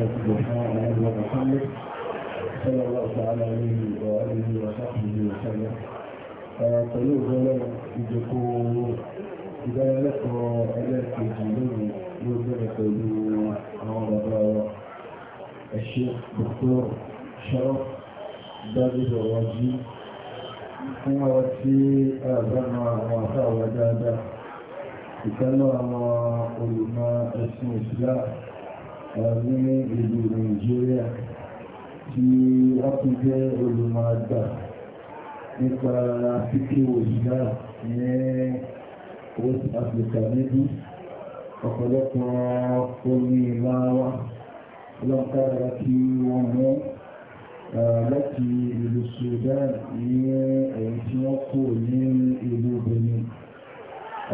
محمد سبحانه وبحمده صلى الله تعالى عليه وآله وصحبه وسلم pẹ̀lú ìgbọ́lọ́ ìjòkó ìdánilẹ́kọ̀ọ́ ẹlẹ́ẹ̀kejì lórí ló bẹ̀rẹ̀ pẹ̀lú àwọn bàbá ẹ̀ṣẹ́ Dr. Sharaf David Ọ̀wájí fún àwọn tí àgbàmà àwọn àtàwà dáadáa ìkánná àwọn olùmọ̀ ẹ̀sìn ìsìláà ní ìlú Nàìjíríà tí wọ́n tún jẹ́ olùmọ̀ọ́gbà nípa pípéwò ìgbà ní West Africa níbi ọ̀pọ̀lọpọ̀ orí ìmáwá lọ́kàrà tí wọ́n mú láti ìlú Sudan ní ẹ̀yìn tí wọ́n kò ní ìlú Benin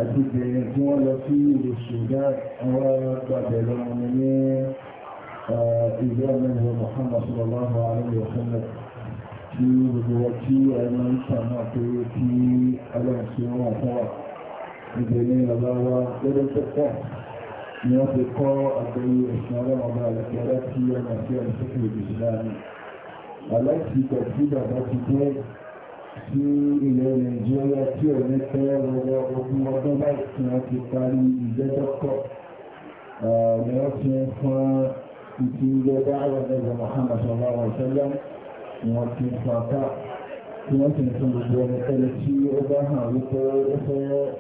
àti obìnrin tí wọ́n lọ sí ìlú Sudan àwọn gbàgbẹ̀ lọ́wọ́ ní ìlú ọmọ Muhammad sallallahu alaihi wa sallam tí gbogbo wa tí ẹnu ń sàmà pé kí aláìsí wọn fún wa obìnrin bàbá ni wọ́n fi kọ́ àgbẹ̀yẹ ẹ̀sìn ọlọ́mọba àlẹ́kẹ́ láti ọmọ àti ọmọ sókè ìdìbò láàrin aláìsí pẹ̀lú bàbá ti jẹ́ sí ilẹ̀ nàìjíríà tí ò ní pẹ́ rọrọ ogún ọdún báyìí tí wọ́n ti parí ìgbẹ́jọ́kọ̀ ni wọ́n ti ń fún ìtì ilẹ̀ dáhùn ẹgbẹ̀ Muhammad sallallahu alaihi wasallam ni wọ́n ti ń fún ọ̀tá tí wọ́n ti ń fún gbogbo ẹni tẹ́lẹ̀ tí ó bá hàn wípé ó fẹ́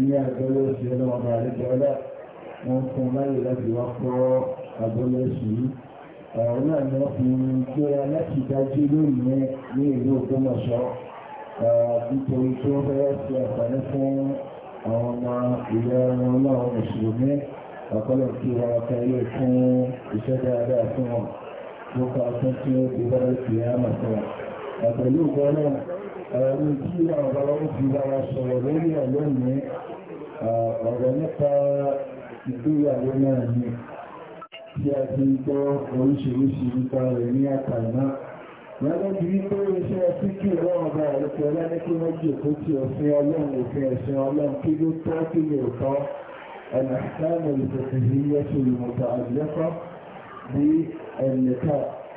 ní àgbẹ̀lẹ̀ òsì ọlọ́wọ́n bá àlejò wọ́n fún láyé láti wá kọ́ àgbẹ̀lẹ̀ òsì ọ̀rọ̀ náà ni wọ́n fi ń gbéra láti dájú lónìí ní ìlú Ògbómọ̀ṣọ́ nítorí tó fẹ́ sí àpàdé fún àwọn ọmọ ìlú ẹran ọlọ́run mùsùlùmí àkọlọ̀ tí wọ́n ká ilé fún iṣẹ́ dáadáa fún wọn tó ká fún tí ó ti bẹ́rẹ̀ sí àmà fún wọn. àpẹ̀lú ìgbọ́n náà àwọn ohun tí àwọn ọ̀rọ̀ ń fi ìgbéyàwó náà ni tí a ti gbọ́ oríṣiríṣi nípa rẹ̀ ní àkàrà náà الأحكام الفقهية المتعلقة بالنكاح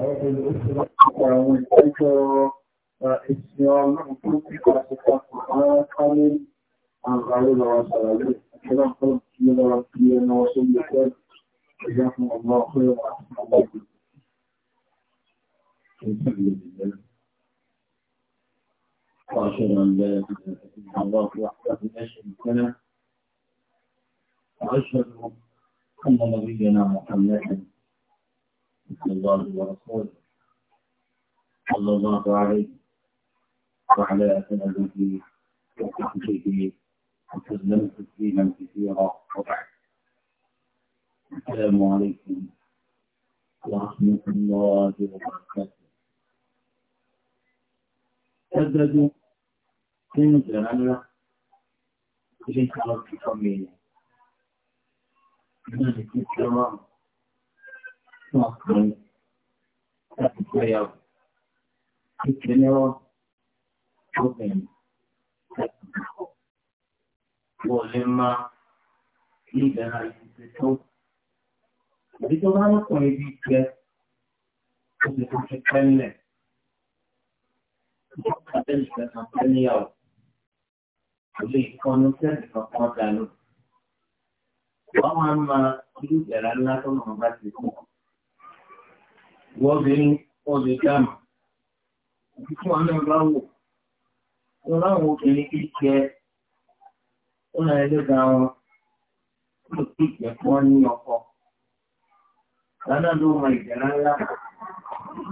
أو بالأسرة والأجر إسلام وكتب القرآن كامل عن غير وسائل كلام قلب كبير وكبير وسيلة جزاكم الله خير وأحسن الله الحمد وأشهد أن لا إله إلا الله وحده لا شريك له وأشهد أن نبينا محمدا صلى الله ورسوله صلى الله عليه وعلى آله وصحبه وسلم تسليما كثيرا وبعد السلام عليكم ورحمة الله وبركاته ẹgbẹ́gbẹ́ nínú ìjọra ńlá ilé ìjọba ti fọ́ mi rẹ̀. Iná lè fi ṣe ọlọ́run fún ọkùnrin láti fẹ́ yà wò. Kíkẹ́ lọ́wọ́ obìnrin láti dùkọ̀. Wọ́n lè máa ní ìdára ìṣiṣẹ́ tó. Àbí tó bá lọ́kùnrin bí jẹ́, ó ti tó ti pẹ́ nílẹ̀ abẹ́ni kankan fẹ́ níyàwó kò lè kọ́nu sẹ́ẹ̀sì kankan dànù. wọ́n máa ń ma irú ìyàrá ńlá tó mọ̀ bá ti kú. wọ́n bí wọ́n lè dáàmú. òbí tí wọn náà bá wò wọn láwọn obìnrin kì í jẹ wọn náà ẹlẹ́gà wọn kí ló kí ìjẹ́ fún wọn ní ọkọ. lánàá ló mọ ìjẹ́ ńlá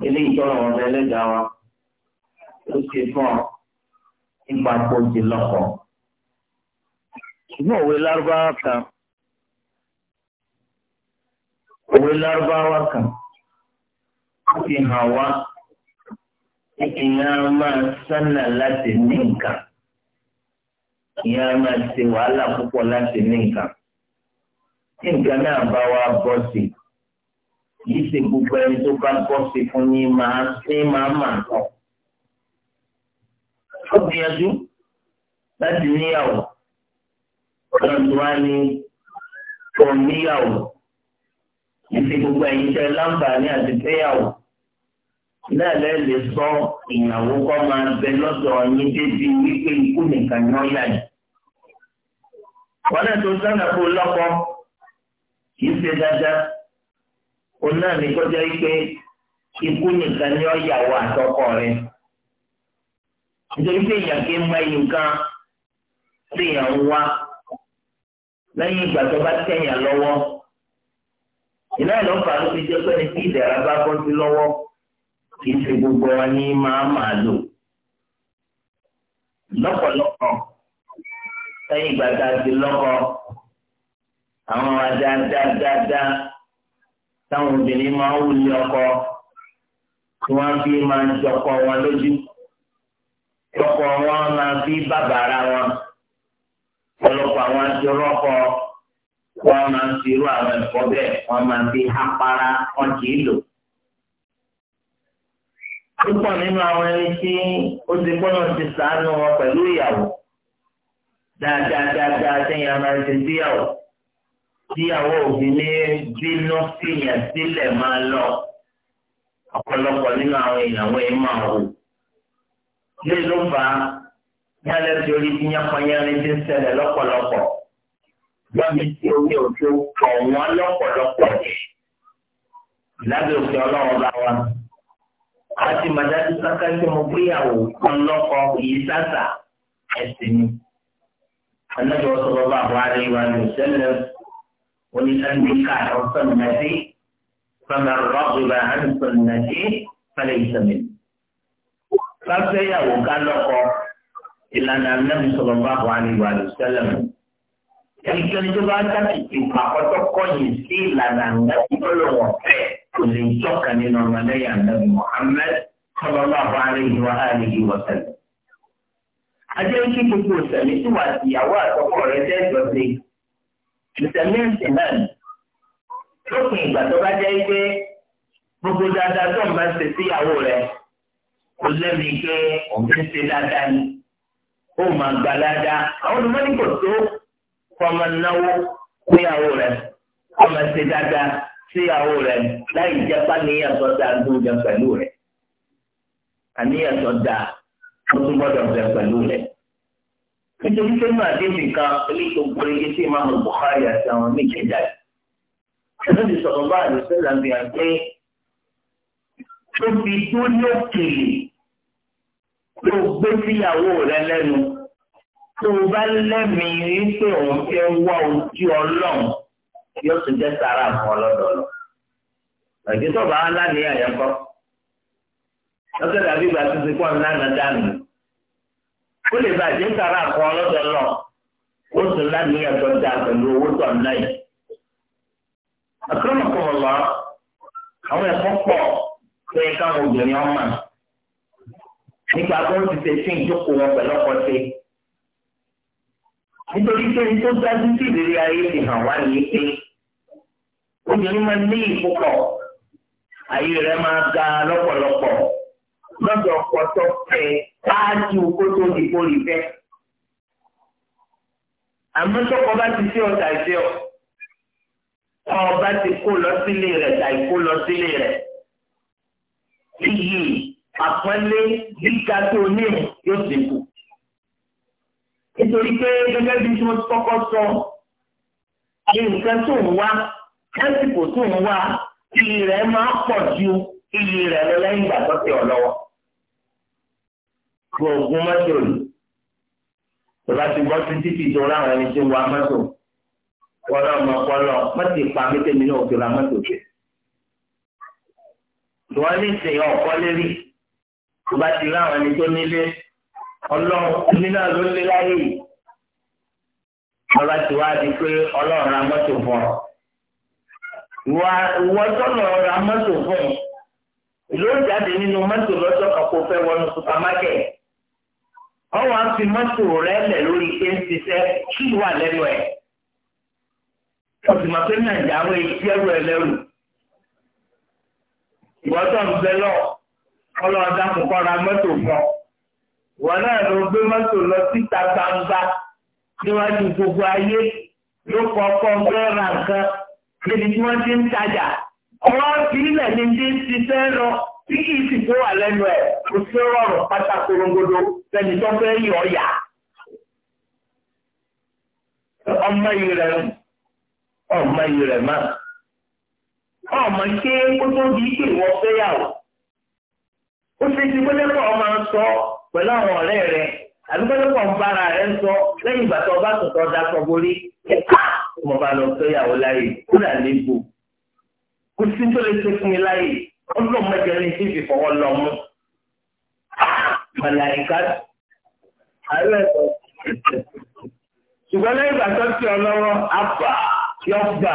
eléyìí tọ́lọ̀ wọn ẹlẹ́gà wọn tó ṣe fún ọ nípa pọ́jì lọ́kọ̀. ṣùgbọ́n òwe lárúbáwá kan òwe lárúbáwá kan ó fi hàn wá ìyá máa sánà láti ní nǹkan ìyá máa ṣe wàhálà púpọ̀ láti ní nǹkan tí nǹkan náà bá wá bọ́ sí yìí ṣe gbogbo ẹni tó bá bọ́ sí fún yín máa ṣe máa máa kàn ó gbìyànjú láti níyàwó ọlọ́dún wa ní òun níyàwó ìfi gbogbo ẹ̀yin tẹ láǹfààní àti péyàwó náà lẹ́ẹ̀ lè sọ ìyàwó kọ́ máa bẹ lọ́dọ̀ ọ̀yin débi wípé ikú nìkan ni wọ́n yà yìí. wọ́n náà tó sábà kó lọ́kọ́ kì í ṣe dáadáa òun náà ní kọjá wípé ikú nìkan ni wọ́n yà wọ rẹ̀ nítorí pé èèyàn kì í mọ ẹyìn kan tí èèyàn ń wá lẹ́yìn ìgbà tó bá tẹ̀yàn lọ́wọ́ ìná ìlú fà ló fi jẹ́ pé ní kí ìdẹ̀ra bá bọ́ sí lọ́wọ́ kì í ṣe gbogbo wọn ní máa máa lò lọ́pọ̀lọpọ̀ lẹ́yìn ìgbà tá a ti lọ́kọ àwọn adáadáadáa táwọn obìnrin máa ń wulẹ̀ ọkọ tí wọ́n fi máa ń jọkọ wọn lójú. lọ́pọ̀ wọn máa bí bàbàrà wọn ọ̀pọ̀lọpọ̀ àwọn adúrọ́pọ̀ wọn máa ń fi irú àwọn ẹ̀fọ́ bẹ́ẹ̀ wọn máa bí apara wọn lò. púpọ̀ nínú àwọn ẹni tí ó ti gbọ́dọ̀ ti sàánú wọn pẹ̀lú ìyàwó sẹ́yìn àwọn ẹni tí òbí ní bínú lọ ọ̀pọ̀lọpọ̀ nínú àwọn ìyàwó máa wò. lè ló fà á ní alẹ́ tí orí bí yánpọnyánrin ti ń ṣẹlẹ̀ lọ́pọ̀lọpọ̀ lọ́bi tí orí òjò kọ̀ wọ́n lọ́pọ̀lọpọ̀ lábẹ́ òfin ọlọ́run bá wa àti màdájú káká tí mo gbéyàwó kan lọ́kọ yìí sáàsà ẹ̀sìn ni. النبي صلى الله عليه وآله وسلم وللأنبياء وسنتي فمن رغب عن سنتي فليس مني káfẹ́yàwó ká lọ́kọ ìlànà Ànábì sallallahu alaihi wa sallam. ẹnikẹ́ni tó bá dákìtì àkọ́tọ́ kọ́yìn sí ìlànà Ànábì lọ́wọ́ fẹ́ kò lè tọ́ka nínú ọmọlẹ́yìn Ànábì Muhammad sallallahu alaihi wa alihi wa sallam. ajé kí gbogbo ìsẹ̀mí tí wà sí ìyàwó àtọkọ rẹ̀ jẹ́ ìjọsìn ìsẹ̀mí ẹ̀sìn náà lópin ìgbà tó bá jẹ́ pé gbogbo dáadáa tó ń bá ṣe síyàwó rẹ̀ kò lẹ́mi pé òun ti ṣe dáadáa ni ó máa gba dáadáa àwọn olùmọ́ni kò tó kọ́ ọmọ náwó níyàwó rẹ̀ kọ́ ọmọ ṣe dáadáa síyàwó rẹ̀ láì jẹ́ pàníyàn tó dáa tó jẹ pẹ̀lú rẹ̀ àníyàn tó dáa tó tún gbọ́dọ̀ jẹ pẹ̀lú rẹ̀ nítorí pé máa dé nìkan eléyìí gbòòrò sí ìmáàmù Bukhari àti àwọn méjì jáde ẹ̀sùn ti sọ̀rọ̀ bá àdìsẹ́ làbíyàn pé tóbi tó ní òkèlè. tó gbé síyàwó rẹ lẹ́nu tó bá lẹ́mìí wípé òun fẹ́ wá ojú ọlọ́run yóò tún jẹ́ sára àwọn ọlọ́dọọlọ. Ẹ̀jẹ̀ bá wọn lánìí àyẹ̀kọ́. Lọ́sẹ̀ dàbí ìgbà tó ti pọ̀ nánà dànù. Ó lè bàjẹ́ sára àwọn ọlọ́dọọlọ. Ó tún lánìí ẹ̀tọ́ dà pẹ̀lú owó tọ̀ náà yìí. Àkọ́nà kọ̀ àwọn ẹ̀kọ́ pọ̀ pé káwọn obìnrin ọmọ nípa bó ń ṣiṣẹ́ sí ìjókòó wọn pẹ̀lú ọkọ̀ ṣe. nítorí pé ní tó dájú sí ìrírí ayé ti hàn wá nìyí pé obìnrin máa ní ìkópọ̀ ayé rẹ̀ máa ga lọ́pọ̀lọpọ̀ lọ́dọ̀ ọkọ̀ tó fẹ́ ṣáájú kó tó di kórì fẹ́. àmọ́ tọkọ bá ti ṣe ọ̀tà ìṣe ọ̀ ọba ti kó lọ sílé rẹ̀ tàì kó lọ sílé rẹ̀. Iyì àpọ́nlé gíga tó níhùn yóò dínkù. nítorí pé gẹ́gẹ́ bí tí mo ti kọ́kọ́ sọ ní nǹkan tó ń wá lásìkò tó ń wá iyì rẹ̀ máa pọ̀ ju iyì rẹ̀ lọ lẹ́yìn ìgbà tó ti ọ̀ lọ́wọ́. gbọ̀ngàn mọ́tò rẹ̀ tọ́lá ti gbọ́ sí títí tó ráwọn ẹni tó ń wa mọ́tò kọ́lọ́ ọmọ kọ́lọ́ mọ́tò ìpa mẹ́tẹ́mi náà tó ra mọ́tò jẹ. wọ́n ní sèyàn ọ̀kọ́ lérí tó bá ti rí àwọn ẹni tó nílé ọlọ́run oníná ló lé láyé yìí ọba ti wá di pé ọlọ́run ra mọ́tò fún ọ. ìwọ tọ́lọ̀ ra mọ́tò fún ló ń jáde nínú mọ́tò lọ́jọ́ kan kó fẹ́ wọnú supamákẹ̀. ọwọ́ á fi mọ́tò rẹ lẹ̀ lórí ike ń ṣiṣẹ́ kí wà lẹ́nu ẹ̀. o sì mọ̀ pé nàìjíríà wọ ìṣẹ́rù ẹ lẹ́rù. ìwọ tọ́ ń bẹ ọlọ́ọ̀dá kọ́kọ́ ra mọ́tò fún ọ wọn náà ló gbé mọ́tò lọ síta gbangba níwájú gbogbo ayé ló kọ́kọ́ fẹ́ ra nǹkan níbi tí wọ́n ti ń tajà ọwọ́ ìpínlẹ̀ ni ti ń ṣiṣẹ́ lọ tí kì í sì tó wà lẹ́nu ẹ̀ kò sí rọrùn pátákó rongodo lẹ́ni tó fẹ́ yọ ọ́ yà ọmọ yìí rẹ ọmọ yìí rẹ máa ọmọ ṣé kó di ìwọ fẹ́yàwó ó ṣe ti gbẹ́lẹ́pọ̀ ọmọ ń sọ pẹ̀lú àwọn ọ̀rẹ́ rẹ àbí gbẹ́lẹ́pọ̀ ń bára rẹ ń sọ lẹ́yìn ìgbà tó ọba tuntun ọ̀dà sọ borí ẹ̀ka ọmọ bá lọ sọ ìyàwó láyè kúrà lébo kò sí tó lè ṣe fún mi láyè ọlọ́ọ̀ mẹ́jọ ní tí fi fọwọ́ lọ mú màláìka àárẹ̀ ẹ̀kọ́ ṣùgbọ́n lẹ́yìn ìgbà tó ti ọ lọ́wọ́ àbà yọ̀gbà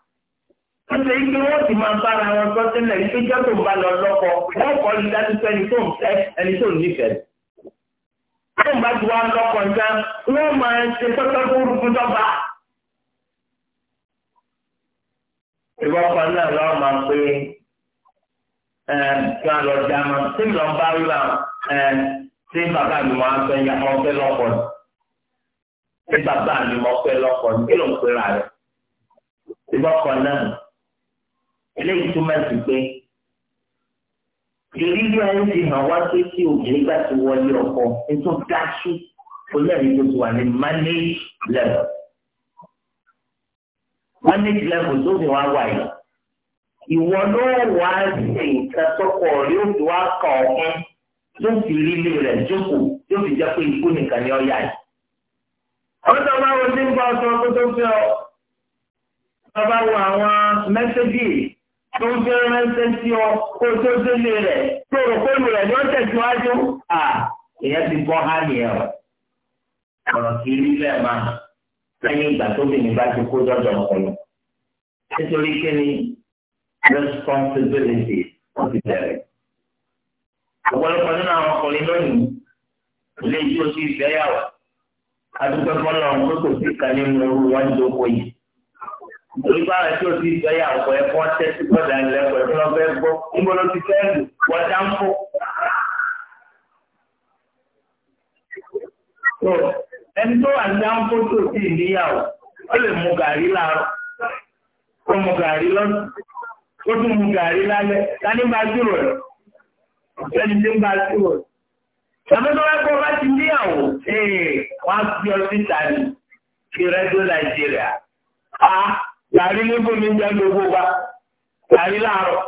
ṣe ike wọ́n ti máa bára wọn sọ sílẹ̀ ike jẹ́ tó ń bá lọ lọ́kọ wọ́n kọ́ ní dájú pé ẹni tó ń fẹ́ ẹni tó ń nífẹ̀ẹ́. tó bá ti wá lọ́kọ nǹkan wọ́n máa ṣe tọ́tọ́ tó rúkú dọ́gba. ìwọ́n kan náà lọ́wọ́ máa pé kí wọ́n lọ já ma tí mi lọ bá wíwá tí bàbá mi máa fẹ́ ya ọ̀fẹ́ lọ́kọ ni. tí bàbá mi máa fẹ́ lọ́kọ ni kí ló ń pera rẹ̀. ìwọ́n kan náà eléyìí túmọ̀ sí pé ìrírí ayé ti hàn wá pé tí obìnrin bá ti wọlé ọkọ nítorí dáṣú olóyìn tó ti wà ní manage level manage level tó ti wá wà yìí ìwọ ló wá ṣe nǹkan tọkọ rí ó ti wá kà ọkàn ló fi rí ilé rẹ̀ jókòó ló fi jẹ́ pé ikú nìkan ni ọ yà yìí. àwọn tó bá wo sí ń bá ọsàn tó tó fẹ́ ọ tó bá wo àwọn mẹ́sẹ́gì tó gbé ránṣẹ́ sí ọ kó tó délé rẹ̀ tó rò pé rẹ̀ ló tẹ̀síwájú à èèyàn ti bọ́ há nìyẹn o ọ̀rọ̀ kì í rí bẹ́ẹ̀ máa lẹ́yìn ìgbà tó bì ní bá ti kó dọ́dọ̀ ọ̀pọ̀lọ́ nítorí kí ni responsibility wọ́n ti bẹ̀rẹ̀ ọ̀pọ̀lọpọ̀ nínú àwọn ọkùnrin lónìí ilé ìjọ sí adúgbò fọlọ́ ọ̀hún tó kò sí kan nítorí báwa tí o ti gbẹ yà ọ̀pọ̀ ẹ̀ fọ́n tẹ́sí gbọ́dọ̀ ẹ̀ lẹ́kọ̀ọ́ ẹ̀ fọ́n fẹ́ gbọ́ níbo ló ti fẹ́ lù wọ́n dá ń fò. tó ẹni tó wà ní dáńfó tó ti níyàwó ó lè mu gàrí láàárọ̀ ó mu gàrí lọ́sùn ó tún mu gàrí lálẹ́ tani bá dúró rẹ̀ ọ̀sẹ́ni tí ń bá dúró rẹ̀. Àmọ́tọ́ wá gbọ́ bá ti níyàwó ee wọ́n á fi ọ síta ní ìrẹ́dó Nàìjíríà. Ah! gàrí níbo ní jẹ́ gbogbo wa gàrí láàárọ̀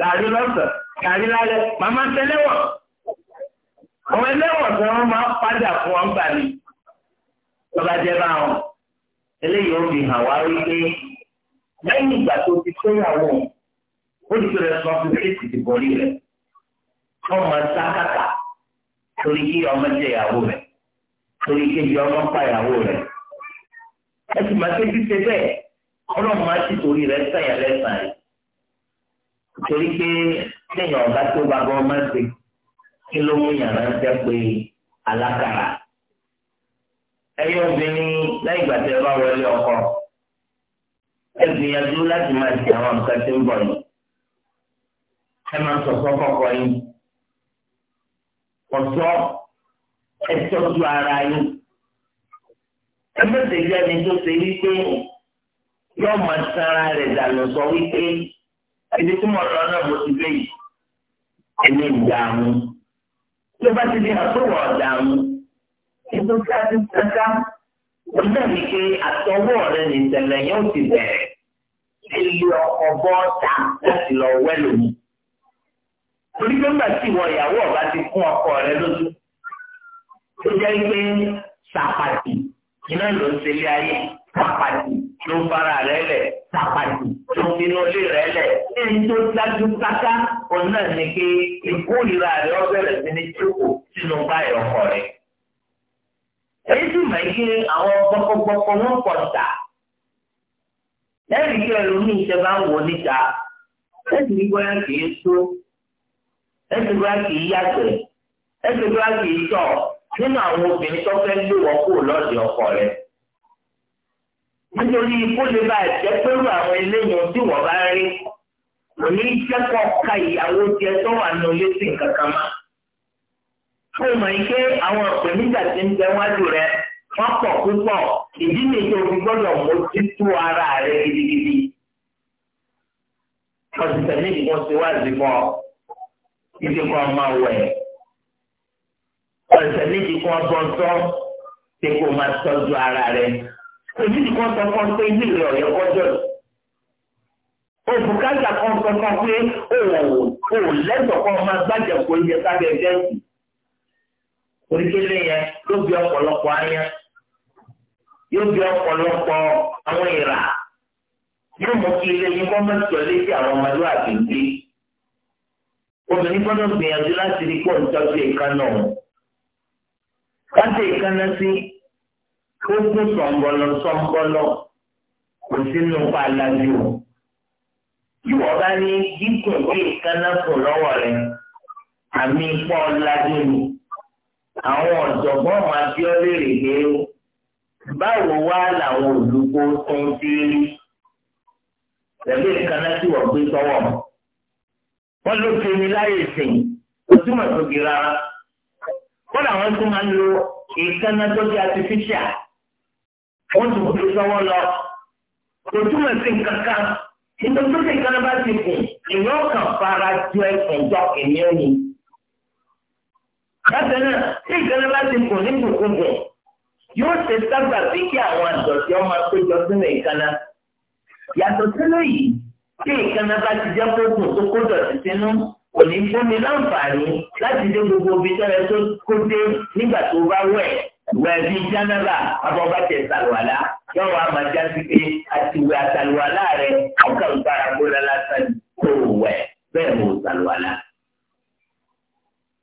gàrí lọ́sàn gàrí lálẹ́ màmá tẹ́lẹ̀wọ̀n àwọn ẹlẹ́wọ̀n tí wọ́n máa padà fún wọn gbà ní lọ́ba jẹ́ bá wọn eléyìí ó fi hàn wá wípé lẹ́yìn ìgbà tó ti fẹ́yàwó ó ti fẹ́rẹ̀ sọ fún kéèsì ti borí máa sá kàkà torí kí ọmọ jẹ ìyàwó torí ọmọ pa ìyàwó ẹ ọlọ́run máa ti torí rẹ̀ sẹ̀yìn lẹ́sàn yìí torí pé sẹ́yìn ọ̀gá tó bá gbọ́ máa ṣe kí ló mú yàrá ń tẹ́ pé alákàrà ẹyẹ obìnrin lẹ́yìn ìgbà tẹ́ ẹ bá wọlé ọkọ ẹ gbìyànjú láti máa ṣe àwọn nǹkan tí ń bọ̀ yìí ẹ máa sọ̀sọ́ kọ̀kọ́ yìí ọ̀sọ́ ẹ tọ́jú ara yìí ẹ mẹ́tẹ̀ẹ́ yẹn ni tó ṣe wípé yóò máa sanra rẹ̀ dànù sọ wípé ibi tí mo lọ náà mo ti lé yìí ẹni ìdààmú tí ó bá ti di àtúwọ̀ ọ̀dààmú ètò tí a ti sáká wọn náà ní pé àtọwọ́ rẹ̀ ní ìṣẹ̀lẹ̀ yẹn ó ti bẹ̀rẹ̀ ilé ọkọ̀ bọ́ọ̀tà láti lọ wẹ́lò mi. torí pé nígbà tí ìwọ ìyàwó ọba ti fún ọkọ rẹ lójú ó jẹ́ pé sàpàtì iná ló ń ṣe ilé ayé sàpàtì ló fara rẹ̀ lẹ̀ tàpàtì ló finú ilé rẹ̀ lẹ̀ ní tó dájú káká òun náà ní pé ìkórìíra rẹ̀ ọ bẹ̀rẹ̀ sí ní jókòó sínú báyìí ọkọ rẹ̀. èyí sì máa ń gbé àwọn gbọkọgbọkọ wọn pọ̀ tà lẹ́yìn tí ẹlòmíì ṣe bá ń wò níta lẹ́yìn tí bóyá kì í tó lẹ́yìn tí bóyá kì í yàgbẹ́ lẹ́yìn tí bóyá kì í tọ̀ nínú àwọn obìnrin tó fẹ́ lé wọ́n kúrò ọkọ rẹ̀ nítorí kó lè bá jẹ́ pẹ̀lú àwọn eléyìí tí wọ́n bá rí kò ní jẹ́ kọ́ ka ìyàwó tiẹ̀ tó wà ní olé sí kankan mọ́. ó mọ̀ ní pé àwọn ìpèníjà ti ń bẹ wájú rẹ wọ́n pọ̀ púpọ̀ ìdí nìyí o fi gbọ́dọ̀ mójútó ara rẹ gidigidi. ọ̀sẹ̀ méjì kan ti wá sí fún ọ ibi kan máa wẹ̀ ọ̀sẹ̀ méjì kan bọ́ sọ́ pé máa tọ́jú ara rẹ èyí ti kọ́ sọ fún ọ pé ilé rẹ̀ ọ̀rẹ́ kọjọ́ òbúkájà kan sọ fún pé o ò lẹ́tọ̀ọ́ kan máa gbájà kó iye sábẹ́ ẹgbẹ́ sí oríkèlè yẹn ló bí ọ̀pọ̀lọpọ̀ ayán yóò bí ọ̀pọ̀lọpọ̀ àwọn ìrà yóò mú kí ilé yín kọ́ máa tọ̀ létí àwọn ọmọlúwàbí gbé obìnrin gbọ́dọ̀ gbìyànjú láti rí pọ̀ ń tọ́jú ìkànnà ọ̀hún ó kún sọ̀ǹgọ̀lọ̀ sọ̀ǹgọ̀lọ̀ kò sínú pàlàbí o. Bí wọ́n bá ní gígùn bí ìkànnà sùn lọ́wọ́ rẹ̀, àmì ipò ọ̀làjú ni. Àwọn ọ̀jọ̀gbọ́n wọn Abíọ́lé rè é o. Báwo wá làwọn olùkó tó ń ti rí? Tẹ̀lé ìkànnà tí wọ́n gbé sọ́wọ́. Wọ́n ló fi mi láyè sìn, kò túmọ̀ sókè rárá. Kọ́lá wọn tún máa ń lo ìkànnà tó di artificial wọ́n ti kò sọ́wọ́ lọ. Kò túmọ̀ sí nǹkan kan. Nítorí tó ṣe ìkànnì bá ti kù, ìyọ́ kan fara ju ẹsẹ̀ jọ èmi ò ní. Bákan náà, tí ìkànnì bá ti kù ní gbogbogbò, yóò ṣe sábà bí kí àwọn àdọ̀tí ọmọ péjọ sínú ìkànnà. Yàtọ̀ sínú yìí, tí ìkànnì bá ti jẹ́ kó kù tó kó dọ̀tí sínú, kò ní fún mi láǹfààní láti dé gbogbo ibi tẹ́lẹ̀ tó kó dé nígbà tó bá wẹ̀ wẹ̀bí jánàlá abọ́bá tẹ̀ sàlùwàlá yóò wá máa já sí pé àtiwẹ̀ àtàlùwàlá rẹ̀ ọ̀kà ìgbára gbóná lásán kò wẹ̀ bẹ́ẹ̀ mọ̀ sàlùwàlá.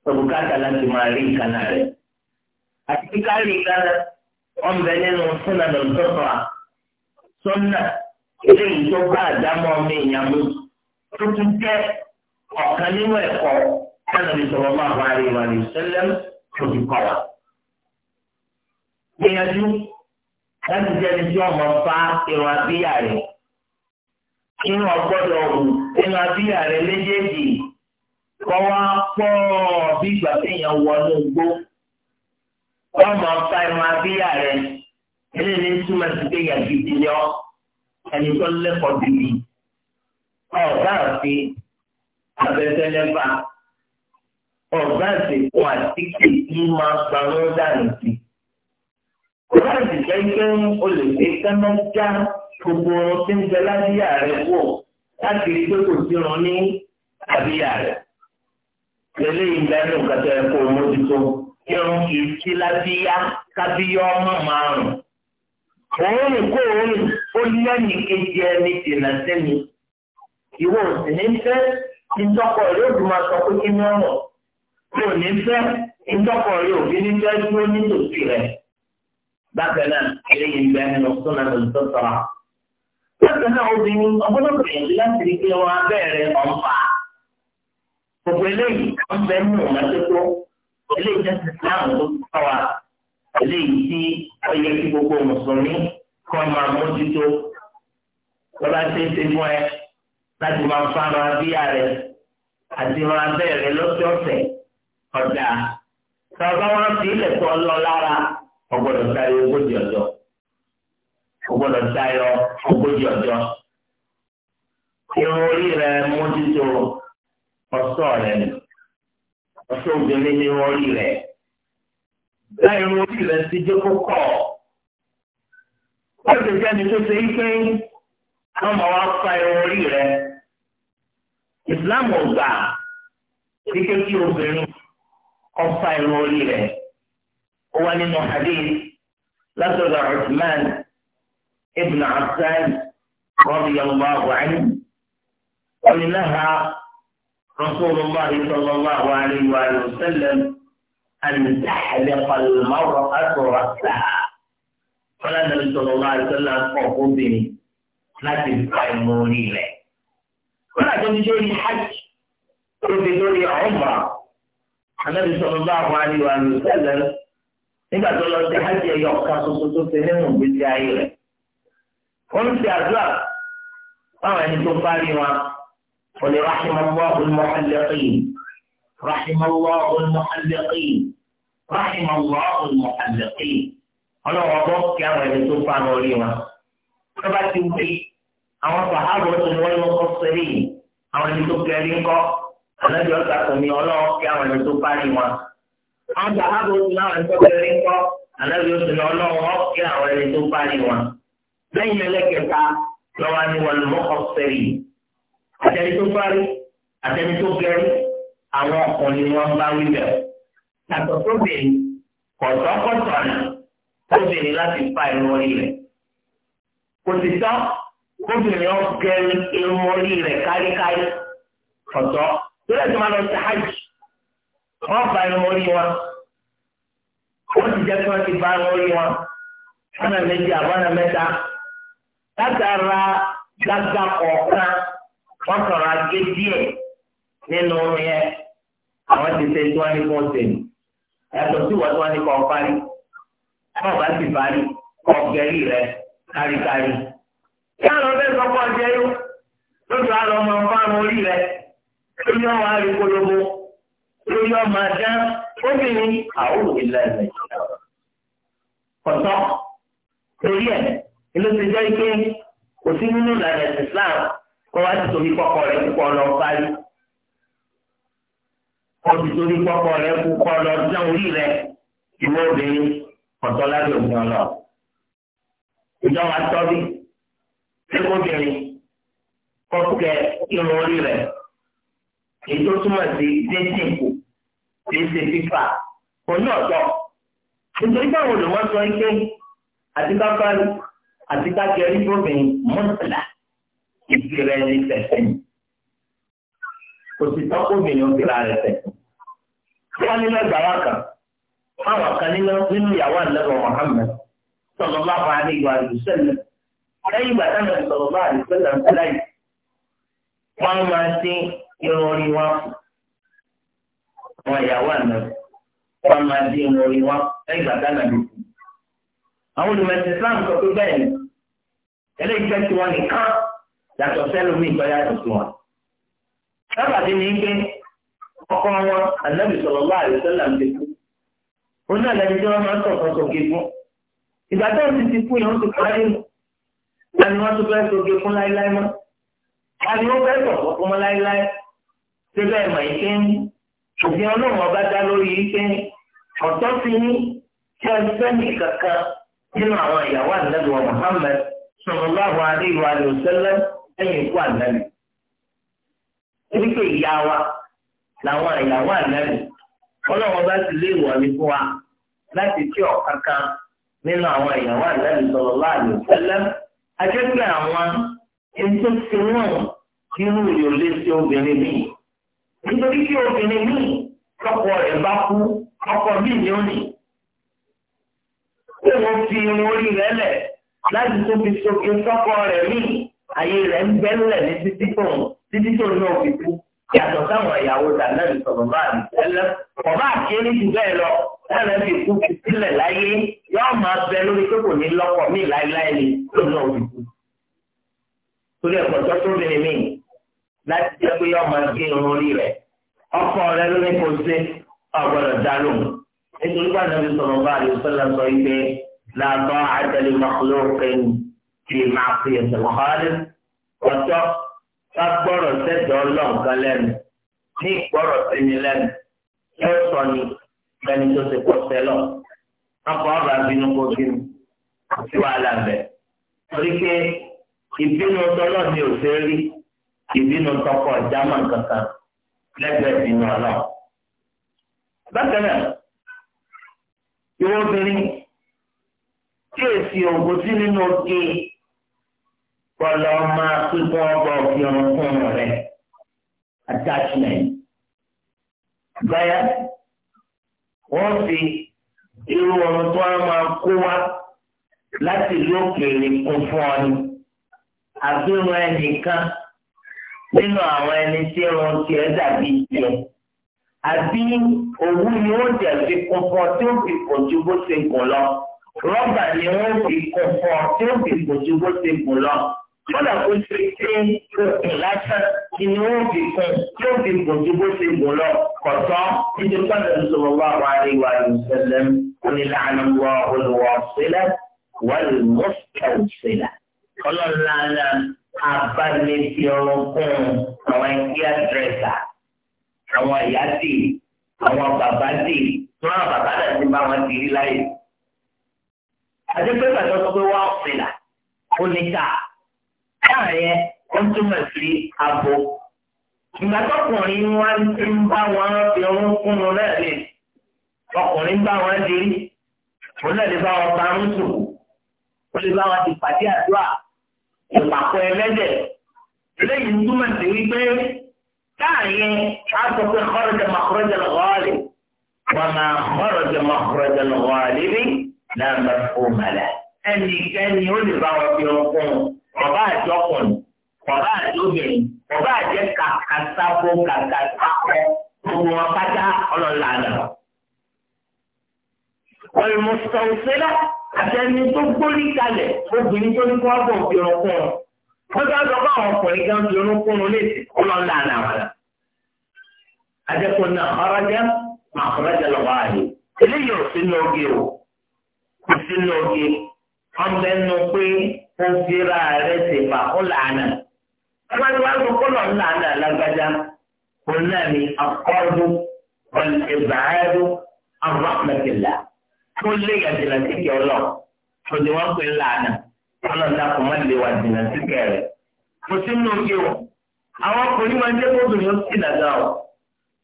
Òbúkátà láti máa rí ìkànnà rẹ̀. Àti kíká rí ìkànnà wọn bẹ nínú súnà lọ́sọ̀tọ̀à sọ́nà eléyìí tó bá àdámọ́ ọmọ èèyàn tó tún jẹ́ ọ̀kan nínú ẹ̀kọ́ sánà mi sọ̀rọ̀ máa wá rí ìwà ní sẹ́lẹ̀m tó ti kọ̀ wá gbìyànjú láti jẹ́ ẹni tí ọmọ fa irun abíyà rẹ̀ inú ọgbọ́dọ̀ wù inú abíyà rẹ̀ méjèèjì kọ́wá pọ̀ bí ìgbà téèyàn wọnú igbó ọmọ fa irun abíyà rẹ̀ eléyìí túmọ̀ sí pé yàgì ti lọ ẹni tó lẹ́kọ̀ọ́ bìbì ọ̀gá àti abẹ́fẹ́lẹ́fà ọ̀gá àti kó àtíkè yìí máa gbàrún dànù sí i láti jẹ́ pé o lè gbé kánnájà gbogbo tí ń jẹ lábíyà rẹ̀ wọ̀ láti gbé kò sí ran ní àbíyà rẹ̀. Lẹ́lẹ́ ìgbẹ́nu kẹtẹ kò mójútó irun kìí sí lábíyá kábíyá ọmọ márùn. Òórùn kó òórùn ó lẹ́nu kejì ẹni dènà sẹ́ni. Ìwọ òsì ní fẹ́ ìjọkọ̀ rẹ̀ ó dùn máa sọ pé kí ni ọ̀rọ̀. Mi ò ní fẹ́ ìjọkọ̀ rẹ̀ òbí ní fẹ́ dúró nítòsí rẹ̀ bákan náà eléyìí ń bẹ nínú súnà tó sọ̀rọ̀. bákan náà obìnrin ọgbọ́dọ̀ gbìyànjú láti rí pé wọn abẹ́rẹ́ ọ̀nfà. gbogbo eléyìí ń bẹ nínú ìmọ́tótó eléyìí jẹ́ sísáàmù tó sọ̀rọ̀ wa eléyìí tí ó yẹ kí gbogbo mùsùlùmí kọ́ máa mójútó. lọ́ba ṣe é ṣe fún ẹ láti máa fara bíyà rẹ àti máa bẹ̀rẹ̀ lọ́sọ̀ọ̀sẹ̀ ọ̀dà. sọ̀rọ̀ wọn fi ilẹ̀ kọ́ lọ lára ọgbọ́dọ̀ tayọ ogójì ọjọ́ ọgbọ́dọ̀ tayọ ogójì ọjọ́ irun orí rẹ mójútó ọ̀ṣọ́ rẹ nù ọ̀ṣọ́ obìnrin ní irun orí rẹ láì irun orí rẹ ti dé kókó ọ̀sẹ̀ sẹ́ni tó ṣe ike ọmọ wa fa irun orí rẹ ìsìlámù ọgbà kíkẹ́ kí obìnrin ọ̀fa irun orí rẹ. هو من حديث لقد عثمان ابن عفان رضي الله عنه ولنهى رسول الله صلى الله عليه وآله وسلم أن تحلق المرأة رأسها فلا النبي صلى الله عليه وسلم فوقفني لا تفهموني له ولا تنجوني حج وفي تنجوني عمره النبي صلى الله عليه وآله وسلم nígbà tó lọ sí hajj ẹyọ kan ṣoṣo tó ṣe nínú ìgbésí ayé rẹ̀ ó ń ṣe àdúrà báwọn ẹni tó bá rí wọn kò lè rahimahullah al-muhalliqin rahimahullah al-muhalliqin rahimahullah al-muhalliqin ọlọ́wọ́ bọ́ kí àwọn ẹni tó bá wọn rí wọn tó bá ti wí àwọn sàhábà tó ní wọ́n yóò kọ́ sẹ́rí àwọn ẹni tó kẹrí ńkọ́ ànájọ́ sàkómi ọlọ́wọ́ kí àwọn ẹni tó bá rí wọn àwọn sàhábà oṣù láwọn ẹgbẹ́ bẹ̀rẹ̀ ń kọ́ ànábì oṣù ní ọlọ́run ọ̀kẹ́ àwọn ẹni tó bá ní wọn. lẹ́yìn ẹlẹ́kẹta lọ́wọ́ ni wọn mọ́ ọ̀sẹ̀rì àtẹni tó parí àtẹni tó gẹrí àwọn ọkùnrin ni wọ́n bá wí bẹ̀. yàtọ̀ sóbìnrin kọ̀tọ̀kọ̀tọ̀nà sóbìnrin láti fa irun orí rẹ̀. kò sì tán kóbìnrin ọ̀gẹ̀rẹ̀ irun orí rẹ̀ káríkárí kọ̀tọ̀ tó lẹ́sìn máa lọ sí hajj wọ́n bá irun orí wọn wọ́n ti jẹ́ kí wọ́n ti bá irun orí wọn ọ̀nà méjì àbọ̀nà mẹ́ta látara gbàgbà kọ̀ọ̀kan wọ́n sọ̀rọ̀ agé díẹ̀ nínú orin yẹn àwọn ti ṣe tí wọ́n ní kàn sèlú yàtọ̀ sí wọ́n tí wọ́n ní kàn parí wọ́n bá ti parí kàn gẹ̀rí rẹ̀ káríkárí. kí àlọ́ bẹ́ẹ̀ sọ fún ọjọ́ yó lójú àlọ́ ọmọ fáwọn orí rẹ̀ lójú àwọn àríkólógó lórí ọmọ ajá obìnrin àwòrán ìlà ìlà ìjọba kọtọ torí ẹ ló ti jẹ́ pé kò sí nínú ìlànà Islam kó wá ti torí kọ́kọ́ rẹ̀ kó lọ parí kó ti torí kọ́kọ́ rẹ̀ kó lọ dán orí rẹ̀ ìwọ obìnrin kọtọ lábẹ́ òfin ọlọ ìjọba tọ́bi ṣé kó bìnrin kọ́kẹ́ irun orí rẹ̀ èyí tó túmọ̀ sí dating kù kìí ṣe fífà òun náà tọ̀ nítorí báwo ló wọ́n sọ ike àti káfárí àti kákẹ́rí bóbìnrin mọ́tàlá ìkìrẹ́ ní fẹ̀fẹ́ ni kò sì tọ́ bóbìnrin òkìrà rẹ̀ fẹ̀fẹ́ wọ́n ní lọ́gbàá wa kan àwọn kan nínú ìyàwó àlẹ́bọ̀ Muhammad sọ̀rọ̀ bá wà ní ìwà ìlúṣẹ̀lẹ̀ lẹ́yìn ìgbà táwọn sọ̀rọ̀ bá àlùfẹ́lẹ̀ ńlá yìí wọ́n máa ṣe irun orí wa wọn ìyàwó àná wọn máa dín irun orí wa lẹ́yìn bàtà náà lókun. àwọn olùmọ̀ẹ̀sìn Islam sọ pé bẹ́ẹ̀ ni eléyìí jẹ́ tiwọn nìkan yàtọ̀ sẹ́lómi ìgbọ́yà tuntun wọn. sábàbí ni pé ọkọ wọn ànábì sọ̀rọ̀ wá àlùsọ́là ń dekú. ó náà lẹni tí wọ́n máa ń sọ̀kan sọ̀gé fún. ìgbà tó ti ti kú yẹn ó ti parí nù. láti wọ́n tún fẹ́ sọ̀gé fún láéláé mọ́. láti wọ́n fẹ́ sọ̀kan fún mọ́ láéláé. ebe mọ̀ ike pé òfin ọlọ́run ọba dá lórí yìí pé ọ̀tọ́ fi ní kí ẹ kankan nínú àwọn ìyàwó ànábì wa Muhammad sallallahu alaihi wa sallam ẹ̀yìn ikú ànábì. ebi ìyá wa làwọn ìyàwó ànábì ọlọ́run ọba sì lé ìwọ̀lì fún wa láti tí nínú àwọn ìyàwó ajẹ́pẹ́ àwọn ẹni tó ti sí obìnrin nítorí kí obìnrin míì tọkọ rẹ̀ bá kú ọkọ míì ni ó ní. kó wọ́n fi irun orí rẹ̀ lẹ̀ láti tó fi soke tọkọ rẹ̀ míì ayé rẹ̀ ń bẹ́lẹ̀ ní títí tóun títí tóun náà fi kú yàtọ̀ sáwọn ìyàwó dàdánù sọ̀rọ̀ bá mi tẹ́lẹ̀ ọba àkéré jù bẹ́ẹ̀ lọ tẹ́lẹ̀ fi kú fi sílẹ̀ láyé yóò máa bẹ lórí pé kò ní lọ́kọ míì láéláé ni tóun náà fi kú. torí ẹ̀kọ́ tó tó láti jẹ́ pé ọmọ ẹgbẹ́ irun orí rẹ̀ ọkọ rẹ̀ ló ní kó ṣe ọgbọ́dọ̀ dá lóhùn nítorí bá nàbí sọ̀rọ̀ bá àlè sọ́lá sọ pé làbọ̀ àjẹlẹ̀ mọ̀kúlókè ti máa fi ẹ̀sẹ̀ kọ́lé ọ̀tọ́ bá gbọ́rọ̀ sẹ́jọ́ ọlọ́ǹkan lẹ́nu ní ìgbọ́rọ̀ sẹ́ni lẹ́nu ẹ sọ ni bẹ́ni tó ti pọ̀ sẹ́lọ̀ ọkọ̀ ọ̀rọ̀ àbínú kó bínú sí wàhálà bẹ̀ torí pé ìbínú ọtọ́ ìbínú tọkọ jámà kankan lẹ́gbẹ̀ẹ́ ìbínú ọlọ. bákan náà ìwọ obìnrin tí èsì ògùn sí nínú òkè pọlọ máa pípọn ọgbà òkè ọrùn fún rẹ attachment gbáyà wọn fi irú ọrùn tó wọn máa kó wá láti lókèèrè kún fún ọ ni àbí wọn ẹnìkan nínú àwọn ẹni tí irun tiẹ̀ dàbí tiẹ̀ àbí òwú ni wọ́n jẹ̀ fi kún fún ọ tí ó fi kùn ju bó ṣe gùn lọ rọ́bà ni wọ́n fi kún fún ọ tí ó fi kùn ju bó ṣe gùn lọ kódà kó ṣe pé òkun lásán ni wọ́n fi kún tí ó fi kùn ju bó ṣe gùn lọ kọ̀tọ́ níbi pàdé sọ̀rọ̀ wà wà ní ìwà ìṣẹ̀lẹ̀ onílànà wọ olùwọ̀ sílẹ̀ wọ́n lè mú ọ̀sẹ̀ sílẹ̀ ọlọ́run abánifi ọlọ́kùn àwọn ẹgbẹ́ àdírẹ́sà àwọn ìyá sì àwọn bàbá sì tún àwọn bàbá náà ti bá wọn dìrí láyè. àdébẹ́bà tó sọ pé wọ́n á fìlà ó ní ká láàrin ó túmọ̀ sí abo. ìgbà tọkùnrin wọn ti ń bá wọn fi ọrún kún un náà lè ọkùnrin bá wọn dìrí òun náà lè bá wọn bá ń sùn ó lè bá wọn ti pàdé àdúrà ìpàkọ́ ẹlẹ́dẹ̀ eléyìí ń túmọ̀ sí wípé láàyè aṣọ pé kharaja makhraja al-ghalib wa ma kharaja makhraja al-ghalib la mafhuma lahu ẹnikẹ́ni ó lè bá wọn fi ọkùn ọba àjọkùn ọba àjọbìnrin ọba àjẹ kàkàtàkó kàkàtàkó gbogbo wọn pátá ọlọ́lànà. wal mustawsila àtẹni tó gbórí kalẹ̀ obìnrin tó ní kó wọ́n bọ̀ fi ọ̀rọ̀ fún ọ. wọ́n ti àjọ bá àwọn ọkùnrin kan fi ọ̀rọ̀ fún un léèsì kó lọ́ọ́ la àná wọn. àjẹkùn náà ọ̀rọ̀jẹ́ máa ọ̀rọ̀jẹ́ lọ́wọ́ àyè. eléyìí ò sínú oge o kò sínú oge ọ̀bẹ nu pé ó fira rẹ̀ sì fà ó làánà. ẹgbẹ́ wa ló kó lọ́ọ́ làánà lágbájá òun náà ni akọ́dún ọ̀lẹ́bàárù arọ́pẹ̀tìlá kó lé ìyàjìnà síkẹ̀ ọlọ òdì wọn pè lànà ọlọ́dà kò má lè wà jìnà síkẹ̀ rẹ̀ kò sí nínú oge o àwọn ọkùnrin máa ń jẹ́ kó obìnrin ó sì nàgà o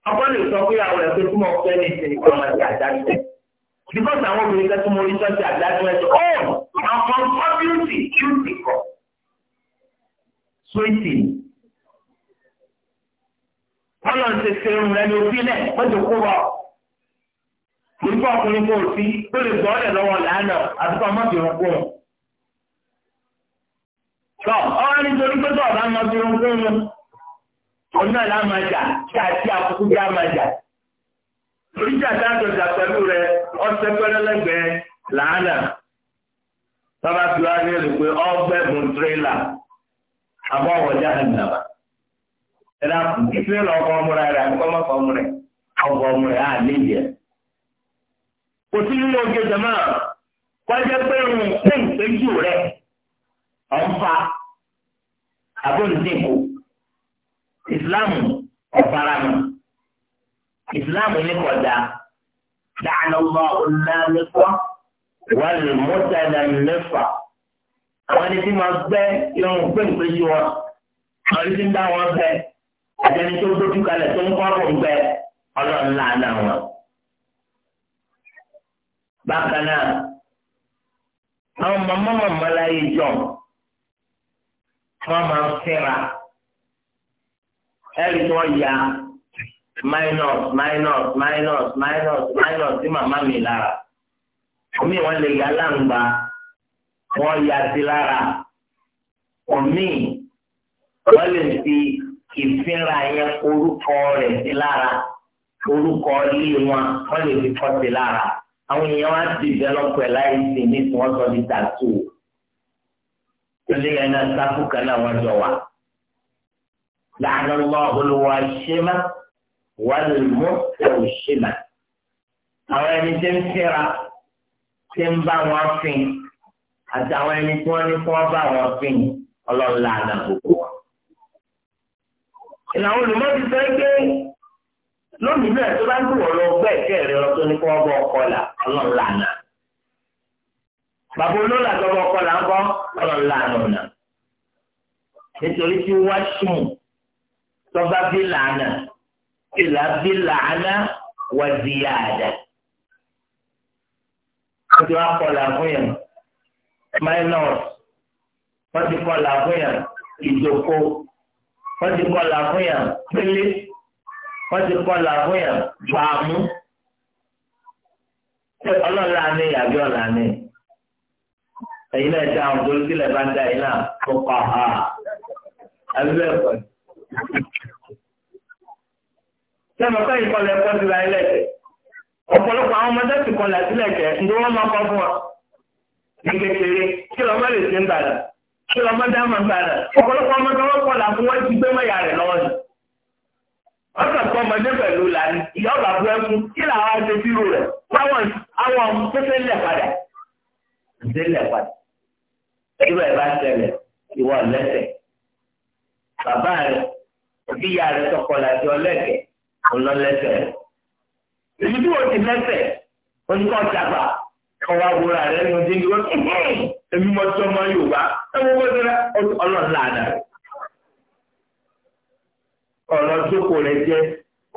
ọkọ lè sọ pé àwọn ẹgbẹ́ tí mo fẹ́ ní ìsinmi kan máa ti àdájú ẹ̀ bíkọ́sì àwọn obìnrin kan tí mo rí sọ́ọ̀tì àdájú ẹ̀ tó ọ̀ àwọn kọ́ bíútì bíútì kọ́ sóìtì ọlọ́run ti ṣe irun rẹ̀ ní òbí lẹ̀ mọ́tò kú bọ̀. nígbà ọkùnrin kò sí tó lè gbọ́ ọ̀dẹ̀ lọ́wọ́ làánà àtúkọ̀ ọmọbìnrin kù. Tọ́ ọ̀rọ̀ nítorí pé tọ́ọ̀ bá ń mọbi ohun Òun náà lá máa jà kí àti àkókò bí máa jà. pẹ̀lú rẹ̀ ọ̀sẹ̀ wá ní pé tírélà àbọ̀ ọ̀wọ̀já Ẹ̀dá ọmọ rẹ̀ kò sí nínú oge jama kọjá pé ń pè ń rẹ ọ̀nfà abóńdínkù ìsìláàmù ọ̀faranu ìsìláàmù ní kọjá dáná ọmọ ọ̀nàmẹ́fọ́ wà lè mọ́tàdà mẹ́fà àwọn ẹni tí máa gbẹ irun pé ń wọn àwọn ẹni tí ń bá wọn bẹ àti ẹni tó dójú kalẹ̀ tó ń kọ́ ọ̀rùn bẹ ọlọ́run láàánú àwọn bákan náà àwọn màmá màmá láyé jọ wọ́n máa ń fẹ́ra ẹ̀rí tí wọ́n ya minus minus minus minus minus sí màmá mi lára omi wọ́n lè ya láǹgbà wọ́n ya sí lára omi wọ́n lè fi ìfínra yẹn orúkọ rẹ̀ sí lára orúkọ ilé wọn wọ́n lè fi kọ́ sí lára àwọn èèyàn wá ti dẹ́lọ́pù ẹ̀ láì sí ní tí wọ́n sọ ní tàtú ilé yẹn náà sáfù kan náà wọ́n jọ wà. لعن الله الواشمة والمستوشمة àwọn ẹni tí ń fira tí ń bá wọn fin àti àwọn ẹni tí wọn ní kí wọn bá wọn fin ọlọ́ọ̀la àná gbogbo ìlànà olùmọ̀ ti sọ pé lónìí náà tó bá ń bùwọ̀ lọ gbẹ́ ìkẹ́ rẹ lọ tó ní kó ọgbọ́ ọkọlà ọlọ́ọ̀lànà bàbá olóòlà tó bọ ọkọlà ń bọ́ ọlọ́ọ̀lànà ọ̀nà nítorí tí wá sùn tọ́ba bí làánà ìlà bí làánà wà di àdá wọ́n ti wá kọlà fún yẹn minus wọ́n ti kọlà fún yẹn ìdòkó wọ́n ti kọlà fún yẹn pélé. wọ́n ti kọ́lá fún yàn gbàmú ṣé ọlọ́la ha àbí bẹ́ẹ̀ kọ́ ẹ̀kọ́ ti ra ilẹ̀ ọ̀pọ̀lọpọ̀ àwọn ọmọdé ti sílẹ̀ wọ́n máa kọ́ fún wa ní kékeré kí lọ́ lè ṣe ń bàdà kí lọ́ dá bàdà ọ̀pọ̀lọpọ̀ ọmọdé wọn ọ̀sán tó ọmọdé pẹ̀lú làní ìyá ọ̀bà bu ẹkún kí làwọn á ṣe bírò rẹ̀ wáwọn àwọn tó ṣe ń lẹ̀ padà ṣe ń lẹ̀ padà irú ẹ̀ bá ṣẹlẹ̀ ìwọ lẹ́sẹ̀ bàbá rẹ̀ òbí ìyá rẹ̀ tọkọ láti ọlẹ́kẹ̀ ọ̀nà lẹ́sẹ̀ rẹ̀ èyí tí wọ́n ti lẹ́sẹ̀ oníkọ́ jàgbà ọwọ́ àbúrò rẹ̀ ló ń dín ní wọ́n èmi mọ́ tí ọmọ Yorùbá ẹ ọ̀rọ̀ jókòó rẹ̀ jẹ́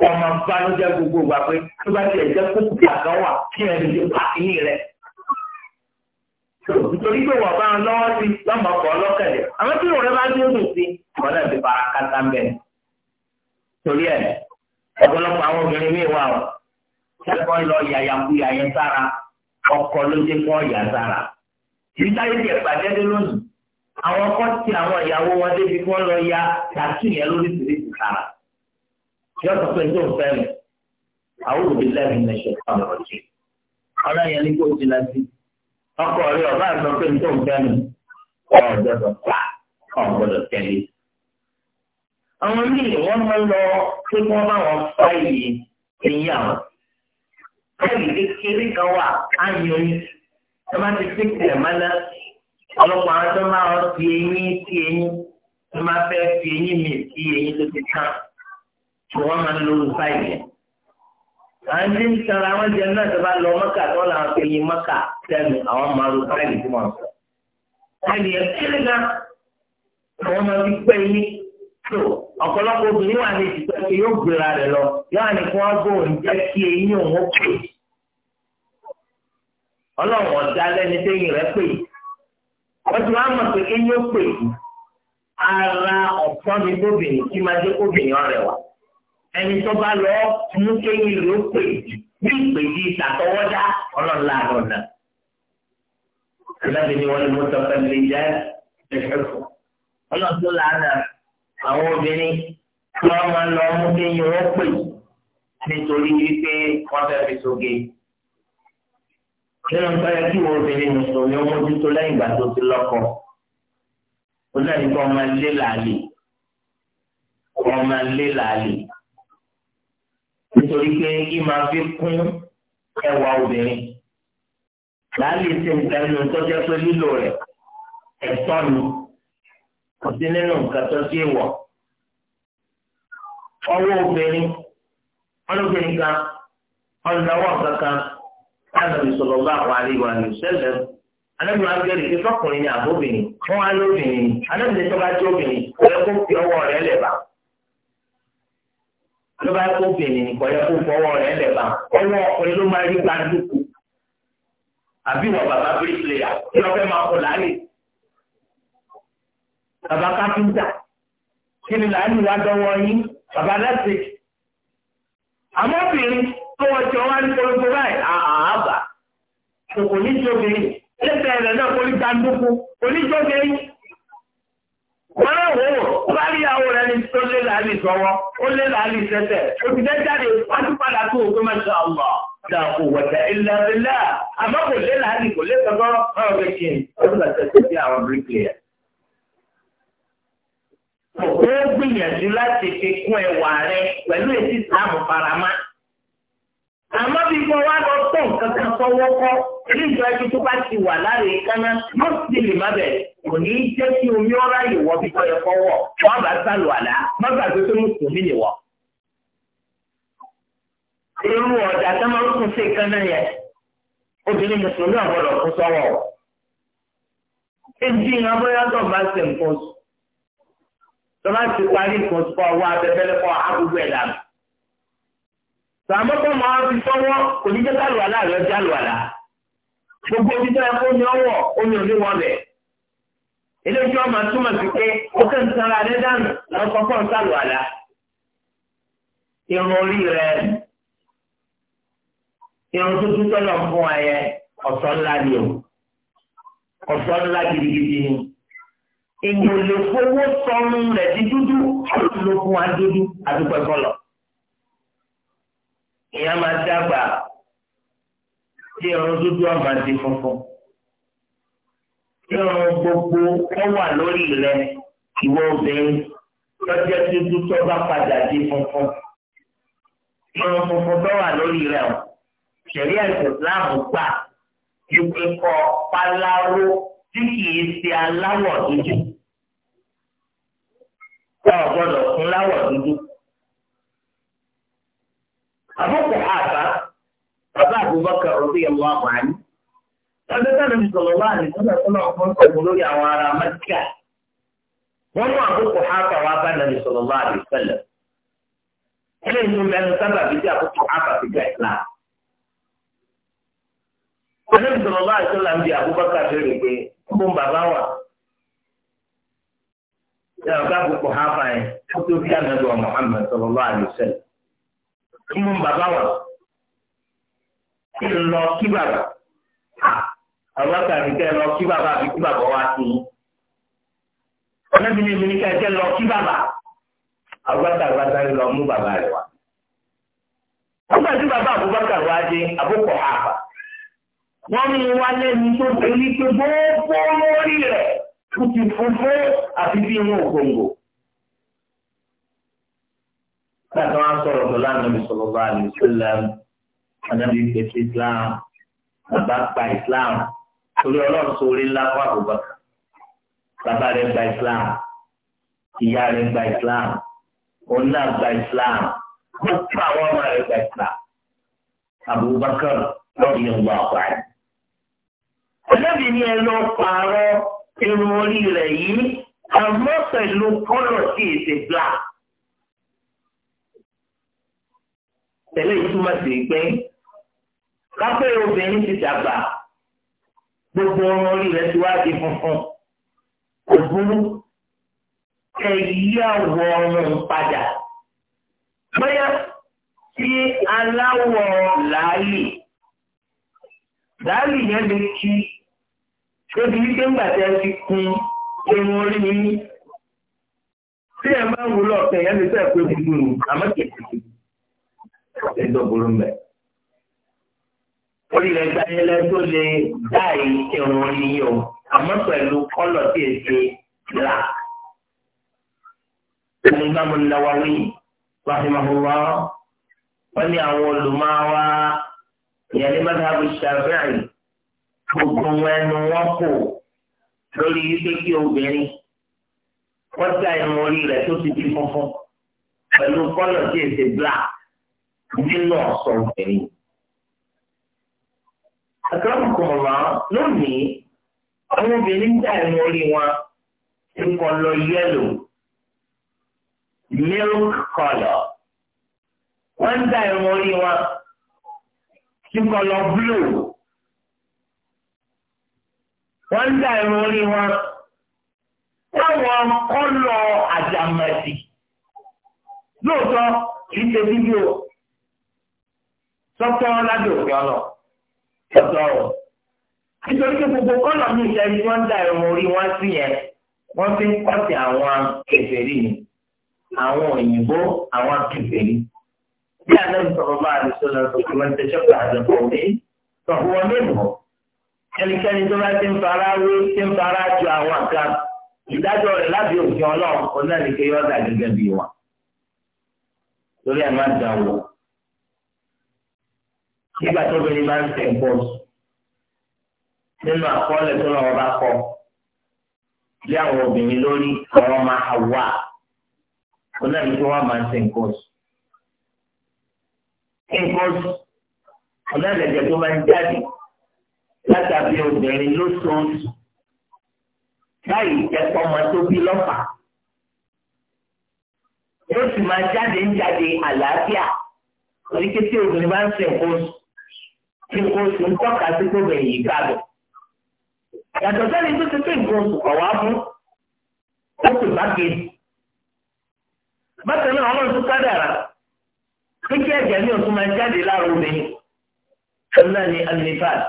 ọmọ bánújẹ́ gbogbo wa pé tó bá tiẹ̀ jẹ́ kókò kàkà wà kí ẹni lè pa kíní rẹ̀. nítorí pé wọ́n bá ń lọ́wọ́ sí lọ́mọ kọ́ lọ́kẹ̀lẹ̀ àwọn tí òun rẹ̀ bá dé òun sí wọn náà ti fara kátà bẹ́ẹ̀. torí ẹ̀ ọ̀pọ̀lọpọ̀ àwọn obìnrin míì wà wọ́n kẹ́kọ̀ọ́ lọ yàyàkuyà yẹn sára ọkọ̀ ló dé kọ́ yà sára. ìdí táyé tiẹ̀ àwọn kan ti àwọn ìyàwó wọn débi kí wọn lọ ya tàkì yẹn lórí tìrìtì kára yóò sọ pé tó ń mi àwọn olùdílẹ́bí ní ṣe fún ọ̀rọ̀ jù ọ̀rọ̀ yẹn ní kó o ti lọ sí ọkọ rẹ ọba sọ pé tó ń fẹ́ mi ọ̀rọ̀ gbọdọ̀ pa ọ̀rọ̀ gbọdọ̀ tẹ̀lé. àwọn míì wọ́n máa ń lọ pé wọ́n bá wọn fáyì ẹ̀yìn àwọn fáyì kékeré kan wà á yan ẹ má ti fi tẹ̀ mọ́ná ọlọ́pàá àwọn tó máa ń fi eyín sí eyín tó máa fẹ́ fi eyín mi sí eyín tó ti tán tí wọ́n máa ń lo olùfà ń tan àwọn jẹ náà tó bá lọ mọ́kà tó fi eyín mọ́kà sẹ́nu àwọn máa lo fáìlì tí wọ́n sọ. ẹnì yẹn kéré gan àwọn máa fi pẹ́ eyín tó ọ̀pọ̀lọpọ̀ obìnrin wà ní pé yóò gbéra rẹ̀ lọ yóò wọ́n ti máa mọ̀ pé eyín ó pè é ara ọ̀pọ̀ ni bóbìnrin tí máa jẹ́ kóbìnrin ọ̀rẹ́ wa ẹni tó bá lọ mú kéyìn ló pè é bí ìpè yìí ìtàtọ́wọ́dá ọlọ́ọ̀la àrọ̀nà. Ìdábì ni wọ́n lè mú sọ pẹ̀lú ìjẹ́ ìfẹ́fọ́. Ọlọ́run tó làánà àwọn obìnrin tí wọ́n máa lọ mú kéyìn ó pè nítorí wípé wọ́n fẹ́ fi soge nínú nǹkan yẹ kí wọn obìnrin mùsùlùmí ó mójútó lẹ́yìn ìgbà tó ti lọ́kọ ó náà ní kó ọmọ lé làálì ọmọ lé làálì nítorí pé kí máa fi kún ẹwà obìnrin làálì ti ń tẹnu tó jẹ́ pé lílò rẹ̀ ẹ̀tọ́ ni kò sí nínú nǹkan tó ti wọ̀ ọwọ́ obìnrin ọlọ́bìnrin kan ọlọ́wọ́ kankan. Ànábì sallallahu alaihi wa sallam Ànábì máa ń gbé ìdíje fọkùnrin ní àbóbìnrin wọn á lóbìnrin Ànábì lè tọ́ba jẹ́ obìnrin kò yẹ kó fi ọwọ́ rẹ̀ lẹ̀ bá lọ́ba kó obìnrin kò yẹ kó fọwọ́ rẹ̀ lẹ̀ bá ọwọ́ ọkùnrin ló máa rí gbadúkú àbí wọn bàbá bíríkìlẹ̀yà kí wọ́n máa kọ làálì bàbá káfíńtà kí ni làálì wá dọ́wọ́ yín bàbá lẹ́sìn àmọ́bìnrin ọwọ́ tí wọ́n wá ní polongo báyìí àbá kò ní tí obìnrin lẹ́sẹ̀ rẹ̀ náà kò ní gbàndúkú kò ní tí obìnrin. wọ́n náà wò ó bá rí ìyàwó rẹ̀ ní tó lé làálì sọ́wọ́ ó lé làálì sẹ́sẹ̀ òtítẹ́ jáde wájú padà tó òkú mẹ́ta ọ̀gbọ̀n la kò wọ̀tẹ̀ ilẹ̀ ilẹ̀ àmọ́ kò lé láàánì kò lé kankan ọ̀rọ̀ kékeré ọdún àti ẹ̀sìn sí àwọn bíríkìlẹ̀. ó gbìyànjú láti fi kún ẹwà rẹ pẹ̀lú èsì ìsìlámù farama àmọ́ bí wọ́n wá lọ tó nǹkan kan sọ́wọ́ kọ́ ní ìjọ́jú tó bá ti wà láre kánná yóò sì lè má bẹ̀rẹ̀ kò ní í jẹ́ kí omi ọ̀rá ìwọ bí kọ́ ẹ̀kọ́ wọ̀ wọ́n bá sálù àlá má gbàgbé pé mùsùlùmí lè wọ̀. irú ọ̀dà tó máa ń kún sí kánná yẹn obìnrin mùsùlùmí ọ̀gbọ́dọ̀ kún sọ́wọ́ o. èjì ìran tó bá ṣe nǹkan tó bá ti parí nǹkan oṣù kọ́ ọwọ́ abẹ́fẹ́lẹ́ sàmọ́tò máa fi sọ́wọ́ kò ní jẹ́ kálù àlá rẹ̀ já lù àlá gbogbo ibi tó yẹ kó ní ọwọ́ omi ò ní wọ́n bẹ̀ eléyìí wọn máa túmọ̀ sí pé ó kẹ́ ń sanra rẹ dànù lọ́wọ́ kọ́kọ́ ń sálù àlá irun orí rẹ irun tuntun tọ́lọ̀ ń fún wa yẹ ọ̀sán ńlá ni o ọ̀sán ńlá gidigidi ni èyí ò lè fowó sọnù rẹ̀ di dúdú ó lò fún wa dúdú àdúgbò ẹ̀kọ́ lọ ìyá máa dàgbà tí irun dúdú ọmọ di funfun tí irun gbogbo ó wà lórí rẹ ìwọ obìnrin lọ́jọ́ dúdú tó bá padà di funfun irun funfun tó wà lórí rẹ o ṣẹ̀rí ẹ̀sìn Islam gbà ìpè kọ páláró tí kìí ṣe aláwọ̀ dúdú. Wọ́n gbọ́dọ̀ fún láwọ̀ dúdú. أبو قحافة أبا أبو بكر رضي الله عنه قد كان النبي صلى الله عليه وسلم يقول عمر قبلوا يا وارا مكة وما أبو قحافة وابا النبي صلى الله عليه وسلم إلى أن من سبب بدي أبو قحافة في الإسلام النبي صلى الله عليه وسلم دي أبو بكر في fún bàbá wa ṣe ọ̀gá àbùkù hafa yẹn tó fi ànágbọ̀n Muhammad sallallahu alaihi kí mú bàbá wà kí n lọ kí bàbá àbúrò àbíkẹ́ lọ kí bàbá àbí kí bàbá wá sí i ọlọ́bìnrin mi ní ká ẹjẹ́ lọ kí bàbá àbúrò àbáta lọ mú bàbá rẹ̀ wá. nígbà tí bàbá Abubakar wá dé àbúkọ̀ àbá wọ́n mú wá lẹ́nu tó tẹ̀lé pé gbogbo lórí rẹ̀ ó ti funfun àfi bí inú ògbóǹgbò láti wọn sọ̀rọ̀ pẹ̀lú ànábi sọ̀rọ̀ bá àlè sílẹ̀ ànábi pèsè islam bàbá gba islam torí ọlọ́run sórí ńlá fún àbúbakà bàbá rẹ̀ gba islam ìyá rẹ̀ gba islam òun náà gba islam gbogbo àwọn ọmọ rẹ̀ gba islam àbúbakà lọ́ọ̀dì yẹn gba ọ̀pá rẹ̀. ànábi ni ẹ lọ pààrọ̀ irun orí rẹ̀ yìí àmọ́ pẹ̀lú kọ́lọ̀ sí ètè black. tẹ̀lé yìí túmọ̀ sí pé kápẹ́ obìnrin ti dàgbà gbogbo ọrùn orí rẹ̀ ti wá di funfun kò burú ẹ yí àwọ̀ ọrùn padà bóyá tí aláwọ̀ làálì làálì yẹn lè kí tóbi wípé ńgbà tí ẹ ti kun irun orí yín tí ẹ máa ń wúlò ọ̀kẹ́ lè fẹ́ pé gbogbo àmọ́ kẹ̀kẹ́ gbogbo ètò burú mbẹ. orí rẹ̀ gbanilẹ tó lè dá ìkírun orí yìí o àmọ́ pẹ̀lú kọ́lọ̀ tí èsì là. Al-Imam An-Nawawi rahimahullah wọ́n ní àwọn olùmọ̀wá ìyẹn ní madhabu Shafi'i gbogbo ẹnu wọn kò lórí wípé kí obìnrin wọ́n dá irun orí rẹ̀ tó ti di funfun pẹ̀lú kọ́lọ̀ tí èsì black nínú ọ̀sán obìnrin. Àkàrùkọ̀ wá lónìí, àwọn obìnrin dá ẹnu orí wọn ti kọ́ lọ yẹ́lò milk colour. Wọ́n ń dá ẹnu orí wọn ti kọ́ lọ blue. Wọ́n ń dá ẹnu orí wọn táwọn kọ́ lọ àjàmọ̀sí. Lóòótọ́ kì í ṣe fídíò tọ́tọ́ ládùn òkè ọ̀nà tọ́tọ́ ọ̀ nítorí pé gbogbo kọ́nà mi ìṣe ẹni wọ́n ń da irun orí wọn sí yẹn wọ́n fi ń kọ́sì àwọn kèfèrí ni àwọn òyìnbó àwọn kèfèrí bí àdéhùn sọ̀rọ̀ bá àdìsọ lọ sọ pé wọ́n ti ṣọ́kọ̀ àdìsọ òní sọ̀rọ̀ wọn mẹ́bọ̀ ẹnikẹ́ni tó bá ti ń fara wé ti ń fara ju àwọn kan ìdájọ́ rẹ̀ lábẹ́ òfin ọlọ́run onáníkẹ́ yọ̀ọ́dà gẹ́gẹ́ bí wọn. torí ẹ̀ má dàn wọ̀ nígbà tó obìnrin bá ń tẹ̀ ń bọ̀ nínú àkọọ́lẹ̀ tó lọ́wọ́ bá kọ lé àwọn obìnrin lórí ọ̀rọ̀ máa wà kó náà ní kí wọ́n máa ń tẹ̀ ń bọ̀ nǹkan ọ̀nàdẹ̀dẹ̀ tó máa ń jáde látàbí obìnrin lóṣooṣù láì jẹ́pọ̀ ọmọ tó bí lọ́fà. Yóò sì máa jáde ń jáde àlàáfíà. Orí kété obìnrin bá ń sìn kóṣù tí nǹkan oṣù ń tọ́ka sí tó bẹ̀ yìí gbàgbọ́. Yàtọ̀ sẹ́ni tó ti pé nǹkan oṣù kọ̀ wá fún ó sì bá kejì. Bákan náà ọlọ́run tó kádàrà pé kí ẹ̀jẹ̀ ní oṣù máa jáde lára obìnrin. Ṣọlá ni Alifas.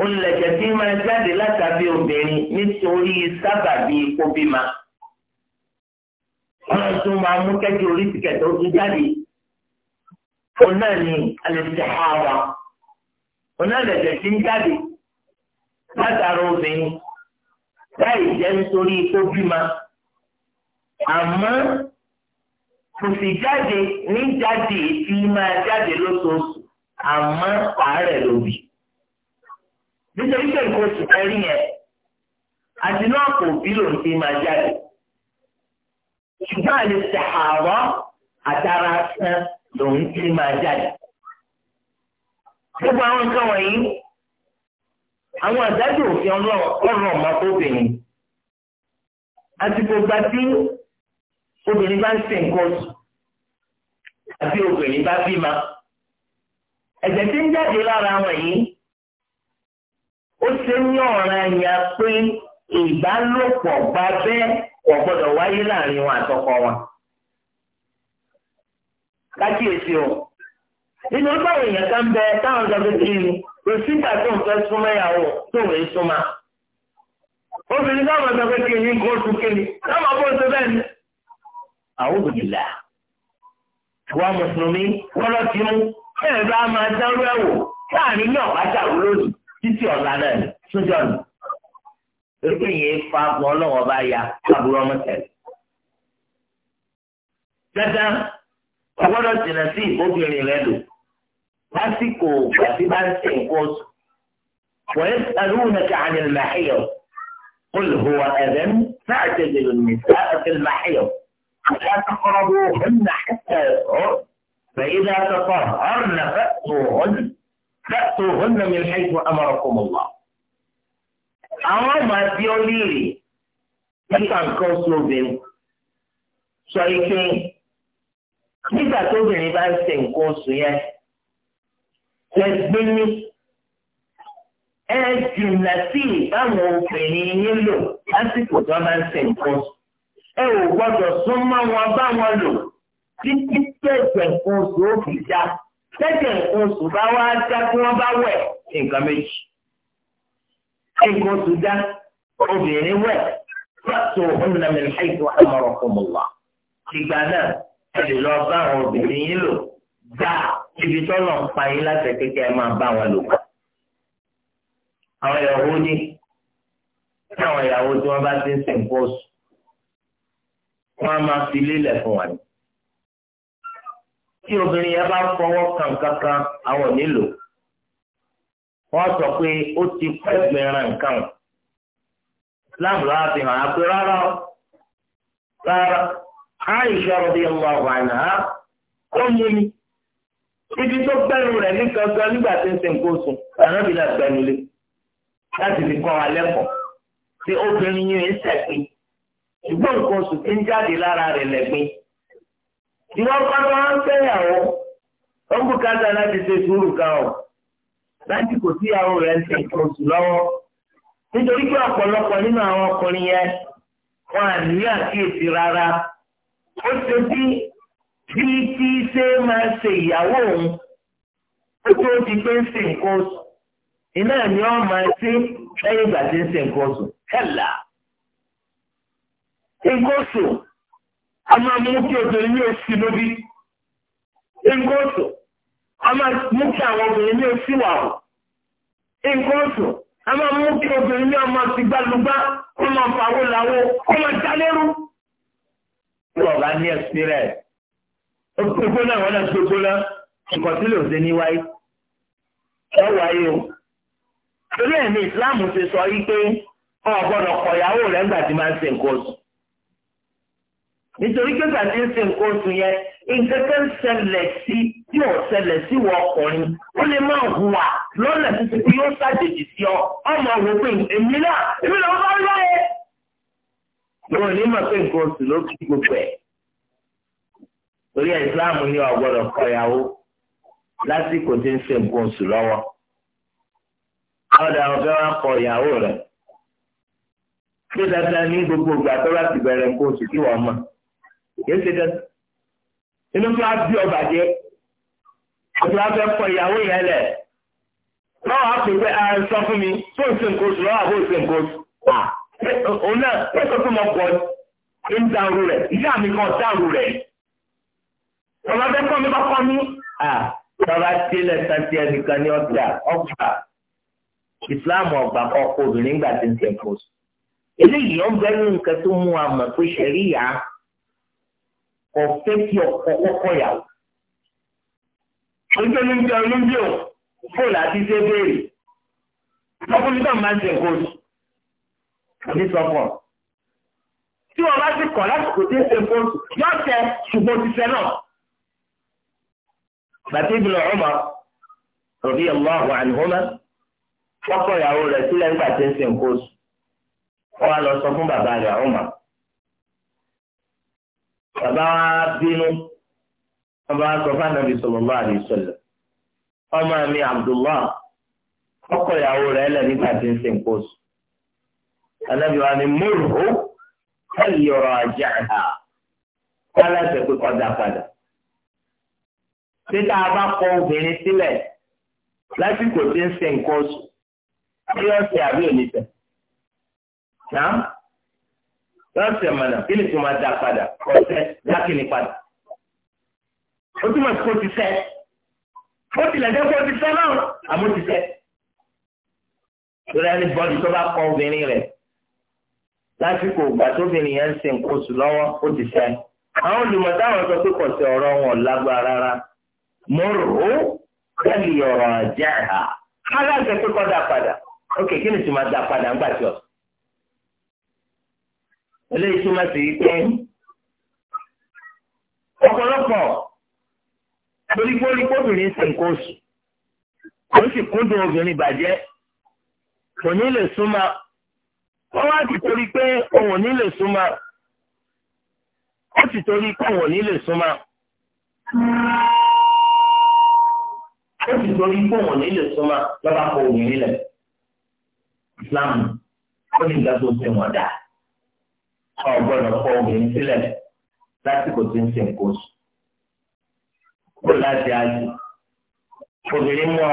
Olùlẹ̀jẹ̀ tí máa jáde látàbí obìnrin nítorí sábàbí ipò bímọ. Ọlọ́run tó máa mú kẹ́jọ orí tìkẹ̀tọ̀ tó jáde. Òun ni Alifas onáàdẹ̀dẹ̀ ti ń jáde látara obìnrin láì jẹ́ nítorí tó bímọ àmọ́ kò sì jáde ní jáde tí máa jáde lóṣooṣù àmọ́ àárẹ̀ ló bì. nítorí pé nǹkan oṣù kẹrin yẹn àti náà kò bí lòun ti máa jáde. ṣùgbọ́n àlè ṣàárọ̀ àtàrà sàn lòun ti máa jáde gbogbo àwọn nǹkan wọ̀nyí àwọn àdájọ́ òfin ọlọ́run ọ̀mọ́ tó bìnrin àti gbogbo àti obìnrin bá ń ṣe nǹkan oṣù àbí obìnrin bá bímọ ẹ̀jẹ̀ tí ń jáde lára wọn yìí ó ṣe ní ọ̀ràn yẹn pé ìbálòpọ̀ gba bẹ́ẹ̀ kò gbọ́dọ̀ wáyé láàrin wọn àtọkọ wọn. kákíyèsí o nínú ọgbà èèyàn kan bẹ táwọn sọ pé kí ni kò sígbà tó ń fẹ́ súnmọ́ ìyàwó tó ń rèé súnmọ́. obìnrin táwọn sọ pé kí ni kò tún kí ni táwọn bó ṣe bẹ́ẹ̀ ni. àwọn òbílà wa mùsùlùmí kọ́lọ́ ti mú bẹ́ẹ̀ bá máa dánrú ẹ̀ wò láàrin ní ọ̀pá ṣàwọn lónìí títí ọ̀la náà sójà nù. erúgbìn yìí fa agbọ̀n ọlọ́wọ́ bá ya káàbùrọ̀ ọmọ tẹ̀lé. dáadáa ọgbọ́dọ̀ jìnnà sí لاسيكو في بانسين ويسألونك عن المحيض قل هو أذن فاعتدل النساء في المحيض لا تقربوهن حتى يطهر فإذا تطهرن فأتوهن فأتوهن من حيث أمركم الله أو ما تقولي لي كان كوسلوبين سويكين إذا تقولي لي بانسين كوسو يعني ẹgbẹ́ni ẹ jìnnà sí ìbáwọn obìnrin yín lò lásìkò tó máa ń ṣe nǹkan ẹ ò gbọ́dọ̀ sún mọ́ wọn bá wọn lò títí tẹ̀sẹ̀ nǹkan oṣù ó fi dá tẹ̀sẹ̀ nǹkan oṣù bá wá dá kí wọ́n bá wẹ̀ nǹkan méjì nǹkan oṣù dá obìnrin wẹ̀ fàtò ọ̀nàmìlì àìsàn àmọ̀ràn fún mi wá ìgbà náà ẹ lè lọ bá àwọn obìnrin yín lò dáa ibi tọ́nà ń pa yín láti kékeré máa bá wọn lò kàn. àwọn ìyàwó ní táwọn ìyàwó tí wọ́n bá ti ń sìn kó sùn wọ́n á máa fi lélẹ̀ fún wọn. tí obìnrin yẹn bá fọwọ́ kàn kankan àwọn nílò wọ́n sọ pé ó ti pẹ́ gbẹ̀ràn nǹkan o. islam ló wá fi hàn á pé rárá o rárá Aisha radiyallahu anha ó mú mi ibi tó gbẹ̀rù rẹ̀ ní kankan nígbà tí ń ṣe nǹkan oṣù ànábì náà gbẹ̀rù lé láti fi kọ́ wa lẹ́kọ̀ọ́ tí obìnrin yìí ń sẹ̀pin ṣùgbọ́n nǹkan oṣù ti ń jáde lára rẹ̀ lẹ́gbin ìwọ́n pátá wọn ń fẹ́yàwó ó kú káta láti ṣe sùúrù kan o láti kò síyàwó rẹ̀ ń ṣe nǹkan oṣù lọ́wọ́ nítorí pé ọ̀pọ̀lọpọ̀ nínú àwọn ọkùnrin yẹn wọn à ní àkíyèsí rárá ó ṣe bí bí tí ṣe máa ṣe ìyàwó òun ó ti pé ń ṣe nǹkan oṣù iná ni ó máa ṣe lẹ́yìn ìgbà tí ń ṣe nǹkan oṣù hẹ́là nǹkan oṣù a máa mú kí obìnrin ní oṣù lóbi nǹkan oṣù a máa mú kí àwọn obìnrin ní oṣù wà nǹkan òkúkú náà wọn náà gbogbo náà nǹkan tí lè ṣe ní wáyé ẹ wáyé o torí ẹ̀mí Islam ti sọ yí pé ọ gbọ́dọ̀ kọ ìyàwó rẹ̀ ńgbà tí máa ń ṣe nǹkan oṣù nítorí pé gbàtí ń ṣe nǹkan oṣù yẹn nǹkan tó ń ṣẹlẹ̀ sí tí ò ṣẹlẹ̀ sí wọ ọkùnrin ó lè máa hùwà lọ́nà títí pé yóò ṣàjèjì sí ọ ọmọ wò pé èmi náà èmi náà bá ń torí ẹ̀ islam ní ọ̀gbọ́dọ̀ kọyàwó lásìkò tí ń ṣe nǹkan oṣù lọ́wọ́ ọ̀dà ọ̀fẹ́ wa kọ ìyàwó rẹ̀ ṣé dandan ní gbogbo ìgbà tó bá ti bẹ̀rẹ̀ nǹkan oṣù kí wọ́n mọ̀ yéé ṣe dandan inú fún wa bí ọba jẹ́ ọ̀dà ọ̀fẹ́ kọ ìyàwó yẹn lẹ̀ lọ́wọ́ àpèjẹ sọ fún mi tó ń ṣe nǹkan oṣù lọ́wọ́ àbó ṣe nǹkan oṣù òun náà ó sọ fún ọkọ̀ mi kan tọ́ba bẹ́ẹ̀ kọ́ mi bá kọ́ mi. tọ́ba délẹ̀ santi ẹnìkan ní ọjà ọgbà islam ọgbà ọkọ obìnrin gbà tí ń tẹ̀ pọ̀ sí. eléyìí ó ń bẹ́ nínú nǹkan tó mú wa mọ̀ pé ṣẹ̀ríyà kò fẹ́ kí ọkọ kọ́kọ́ yàwó. oúnjẹ ló ń jẹ olóńgbò fóònù àti ṣé béèrè. ọkùnrin náà máa ń tẹ̀ pọ̀ sí. àbí sọ́kọ̀ tí wọn bá ti kọ̀ lásìkò tí ń ṣe fóònù yóò tẹ ṣùgbọ́n ti fẹ́ náà bàtí ibùdó ọmọ rọbí allahu anhuma fọkọ ìyàwó rẹ̀ sílẹ̀ nígbà tí ń sìn kó sùn wọn wá lọ sọ fún bàbá rẹ̀ ọmọ bàbá wa bínú wọn bá sọ fún anabi sallallahu alaihi wasallam ọmọ mi abdullah fọkọ ìyàwó rẹ̀ lẹ nígbà tí ń sìn kó sùn anabi wa ni múlùú kẹlẹ yọrọ ajá ha kálá pé kọjá padà ṣé tá a bá kọ obìnrin sílẹ̀ lásìkò tí ń ṣe nǹkan oṣù kí wọ́n ṣe àbí oníṣẹ́ náà wọ́n ṣe mọ̀nà kí ni tó máa dá padà ọ̀sẹ̀ dákìní padà ó túmọ̀ sí kó ti fẹ́ ó tilẹ̀ jẹ́ kó ti fẹ́ náà àmọ́ ti fẹ́ lórí ẹni bọ́ọ̀dù tó bá kọ obìnrin rẹ̀ lásìkò ìgbà tóbìnrin yẹn ń ṣe nǹkan oṣù lọ́wọ́ ó ti fẹ́ àwọn olùmọ̀ táwọn sọ pé kọ̀ọ̀sẹ̀ ọ̀rọ̀ wọn lágbára rárá. mọ́rùú kẹ́lì ọ̀rọ̀ jẹ́ ha aláǹtẹ̀ pé kọ́ da padà ok kí ni tí máa da padà ń gbà ọ. eléyìí túmọ̀ sí pé ọ̀pọ̀lọpọ̀ gbórígbórí kóbìnrin sì ń kó ó sì kúndùn obìnrin bàjẹ́ kò ní lè súnmọ́ wọ́n wá ti torí pé òun ò ní ó sì torí pé nílò súnmọ́ lọ́ba kọ òun nílẹ̀ Islam ó ní ìgbà tó ṣe wọ́n dáa ọ gbọ́dọ̀ kọ obìnrin sílẹ̀ tí ń ṣe nǹkan oṣù kó láti àjò obìnrin mọ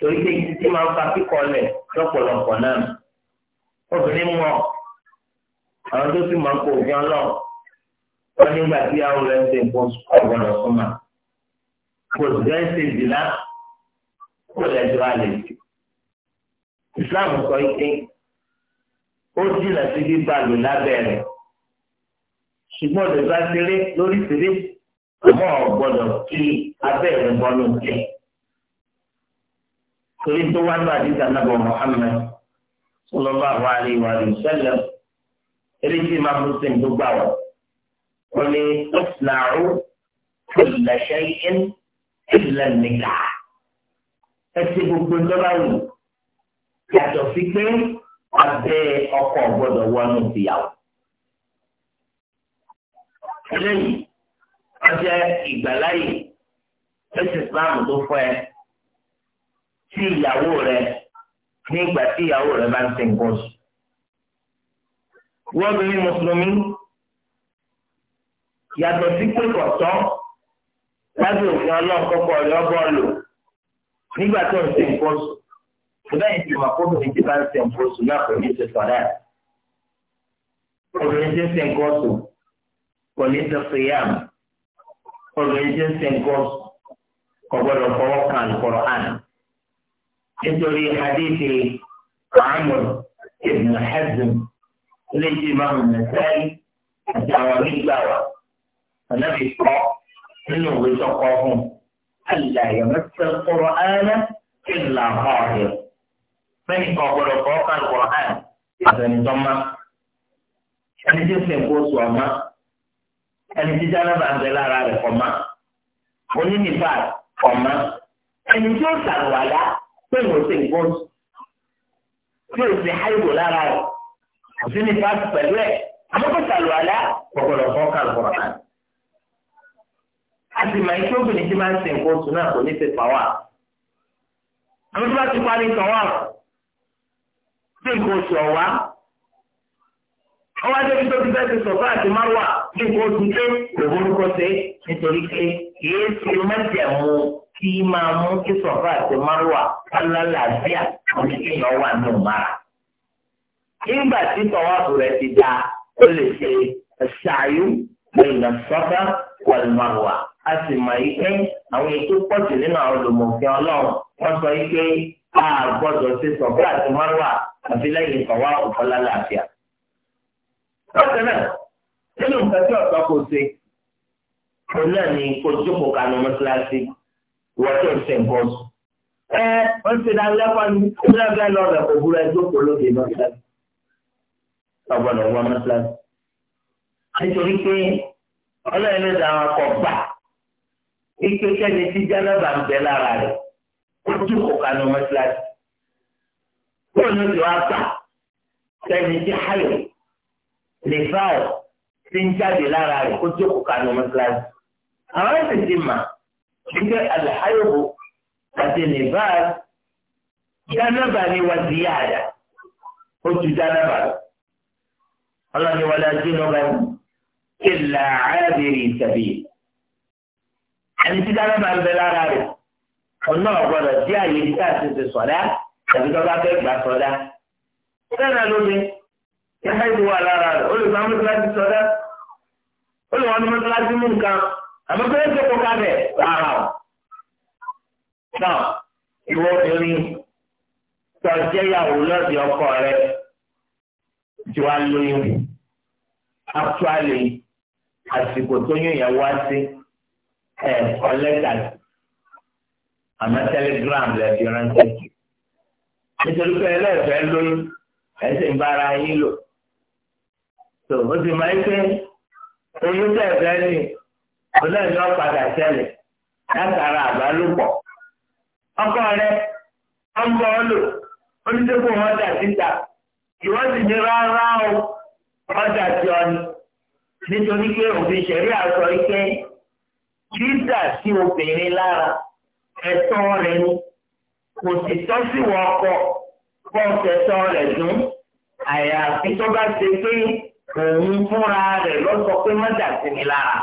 torí pé títí máa ń fa kíkọlẹ̀ lọ́pọ̀lọpọ̀ náà obìnrin mọ àwọn tó sì máa ń kó òfin ọlọ́ọ̀ wọn nígbà tí àwọn rẹ̀ ń ṣe nǹkan oṣù kọ gbọ́dọ̀ kò sì fẹ́ ṣe ìdìlá kò lẹ́jọ́ alẹ́ jù. Islam sọ pé ó jìnà sí bíbá lò lábẹ́rẹ̀ ṣùgbọ́n lè bá ṣeré lórí ṣeré àmọ́ ọ̀gbọ́dọ̀ kí abẹ́rẹ́ bọ́nú jẹ. Torí tó wá ní àdìsá nàbọ̀ Mùhàmmad sallallahu alaihi wa sallam eréjì máa mú sí ní gbogbo àwọn. Wọ́n ní ọ̀sìn àrùn kò lè ṣe é ìlẹ̀ nìkà ẹtì gbogbo ńlọ́lá yìí yàtọ̀ sí pé abẹ́ ọkọ gbọ́dọ̀ wọnú ìyàwó. eléyìí wọ́n jẹ́ ìgbàláyè ẹ̀sìn Islam tó fọ́ ẹ sí ìyàwó rẹ ní ìgbà tí ìyàwó rẹ bá ń sin nǹkan oṣù. wọ́n bí mùsùlùmí yàtọ̀ sí pé kọ̀tọ́ lábẹ́ òfin ọlọ́run kọ́kọ́ ọ̀rẹ́ ọgọ́ọ̀lù nígbà tó ń ṣe nǹkan oṣù lẹ́yìn tí màkóbìnrin ti bá ń ṣe nǹkan oṣù náà kò ní ṣe sọ̀rọ̀ ẹ̀. obìnrin ti ń ṣe nǹkan oṣù kò ní ṣe fìyàm obìnrin ti ń ṣe nǹkan oṣù kò gbọdọ̀ fọwọ́ kan àlùkọ́rọ̀ hàn. nítorí hadithi muhammad ibn hazm lè jí ìmáàmù mẹ́sàáyì nínú ìwé tọkọ fún àlà ìyàmẹ́sẹ̀ kọ́rọ̀ ayẹyẹ kí n là hàn ọ̀hìn. Bẹ́ẹ̀ni kan gbọ́dọ̀ kọ́ kálukọ̀ hàn àtẹni tó má. Ẹni tí ń sìn kó sùn ọ̀má. Ẹni tí jáde bá ń bẹ lára rẹ̀ kọ̀ má. Onínìfà kọ̀ má. Ẹni tí ó sàlùwàlá pé mo sì kó Tí o sì háìwò lára rẹ̀. Kò sí nípa pẹ̀lú ẹ̀. Àmọ́ kó sàlùwàlá kọ̀kọ̀dọ̀ kọ́ kálukọ̀ hàn a sì máa ikú obìnrin tí máa ń sìn kóòtù náà kò ní ṣe tọ́wà. àwọn tí wọ́n ti parí tọ́wà sí nǹkan oṣù ọ̀wá. ọwọ́ adébí tó ti fẹ́ ti sọ̀fọ́ àti márùwà bí nǹkan oṣù pé kò borúkọ sí nítorí pé kìí ṣe mẹ́jẹ̀mú kí máa mú kí sọ̀fọ́ àti márùwà kálálàáfíà àti kéèyàn wà ní òmàrà. nígbà tí tọ́wà rẹ̀ ti dáa ó lè ṣe ṣàyù a sì mọ̀ yìí pé àwọn ètò pọ̀jù nínú àwọn olùmọ̀fin ọlọ́run wọ́n sọ yìí pé a gbọ́dọ̀ ṣe sọ̀kọ́ àti márùwà àfi lẹ́yìn kan wá ọ̀kan lálàáfíà. lọ́sẹ̀ náà nínú nǹkan tí ọ̀sán kò ṣe òun náà ni kò jókòó kanu mọ́ṣáláṣí wọ́n tó ń ṣe nǹkan oṣù. ẹ wọ́n ti dá lẹ́kọ̀ọ́ ní ìlẹ́gbẹ́ lọ́rẹ̀ kò burú ẹ jókòó lóde mọ́ṣáláṣí. ọ̀gbọ́dọ̀ wọ mọ́ṣáláṣí. nítorí pé ọlọ́run ló dá wọn kọ gbà ike kẹ́ni tí jánábà ń bẹ lára rẹ̀ ó tún kò kanu mọ́síláṣí. Bóòlù ti wá gbà sẹ́ni tí háyọ̀ lè fáwọ̀ ti ń jáde lára rẹ̀ ó tún kò kanu mọ́síláṣí. Àwọn ẹ̀sìn ti mà wípé àlàyéwò àti nìbá jánábà ni wà sí yáàdà ó ju jánábà lọ. Ọlọ́ni wàlá jẹ́ lọ́gbà yìí. Ìlà ààbèrè ìtàbí yìí ẹni tí dáná bá ń bẹ lára rẹ̀ ọ̀nà ọ̀gbọ́dọ̀ dí àyè ibi tá a ti ti sọ̀dá tàbí tó bá fẹ́ gbà sọ̀dá. Sẹ́nà lómi, yàrá ìlú wà lára rẹ̀, ó lè sọ̀dá, ó lè mú nǹkan, àmọ́ pé ẹ̀jẹ̀ kábẹ̀ rárá o. Náà, ìwọ obìnrin tó jẹ́ ìyàwó lọ́dì ọkọ rẹ̀ ju wa lóyún. Actually, àsìkò tó yún ìyàwó wá sí ẹ̀ kọ lẹ́tà sí àmọ́ telegram lẹ́bi ránṣẹ́ sí nítorí pé ẹlẹ́fẹ́ lóyún ẹ̀sìn ń bára yín lò tó o sì máa ń pé oyún tẹ̀fẹ́ ni olóòní ọ̀padà ṣẹlẹ̀ látara àbálòpọ̀ ọkọ rẹ ọ ń bọ ọ lò onídébò wọn dà síta ìwọ́n sì ní rárá o ọjà tí ọ ni nítorí pé òfin ṣẹ̀rí àsọ ike dídà sí obìnrin lára ẹ̀tọ́ rẹ̀ ni kò sì tọ́ sí wọ ọkọ bọ́ọ̀sẹ̀tọ́ rẹ̀ dùn àyàfi tó bá ṣe pé òun fúnra rẹ̀ lọ sọ pé má dà sí mi lára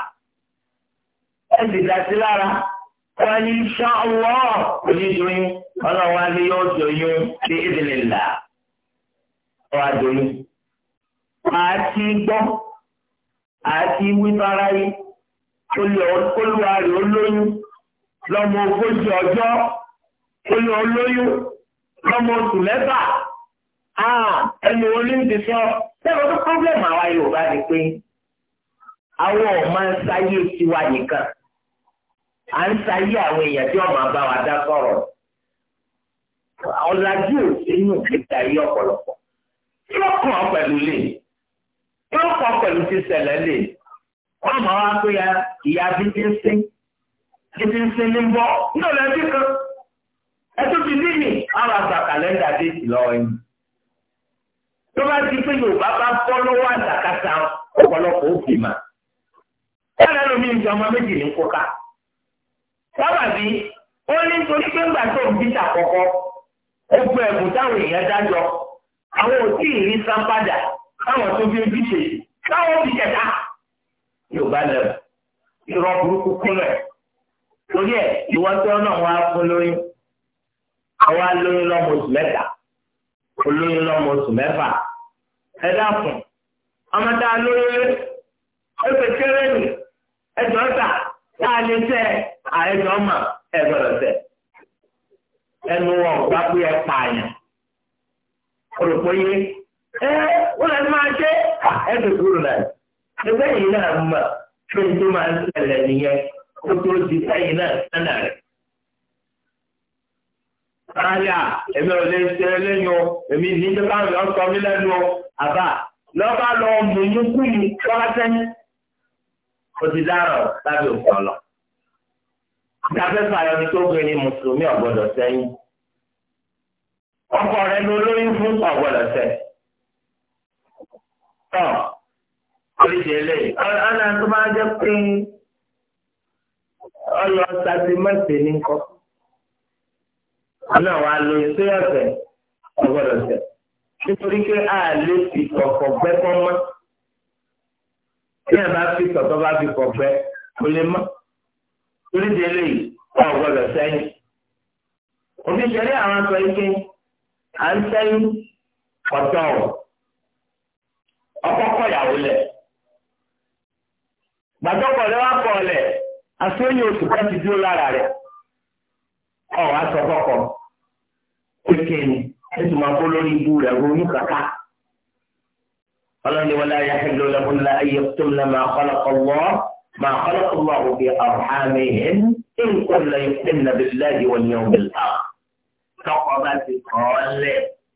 ẹ sì dà sí lára wọn ní sọ́wọ́ onídùúyìn ọlọ́wọ́ ni yóò dòyún sí ìdílélà ọwọ́ àdòyún àti gbọ́ àti wípé yìí olùwà rẹ̀ olóyún lọ́mọ ogójì ọjọ́ olú olóyún lọ́mọ oṣù mẹ́fà ẹnu olóyún ti sọ sẹ́wọ́n tó pọ́blẹ́mù àwa Yorùbá ni pé àwọn ọ̀ma ń sáyé tiwa nìkan à ń sáyé àwọn èèyàn tí ọ̀ma bá wa dá sọ̀rọ̀ ọ̀làjú òsínú ìgbà yí ọ̀pọ̀lọpọ̀ yóò kàn án pẹ̀lú lè yóò kàn pẹ̀lú ti ṣẹlẹ̀ lè. "Ọ mọ̀ wá ya ìyá bíbí ń sin bíbí sin ní bọ́ náà lẹ́bí kan ẹtún ti bí mi àwọn àgbà kàlẹ́ndà déètì lọ́wọ́ yìí. tó bá ti pé Yorùbá bá fọ́ lọ́wọ́ àdàkàtà ọ̀pọ̀lọpọ̀ òfin mà. ẹ̀rọ lómi ń jọ ọmọ méjì yorùbá lẹ́wọ̀ irọ́ burúkú kúnlẹ̀ torí ẹ̀ ìwọ́n tí wọ́n náà wọ́n á fún lóyún àwọn alóyún lọ́mọ oṣù mẹ́ta olóyún lọ́mọ oṣù mẹ́fà ẹ dákun ọmọ tá a lóyún ó ṣe kéré nì ẹjọ́ tà tá a lè tẹ àìjọ́ mà ẹ gbọ́dọ̀ tẹ ẹnu wọn gbá pé ẹ pààyàn olùkóyè ẹ wọ́n lè máa ṣe ẹ dòdò rẹ̀ ẹgbẹ́ yìí náà mọ̀ pé tó máa ń ṣẹlẹ̀ nìyẹn kó tó di sẹ́yìn náà sẹ́nà rẹ̀. Rárá, èmi ò lè ṣe lẹ́yìn o, èmi ní tó káwọn yọ sọ mí lẹ́nu o, àbá lọ́ba lọ mú mú kú mi tọ́lá sẹ́yìn. Ó ti dáràn lábẹ́ òkú ọ̀lọ́. Ìdáfẹ́ fàyọ ni tó gbé ni Mùsùlùmí ọ̀gbọ́dọ̀ sẹ́yìn. Ọkọ rẹ̀ ni olóyún fún ọ̀gbọ́dọ̀ sẹ́yìn oríṣi eléyìí ọ̀nà tó bá jẹ́ pé ọlọ sasi mẹ́sẹ̀ ní kọ́ ọ̀nà wa lo sí ọ̀sẹ̀ ọgbọ́dọ̀ sẹ̀ nítorí pé a lè fi kọ̀kọ̀ gbẹ́ kọ́ mọ́ bí ẹ bá fi kọ̀kọ́ bá fi kọ̀ gbẹ́ kò lè mọ́ oríṣi eléyìí ọgbọ́dọ̀ sẹ́yìn òbí ṣẹlẹ̀ àwọn aṣọ ike à ń sẹ́yìn ọ̀tọ̀ ọ̀kọ́kọ̀ ìyàwó lẹ̀ gbàdọ́kọ̀ rẹ wá kọ̀ ọ̀lẹ̀ àsóyè oṣù kan ti dúró lára rẹ̀ ọ̀ wá sọ kọ̀kọ̀ kékeré ètò máa kó lórí ibu rẹ̀ ronú kàkà. ọlọ́ni wọlé ayé ẹ̀lò lẹ́kùnlá ayé tó ń lẹ́ máa kọ́lọ́kọ̀ wọ́ máa kọ́lọ́kọ̀ wọ́ òbí ọ̀hánmi ẹ̀ ń kó lẹ́yìn pé nàbẹ̀lẹ́ ìwọ̀n ni ọ̀gbìn tọkọ bá ti kọ́ ọ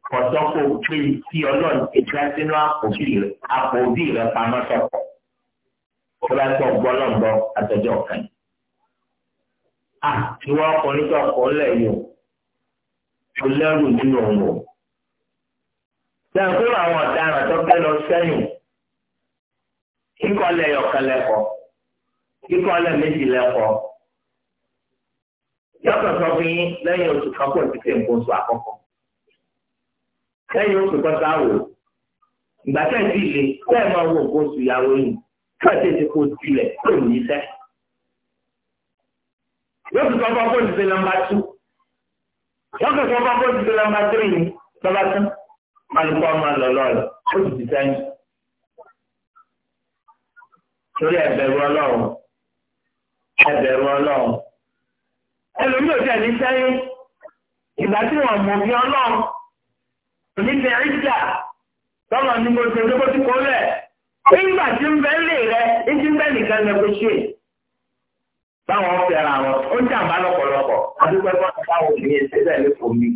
kọ́tọ́kọ̀ pé tí ọlọ́run ti sínú àpò òbí pamọ́ sọ̀kọ̀ tó bá tọ̀ gbọ́ lọ́gbọ́ àtọ̀jọ́ yìí. à ìwọ ọkùnrin tó ọkọ̀ ńlẹ̀ o tó lẹ́rù nínú òun o. sẹ́ńkúrò àwọn ọ̀daràn tó fẹ́ lọ sẹ́yìn kíkọ́ lẹ̀ yọ̀kan lẹ́kọ̀ọ́ kíkọ́ lẹ̀ méjì lẹ́kọ̀ọ́ yọ̀kan sọ fún yín lẹ́yìn oṣù kan pọ̀ sí fèǹkó oṣù àkọ́kọ́ lẹ́yìn oṣù kan sáwò ìgbà tẹ̀ sí ilé tẹ́ máa wo nǹkan oṣù ìyàwó yìí káàtì ti kó tilẹ̀ tó ní sẹ́. yóò tún sọ́kọ́ bó ti ṣe nọmba tú yóò tún sọ́kọ́ bó ti ṣe nọmba tírì ní lọ́ba tán alùpùpù ọmọ lọ́lọ́ rẹ̀ ó sì ti sẹ́yìn. torí ẹ̀bẹ̀rù ọlọ́run ẹ̀bẹ̀rù ọlọ́run ẹlòmíràn tẹ̀ ní sẹ́yìn ìgbà tí wọ́n mọ̀ bí ọlọ́run onífẹ̀ẹ́ ìjà tọ́lọ̀ ní mo ṣe tó bó ti nígbà tí ń bẹ lé rẹ ìdí ń bẹ nìkan negotiate báwọn fẹ́ra wọn ó ń jàǹbá lọ́pọ̀lọpọ̀ adúgbò ẹ̀fọ́ ti báwọn òbí ẹsẹ̀ bẹ́ẹ̀ ló fò mí.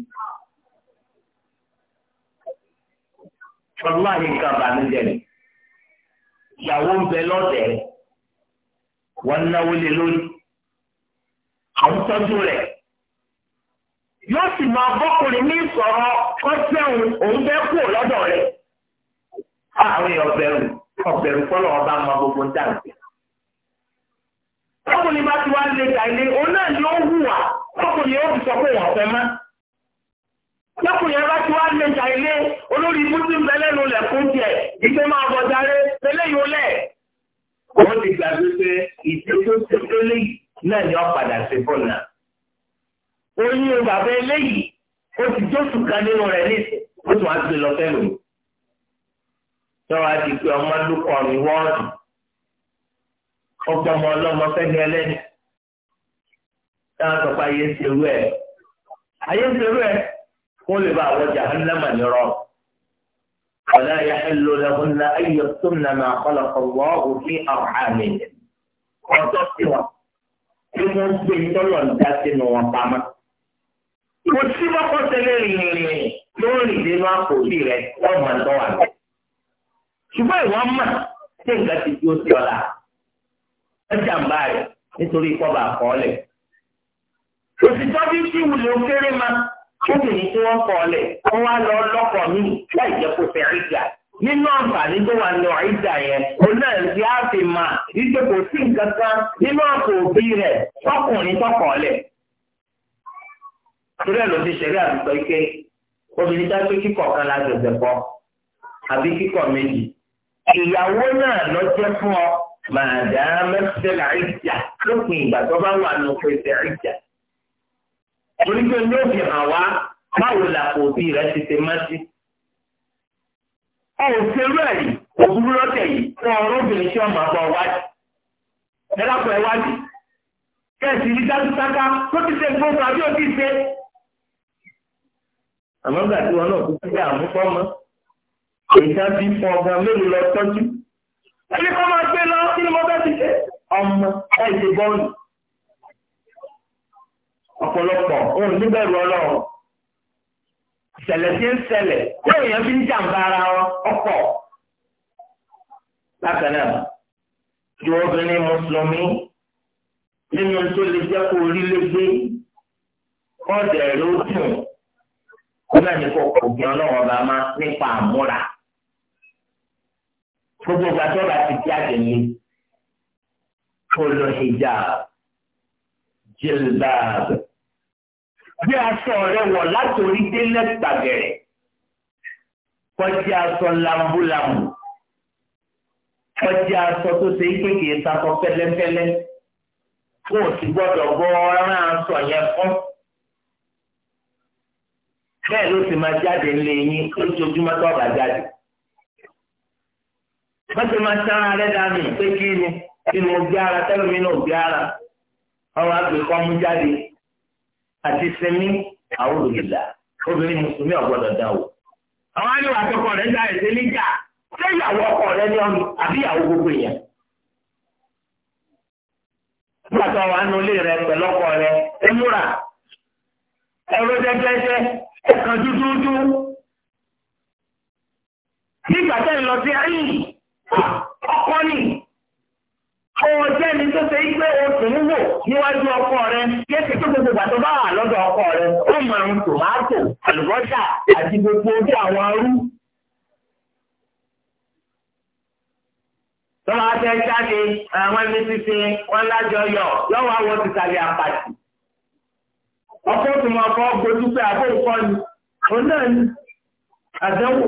ọlọ́wà ní nǹkan àbánújẹ ni ìyàwó ń bẹ lọ́dẹ̀ wọ́n náwó lé lórí àwọn tọ́jú rẹ̀ yóò sì máa bọ́kùnrin ní ìsọ̀rọ̀ kọ́sẹ́hùn òun bẹ́ẹ̀ kú lọ́dọ̀ rẹ̀ àwọn èèyàn bẹ̀rù ọ̀bẹ̀rù kọ́lọ̀ ọba ma gbogbo ń dàgbé. ọkùnrin bá ti wá lé ta ilé òun náà ni ó hùwà ọkùnrin ó fi sọ pé wọ́n fẹ́ má. lọ́kùnrin bá ti wá lé ta ilé olórí ibùsùn ń bẹ lẹ́nu lẹ̀kún tiẹ̀ ìgbé máa bọ̀ darí lẹ́lẹ́ yóò lẹ̀. wọ́n ti gbàgbé pé ìdíjọ́ ti délé náà ni wọ́n padà sí bọ̀ náà. oyún bàbá eléyìí ó ti jósù kan nínú rẹ̀ ní oṣù àti lọ́fẹ́ lòun tọ́wọ́ àti pé ọmọ lóko ọ̀rìn wọ́ọ̀dù ọgbọ́n ọmọ ọlọ́mọ fẹ́ẹ́ ẹlẹ́ni táwọn sọ pé ayé ń ṣerú ẹ̀ ayé ń ṣerú ẹ̀ kó lè bá àwọn jahannama ní rọ ọ̀la yahillu lahunna an yaktumna ma khalaqa Allahu fi arhamihinna ọ̀tọ̀ sí wọn tí wọ́n gbé tọ́lọ̀ ń dá sínú wọn pamọ́ kò sí mọ́kọ́sẹ́lẹ̀ rìnrìn lórí ìdènà àpò òbí rẹ̀ ọmọ ṣùgbọ́n ìwọ mọ̀ ṣé nǹkan ti di oṣù ọ̀la ọjà ń bá rẹ̀ nítorí kọ́ba àkọọ́lẹ̀. òṣìṣọ́ bí tí wùlé ó kéré ma kóbìnrin tí wọ́n kọ́ ọ̀lẹ̀ wọ́n wá lọ lọ́kọ̀ mi láì jẹ́ kó fẹ́ ríjà nínú àǹfààní tó wà lọ àìjà yẹn òun náà ti á fi mà wípé kò sí nǹkan kan nínú àpò òbí rẹ̀ tọkùnrin tọkọ̀ ọ̀lẹ̀. torí ẹ̀ ló ti ṣẹ̀rí àdúgbò ike obìnrin dá pé kíkọ̀ kan lágbègbè pọ̀ àbí kíkọ̀ méjì ìyàwó náà lọ jẹ́ fún ọ màdà mẹ́sẹ̀lá ìjà lópin ìgbà tó bá wà nù pèsè ìjà. torí pé ní òfin hàn wá báwo làpò òbí rẹ ti ṣe má sí. ọ̀ òṣèlú ẹ̀rí òbúrú lọ́tẹ̀ yìí fún ọlọ́bìnrin tí ọmọ àgbà wájú. ẹ lápò ẹ wájú. kẹ́sì rí dájú tó ti ṣe gbogbo àbí òbí ṣe. àmọ́ gbà náà kú sí àmúkọ́ mọ́ nǹkan bí fún ọgbọ̀n mélòó lọ tọ́jú ẹni kọ́ máa gbé lọ kí ni mo bẹ́ ti ṣe ọmọ ẹ̀ṣẹ̀ bọ́ọ̀lù ọ̀pọ̀lọpọ̀ òun níbẹ̀rù ọlọ́run ìṣẹ̀lẹ̀ tí ń ṣẹlẹ̀ tí èèyàn fi ń jàǹbá ara wọn ọ̀pọ̀ bákan náà ju obìnrin mùsùlùmí nínú tó lè jẹ́ kó orí lé gbé kọ́ọ̀dẹ̀ ló dùn kó náà ní kò kò gbin ọlọ́run ọba máa nípa àmúra gbogbo ìgbà tó bá ti di àjẹlé kó lọ hijab jilbab bí aṣọ rẹ wọ̀ látòrí délẹ̀ gbàgẹ̀rẹ̀ kọjá aṣọ lambúlambù kọjá aṣọ tó ṣe é kéèké sakọ pẹ̀lẹ́pẹ̀lẹ́ kó o sì gbọ́dọ̀ gbọ ọrán aṣọ yẹn fún bẹ́ẹ̀ ló sì máa jáde ńlẹ yín lójoojúmọ́ tó bá jáde. wọ́n ti máa sára rẹ̀ dàmí pé kí ni ara tẹ́lẹ̀ náà ara ọrọ̀ kọ́ mú jáde àti sinmi àwọn olùgbèlà obìnrin mùsùlùmí ọ̀gbọ́dọ̀ dá o. àwọn àlewà àtọkọ rẹ̀ dá níjà ṣé ìyàwó ọkọ ní ọ̀nù àbí ìyàwó gbogbo èèyàn. ọkọ jẹjẹjẹ dúdúdú. ọkọ ni òun jẹ́ ni tó ṣe pé o sì ń wò níwájú ọkọ rẹ yéèkì tó gbogbo ìgbà tó bá wà lọ́dọ̀ ọkọ rẹ ó mọ àwọn tòmátò àlùbọ́sà àti gbogbo ojú àwọn arú. tọ́lá fẹ́ jáde àwọn ẹni títí wọn lájọyọ̀ lọ́wọ́ àwọn tìtàlẹ̀ àpàtì. ọkọ̀ tó máa fọ́ gbójú pé àbóǹkọ́ ni òun náà ni àdánwò.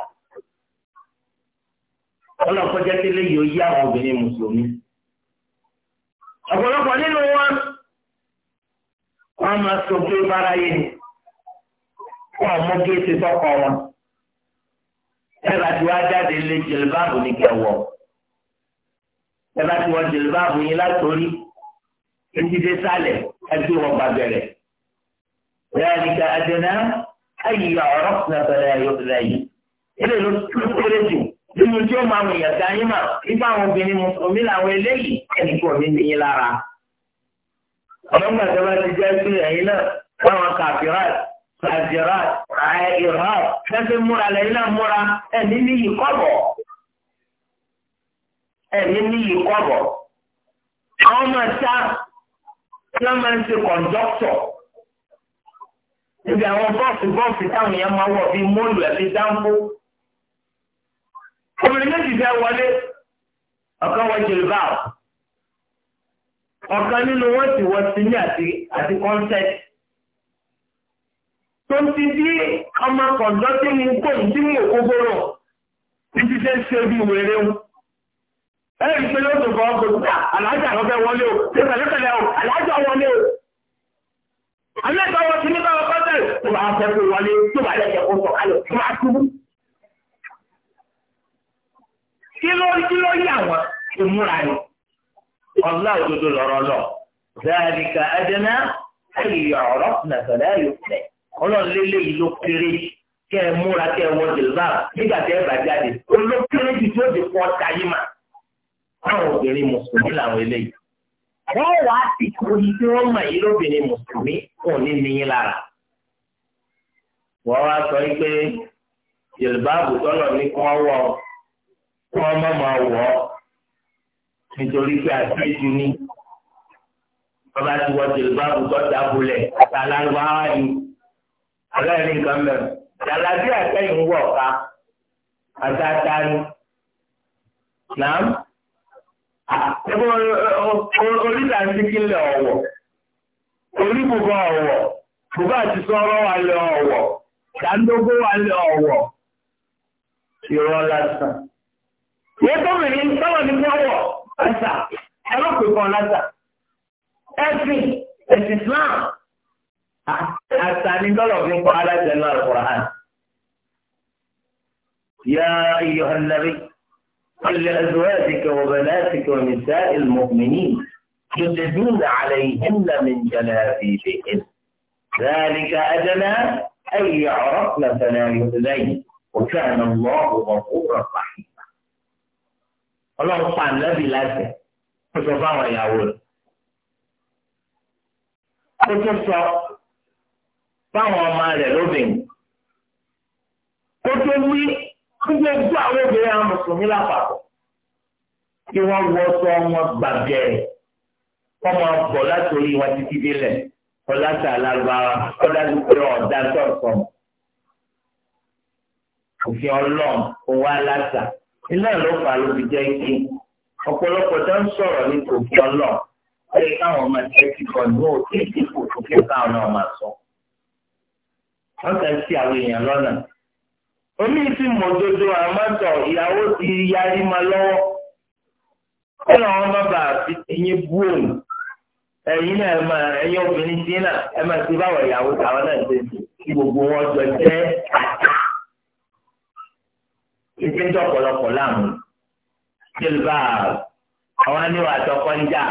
ọlọ́kọjá tẹ́lẹ̀ yìí ó yí àwọn obìnrin mùsùlùmí. ọ̀pọ̀lọpọ̀ nínú wọn wọn máa sọ pé bára yé ni wọn mú kí èsì tọkọ wọn. ẹ̀rọ àti wá jáde lé jìlbáàbù ní kẹwọ́ ẹ̀rọ àti wọ́n jìlbáàbù yín látòrí títí dé sálẹ̀ ẹgbẹ́ wọn gbàgbẹ̀rẹ̀. ذلك أدنى أن يعرفن فلا يؤذين. إلى الأسلوب nínú tí ó máa wòyàn sí ayé mà nípa àwọn obìnrin mùsùlùmí làwọn eléyìí ẹnì kan mi ní yín lára. ọlọ́gbà tó bá ti jẹ́ sí ẹ̀yin náà báwọn kàfírat kàfírat ìrọ́t fẹ́fẹ́ múra lẹ́yìn náà múra ẹ̀mí níyì kọ́bọ̀ ẹ̀mí níyì kọ́bọ̀. àwọn máa ta wọ́n máa ń ṣe kọ̀ǹdọ́tọ̀ níbi àwọn bọ́ọ̀sì bọ́ọ̀sì táwọn èèyàn máa wọ̀ bíi móòlù ẹ̀ fi dáńkó obìnrin méjì fẹ́ wọlé ọ̀kan wọ jìlbà ọ̀kan nínú wọn ti wọ sinmi àti àti kọ́nsẹ́tì tó ń ti bí ọmọ kọ̀ǹdọ́ tí mo kó ní tí mo kó gbóró ní ti ṣe ń ṣe bí wèrè o ẹ̀rí pé ló dùn kan gbogbo ah, aláàjà ló fẹ́ wọlé o ṣe pẹ̀lẹ́pẹ̀lẹ́ o aláàjà wọlé o alẹ́ kan wọ́n ti ní báwọn kọ́ńtẹ̀ tó bá fẹ́ kó wọlé tó bá yẹ kó sọ̀kalẹ̀ tó bá túbú kí ló rí kí ló rí àwọn ìmúra ni ọlá òdodo lọ́rọ̀ lọ dáadìka adana ayé ọ̀rọ̀ nàfẹlẹ ayọkẹ ọlọlẹlẹ yìí ló kéré kẹ ẹ múra kẹ ẹ wọ jìlbà nígbà tẹ ẹ bá jáde olókéré jù tó di fún ọta yìí mà àwọn obìnrin mùsùlùmí làwọn eléyìí wọn wà á ti kú tí wọn mọ yìí lóbìnrin mùsùlùmí kò ní níyìn lára wọn wá sọ yìí pé jìlbà àbùtọ́ lọ ní kí wọ́n kó ọmọ máa wọ̀ ọ́ nítorí pé àtẹ́jú ni bàbá ti wọ tèlébáàbù tó dábòlẹ̀ àtàlárúbá wá ní ọlọ́ọ̀ni nǹkan mẹ́rin dàlábí àtẹ́yìn wọ̀ ọ̀ka àtàtà ni nàám orí là ń orí bùbá ọ̀wọ̀ bùbá àti sọ́rọ́ wà lẹ̀ ọ̀wọ̀ dàńdógó wà lẹ̀ ọ̀wọ̀ ìrọ̀ lásán. wọ́n tọ́bìnrin tọ́wọ́ ní wọ́wọ́ ẹ̀sà ẹlọ́pẹ̀kan lásà ẹ̀sìn ẹ̀sìn Islam àtàní dọ́lọ̀ fi ń kọ́ aláṣẹ náà Al-Qur'an. يا أيها النبي قل لأزواجك وبناتك ونساء المؤمنين يدلون عليهن من جلابيبهن ذلك أدنى أن يعرفن فلا يؤذين وكان الله غفورا رحيما ọlọ́run pa ànábì láti ó sọ fáwọn ìyàwó rẹ̀. ó tún sọ fáwọn ọmọ rẹ̀ lóbìnrin. ó tún wí fún gbogbo àwọn obìnrin àwọn mùsùlùmí lápapọ̀ kí wọ́n wọ sọ wọn gbàgbẹ́ rẹ̀ wọ́n máa bọ̀ láti orí wọn títí délẹ̀ ọ̀làtà alárúbáwá ọ̀dájú pé ọ̀dà tọ̀sán. òfin ọlọ́run òun á láta iná ló fà ló fi jẹ́ ike ọ̀pọ̀lọpọ̀ tó ń sọ̀rọ̀ ní tòkí ọlọ pé káwọn ọmọ ẹgbẹ́ ti kọ ní òkè tí kò tó kí káwọn náà máa sọ wọn kàn sí àwọn èèyàn lọ́nà omi ti mọ dodo àmọtọ ìyàwó ti yarí ma lọ́wọ́ kí làwọn má bàa fi ẹyin bú òun ẹyin náà ẹ máa ẹyin obìnrin sí náà ẹ máa ti báwọn ìyàwó táwọn náà ṣe kí gbogbo wọn jọ jẹ àti ìdí ń tọ̀pọ̀lọpọ̀ láàmú jìlbà àwọn aníwà àtọkọ́njà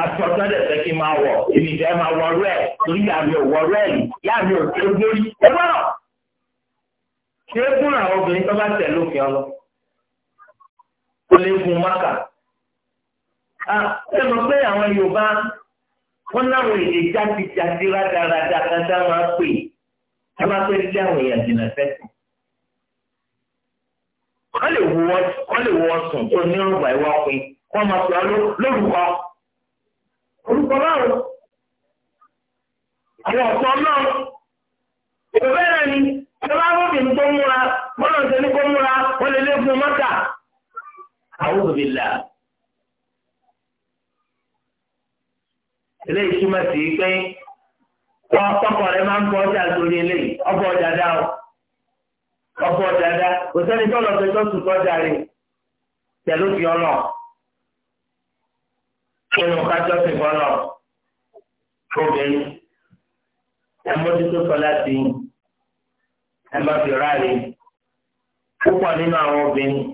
asọ̀tọ̀ lè fẹ́ kí n máa wọ̀ èmi ìfẹ́ máa wọ ọrú ẹ̀ torí ìyá mi ò wọ ọrú ẹ̀ yìí ìyá mi ò tó gbórí ẹ gbọ́dọ̀ ṣé fún àwọn obìnrin tó bá tẹ̀ lófin ọlọ kò lè gun mọ́kà ṣé mo pé àwọn Yorùbá wọn láwọn èdè jáde jáde rádaràdà kan dá wọn pè é wọn bá pé dídá àwọn èèyàn jìnnà fẹ́sìn. wọ́n lè wọ wọ́n wọ sùn tó ní ọgbà ìwà pin máa sọ lórúkọ orúkọ báwo àwọn ọ̀sán náà ìbẹ̀rẹ̀ náà ni ìjọba arábìnrin tó múra bọ́lá ṣe ní kó múra wọ́n lè léegun mọ́tà àwọn òbí là. eléyìí túmọ̀ sí pé wọ́n tọkọ rẹ̀ máa ń bọ́ ọjà lórí eléyìí ọgbọ́ ọjà dáa ọ̀pọ̀ dada kò sẹ́ni tó lọ fẹjọ́ sùn tó darí tẹ̀lú fi ọlọ́ nínú kájọ́ sì bọ́lọ̀ obìnrin ẹ mójútó sọ láti ẹ má fi ráàlì púpọ̀ nínú àwọn obìnrin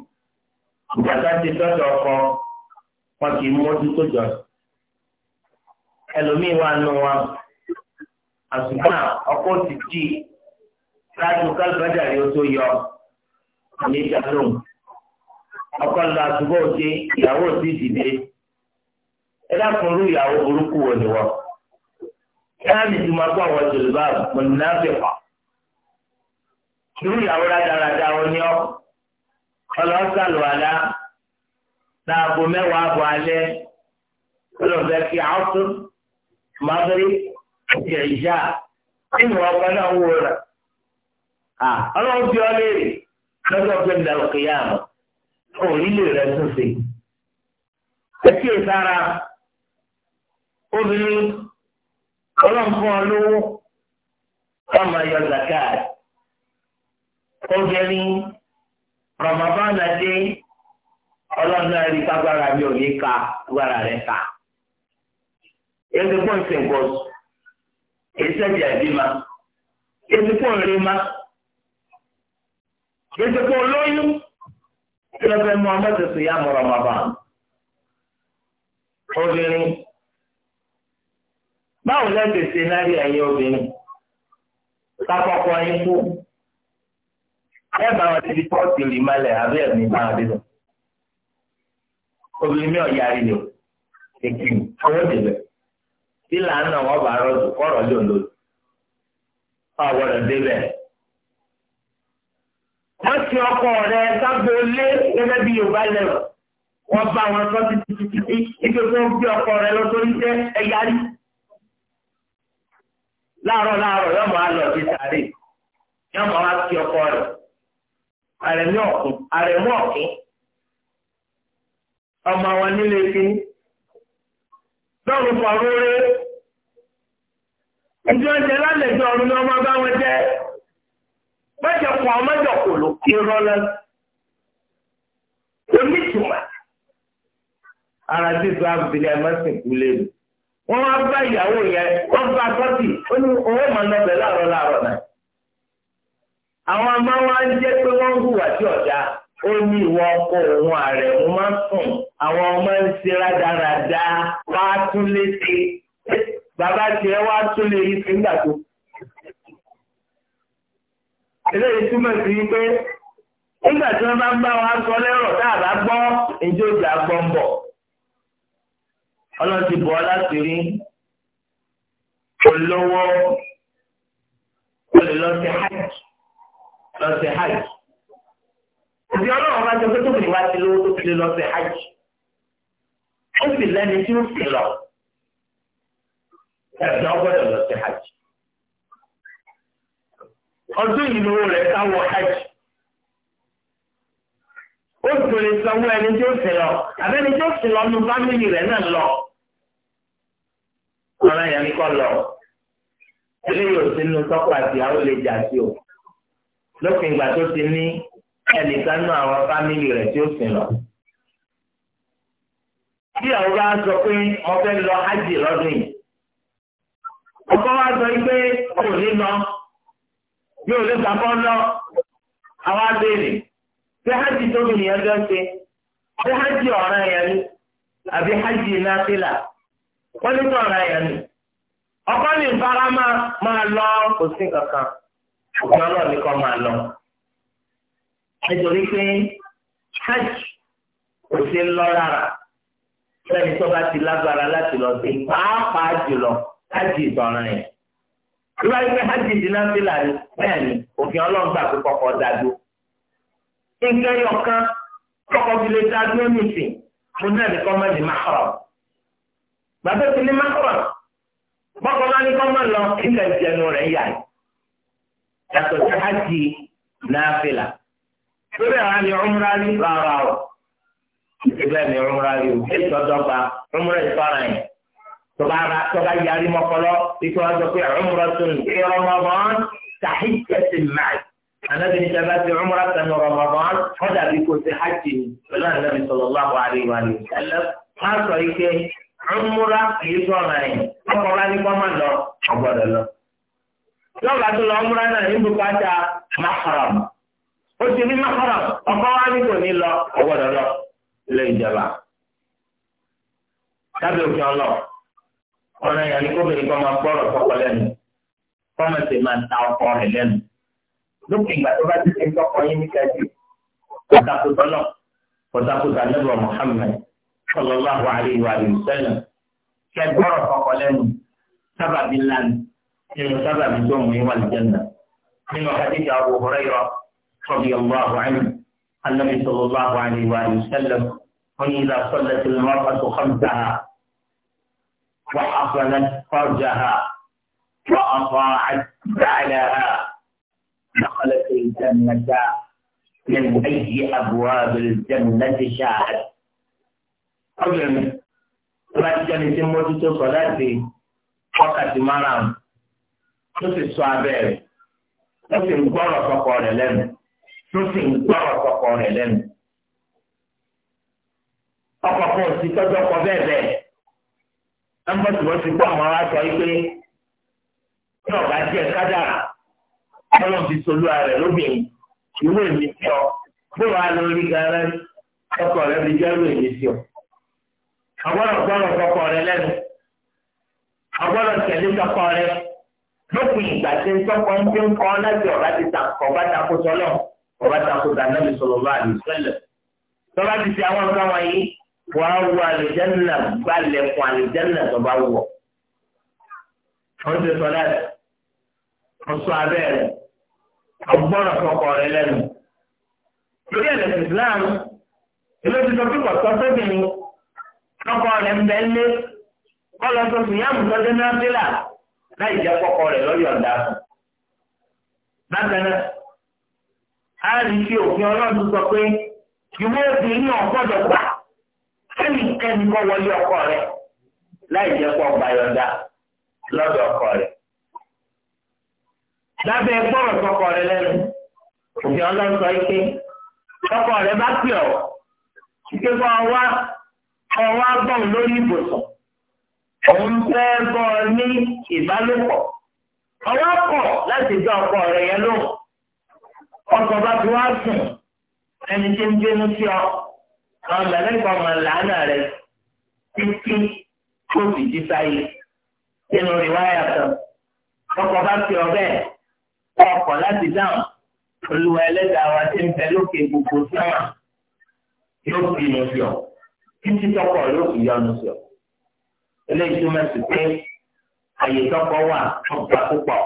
ìjàgbá ti dọ́dọ̀ ọkọ wọn kì í mójútó jọ ẹlòmíín wà nù wọn àsùnfà ọkọ ti dì í ṣáájú kálífàjárì ó tó yọ ní ìdálóhùn ọkọ lọ àtúbọ̀ òde ìyàwó òsì dìde ẹ dákun rú ìyàwó burúkú wò ni wọ́n káàmì tí máa kó àwọn jòlùbá mọ̀nàfẹ́fà irú ìyàwó rádaràda wọn ni ọ́ ọlọ́sàlù àlá láago mẹ́wàá àbọ̀ alẹ́ ọlọ́fẹ́ kí àọ́tún mọ́tòrí ìjẹ̀jà nínú ọkọ náà wò rà ọlọ́run bí ọ léèrè lọ́jọ́ pé ńlá òkè yá àmọ́ òun ilé rẹ̀ tún ṣe. ẹ kí è sára obìnrin ọlọ́run fún ọ lówó ọmọ ayọ̀ zakat obìnrin ramadan adé ọlọ́run náà rí kágbára mi ò ní ka gbára rẹ̀ ta. èsì pọ̀ ń sìnkọ́ èsì bí ma èsì rí ma gbèsè kó lóyún kí ló fẹ́ mú ọmọ tètè yá mọ̀ rọ̀mọ̀bà obìnrin báwo lẹ́sẹ̀ ṣe náà rí ẹ̀yẹ obìnrin kápọ̀kọ̀ yín kú ẹ bá wọn ti di pọ́ọ̀tì rì malẹ̀ àbí ẹ̀mí bá wọn dínú obìnrin mi ò yarí ni o èkì owó débẹ̀ tí làánà wọn bá rọ̀ jù kọ́rọ̀ lóńdó ọ̀gbọ́dọ̀ débẹ̀ wọ́n ti ọkọ rẹ̀ sábòlé gẹ́gẹ́ bí yorùbá lẹ́wọ̀ wọ́n bá wọn sọ títí títí ike fún bí ọkọ rẹ̀ lọ sórí jẹ́ ẹ̀yárí. láàárọ̀ láàárọ̀ yóò máa lọ sí sàárè yóò máa wá sí ọkọ rẹ̀ àrẹ̀mí ọ̀kún àrẹ̀mú ọ̀kún ọmọ wọn nílé fi lọ́rùn pàrọ̀ rẹ̀ ìjọ ìjẹ́ lálẹ́ ìjọ ọ̀run ni ọmọ bá wọn jẹ́ mọ́jọ̀kùn ọmọjọ̀kùn ló kí rọ́lá onítùmọ̀ ara tí islam bìlẹ̀ ẹ̀ máa ń sìnkú lẹ́nu wọ́n wá bá ìyàwó yẹn wọ́n bá sọ́ọ̀tì ó ní owó màá nọ bẹ̀ láàárọ̀ láàárọ̀ náà àwọn ọmọ wa ń jẹ́ pé wọ́n ń hùwà sí ọ̀dà ó ní ìwọ ọkọ òun ààrẹ mo máa ń sùn àwọn ọmọ ń ṣe rádaràda wá tún létí bàbá tiẹ̀ wá tún lè yí sí nígbà tó eléyìí túmọ̀ sí pé nígbà tí wọ́n bá ń bá wa sọ lẹ́rọ̀ tá a bá gbọ́ èjì òjà gbọ́ ń bọ̀ ọlọ́run ti bọ̀ ọ́ láti rí olówó olè lọ sí hajj lọ sí hajj òbí ọlọ́run bá jẹ pé tóbi wá sí lówó tó fi lè lọ sí hajj ó sì lẹ́ni tí ó sì lọ ẹ̀dọ́ gbọ́dọ̀ lọ hajj ọdún ìlú rẹ̀ káwọ hajj ó tòlè sanwó ẹni tí ó sì lọ àbẹ́ni tí ó sì lọ nu fámìlì rẹ̀ náà lọ ọ̀rọ̀ yẹn kọ́ lọ eléyìí ò sí nu tọ́pọ̀ àti àwọn olè jà sí o lópin ìgbà tó ti ní ẹnìkan náà àwọn fámìlì rẹ̀ tí sì lọ bí àwọn bá sọ pé mo fẹ́ lọ hajj lọ́dún yìí ọkọ wa sọ pé òun ní lọ. yóò lè gbàgbọ́ lọ àwọn abéèrè ṣé hajj tóbi ṣe ṣé hajj ọ̀ràn yẹn ni àbí hajj nàfìlà wọ́n ní tó ọ̀ràn yẹn ni ọkọ ní ìfara máa lọ kò sí kankan ọ̀gbọ́n náà ní kò máa lọ nítorí pé hajj kò sí lọ rárá lẹ́yìn tó bá ti lágbára láti lọ sí pàápàá jùlọ hajj yẹn. tó bá yẹ pé bẹ́ẹ̀ ni òfin ọlọ́run gbà pé dájú. nǹkan ẹyọ kan fi lè dájú ó nìsín lọ rẹ̀ yà yìí. yàtọ̀ sí hajj rí rárá o. rí o. tọba ara tọba yarí mọkọlọ ikú wa sọ pé umratun fi Ramadan tahijjatin ma'i anabi ní sábà ti umratan Ramadan wọn dàbí kò sí hajj ni pẹ̀lú anabi sallallahu alaihi wa sallam wọn sọ ike umra kìí sọ̀rọ̀ yẹn ọkọ bá ní kọ́ máa lọ ọgbọ́dọ̀ lọ. lọ́ba tó lọ umra náà ní bukata mahram ó ti ní mahram ọkọ wa ní kò ní lọ ọgbọ́dọ̀ lọ ilé ìjọba tábìlì òkè ọlọ́ọ̀. ọ̀rọ̀ yẹn ni kóbìnrin kan máa gbọ́rọ̀ sọ́kọ lẹ́nu kọ́mọ̀ sì máa ta ọkọ rẹ̀ lẹ́nu lókè ìgbà tó bá ti ṣe tọkọ yín ní kẹsì kọtakùtà náà kọtakùtà nígbà Muhammad sallallahu alaihi wa sallam kẹ gbọ́rọ̀ sọ́kọ lẹ́nu sábàbí lánàá nínú sábàbí tó mú ìwà ìjẹ́nà nínú hadith Abu Hurairah radiyallahu anhu annabi sallallahu alaihi wa sallam wọn ni وحصلت فرجها وأطاعت بعلها دخلت الجنة من أي أبواب الجنة شاءت أبدا láti jẹ́ni tí mójútó sọ láti wákàtí márùn-ún tó sì sọ abẹ́ rẹ̀ tó sì ń gbọ́rọ̀ sọkọ rẹ̀ lẹ́nu tó sì ń gbọ́rọ̀ sọkọ rẹ̀ lẹ́nu. ọkọ̀ kan ò sí tọ́jú ọkọ̀ bẹ́ẹ̀ bẹ́ẹ̀ ẹgbẹ́ tí wọ́n ti gbọ́ àwọn aṣọ ike tí ọ̀gá díẹ̀ kájà ọlọ́run ti solú ara rẹ̀ lóbìnrin ìwé mi tí ọ bí wàá lọ rí gara ọkọ rẹ fi jẹ́ ìwé mi tí ọ. àgbọ̀dọ̀ gbọ́dọ̀ kọkọ rẹ lẹ́nu àgbọ̀dọ̀ tẹ̀lé kọkọ rẹ lópin ìgbà tí ń tọ́kọ ń bí ń kọ́ láti ọ̀gá ti ta ọ̀gá takò sọlọ ọ̀gá takò dáná mi sọ̀rọ̀ bá àdìsẹ́lẹ̀ tọ́lá ti fi àwọn nǹkan wọ̀nyí wà á wọ àlùjànnà gbalẹ̀ fún àlùjànnà tó bá wọ̀. wọ́n ti sọ láti sọ abẹ́ rẹ̀ rẹ̀ lẹ́nu. lórí ẹ̀rẹ̀ Islam ilé ti sọ pípọ̀ sọ sóbìnrin rẹ̀ ń bẹ́ lé kọ́lọ́ tó fi yá náà bílà láì jẹ́ rẹ̀ bákan náà a rí i fi òfin ọlọ́run sọ pé ìwé kẹ́nìkẹ́ni kọ́ wọlé ọkọ rẹ láì jẹ́ kó ọgbà yọ̀dá lọ́dọ̀ ọkọ rẹ. lábẹ́ gbọ́rọ̀ tọkọ rẹ lẹ́nu òbí ọlọ́sọ ike tọkọ rẹ bá pè ọ́ ike kọ́ ọwá ọwá gbọ̀n lórí ibùsùn òun fẹ́ bọ́ ọ ní ìbálòpọ̀ ọwọ́ kọ̀ láti gbọ́ ọkọ rẹ yẹn lóhùn ọkọ bá ti wá sùn ẹni tí ń gbénu sí ọ àwọn mẹlẹ́kọ̀ ọmọ làánà rẹ̀ títí tó fi jí sáyé nínú ìwáyà kan ọkọ̀ bá fi ọbẹ̀ ọkọ̀ láti dáhùn olúwa ẹlẹ́dàá wa ti ń bẹ lókè gbogbo sáwà yóò fi inú fi ọ títí tọkọ yóò fi yọnu fi ọ eléyìí tó mẹsì pé àyè tọkọ wà ọgbà púpọ̀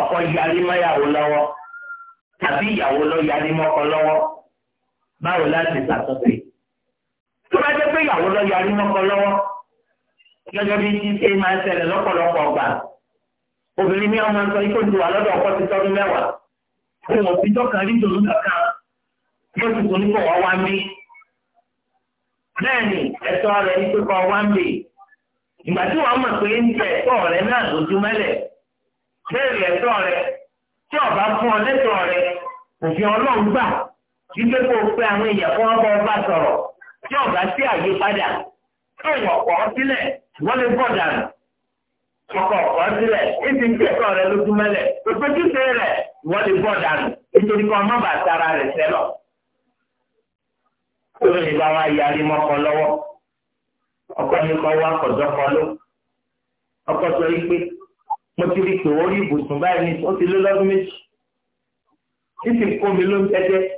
ọkọ yarí mọ́yàwó lọ́wọ́ tàbí ìyàwó lọ yarí mọ́kọ lọ́wọ́ báwo láti ṣàtúnṣe tó bá jẹ́ pé ìyàwó lọ yarí mọ́kọ lọ́wọ́ gẹ́gẹ́ bí ti ṣe máa ń ṣẹlẹ̀ lọ́pọ̀lọpọ̀ ọgbà obìnrin ní ọmọ sọ ikú ti wà lọ́dọ̀ ọkọ ti tọ́dún mẹ́wàá òun òfin tọ́ka rí dòdò kankan yóò ti tún nípò ọwá mi bẹ́ẹ̀ ni ẹ̀tọ́ rẹ̀ ní pípa ọwá mi ìgbà tí wọ́n mọ̀ pé ń tẹ ẹ̀tọ́ rẹ̀ náà lójú mẹ́lẹ̀ bẹ́ẹ̀ ẹ̀tọ́ rẹ̀ tí ọba fún ọ lẹ́tọ̀ rẹ̀ òfin ọlọ́run gbà jíjẹ́ kó pé àwọn èèyàn kó wọ́n bọ́ ọ bá tí ọ̀gá sí àyípadà tó ìwọ̀ ọ̀pọ̀ sílẹ̀ wọ́n lè bọ̀ dànù ọkọ̀ ọ̀pọ̀ sílẹ̀ èsì ń kẹ́kọ̀ọ́ rẹ lójú mẹ́lẹ̀ òfojúṣe rẹ̀ wọ́n lè bọ̀ dànù nítorí kan má bàa tara rẹ̀ sẹ́lọ̀ tó lè bá wa yarí mọ́kọ lọ́wọ́ ọkọ ní kọ́ wá kọ̀dọ́kọ ló ọkọ sọ yìí mo ti rí pé orí ibùsùn báyìí ni ó lé lọ́dún méjì ní kó mi ló ń tẹ́tẹ́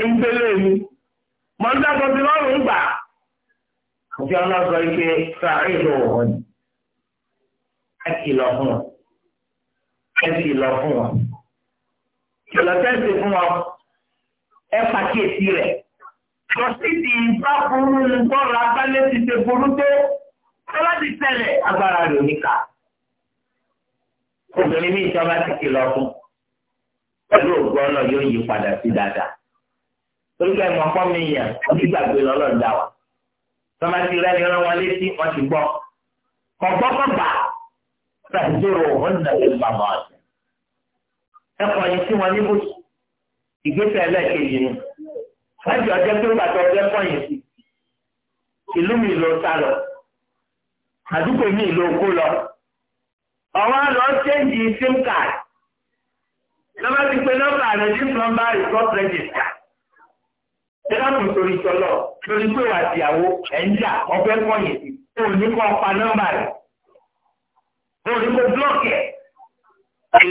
ń gbélé mi mọ̀ ń dákọ̀ sí lọ́rùn gbà òfin ọlọ́sọ ike sàárè ló wọ̀ ni ẹ kìlọ̀ fún wọn ẹ kìlọ̀ fún wọn kìlọ̀ tẹ́sí fún wọn ẹ pàkíyèsí rẹ̀ lọ sí ti bá burú bọ́ọ̀lù abálẹ́ ti ṣe burú tó tọ́lá ti tẹ̀lẹ̀ agbára rẹ̀ oníkà obìnrin ní ìjọba ti kìlọ̀ fún pẹ̀lú ògbọ́n náà yóò yí padà sí dáadáa torí pé ẹ̀mọ́ mi yàn onígbàgbé lọ́lọ́dà wa tọ́lá ti rẹ́ ni wọ́n létí wọ́n ti gbọ́ kọ̀gbọ́ kọ̀gbà tàbíjọ́rò wọn nà lè bá wọn àti ẹ̀kọ́ yìí tí wọ́n ní bó ìgbésẹ̀ ẹlẹ́ẹ̀kejì ni láti ọjọ́ tó gbàtọ́ ọjọ́ kọ́yìn sí ìlú mi ló sá lọ àdúgbò mi ló kó lọ ọ̀wọ́ lọ ṣéǹjì sim card lọ́wọ́ ti pe nọ́mbà rẹ̀ ní nọ́mbà ìkọ́ pẹ́jìtà ẹ dákun torí tọlọ torí pé wà síyàwó ẹ ń jà ọbẹ sí o ní kó pa nọ́mbà rẹ o ní kó búlọọkì ẹ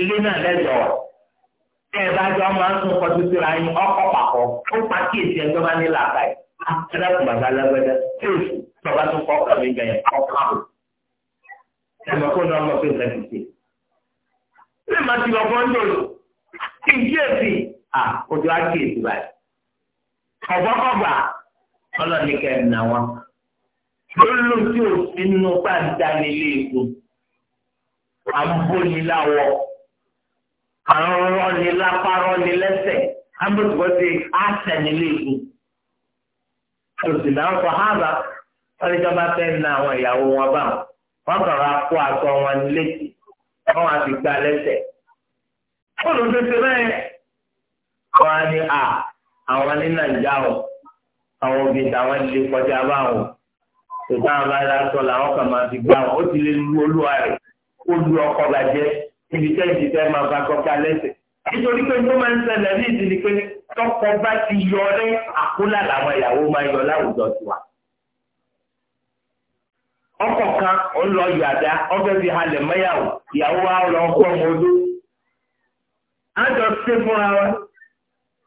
ilé náà lẹjọ tẹ ẹ bá jọ máa ń sún kọjú síra yín ọkọ pàkọ ó pa kí èsì ẹjọ́ bá ní làákàyè ẹ dákun bàbá alágbẹdẹ tí o sì tọba tó kọ ọkọ mi gẹyẹ ọkọ àbò ẹ mọ kó ní ọmọ pé nǹkan ọgbọ́kọ̀gbà ọlọ́ni kẹ́ẹ̀nà wọn lólu tí o sì nù pàǹdà nílé èkó à ń bóni láwọ à ń rọ́ni lápá rọ́ni lẹ́sẹ̀ à ń bóni bọ́sẹ̀ á tẹ̀ nílé èkó òsì làwọn sọ hábà wọn ní jọba fẹ́ na àwọn ìyàwó wọn bá wọn kàrọ akó aṣọ wọn létí wọn wá fi gbá lẹ́sẹ̀ olùdókè bẹ́ẹ̀ wọn á ní à àwọn ní nàìjíríà o àwọn obìnrin táwọn lè kọjá báwọn tó táwọn bá dá sọ làwọn kan máa fi gbá wọn ó ti lè lu olúwa rẹ̀ ó lu ọkọ bàjẹ́ níbi tẹ́ǹtì tẹ́ máa bá kọ́kọ́ lẹ́sẹ̀ nítorí pé tó máa ń ṣẹlẹ̀ ní ìdílé pé tọkọ bá ti yọ ní àkúlà làwọn ìyàwó máa yọ láwùjọ tiwa ọkọ kan ó lọ yàdá ọbẹ̀ fi halẹ̀ mẹ́yàwó ìyàwó wa lọ kọ́ ọmọ odó. a jọ ṣe fúnra wa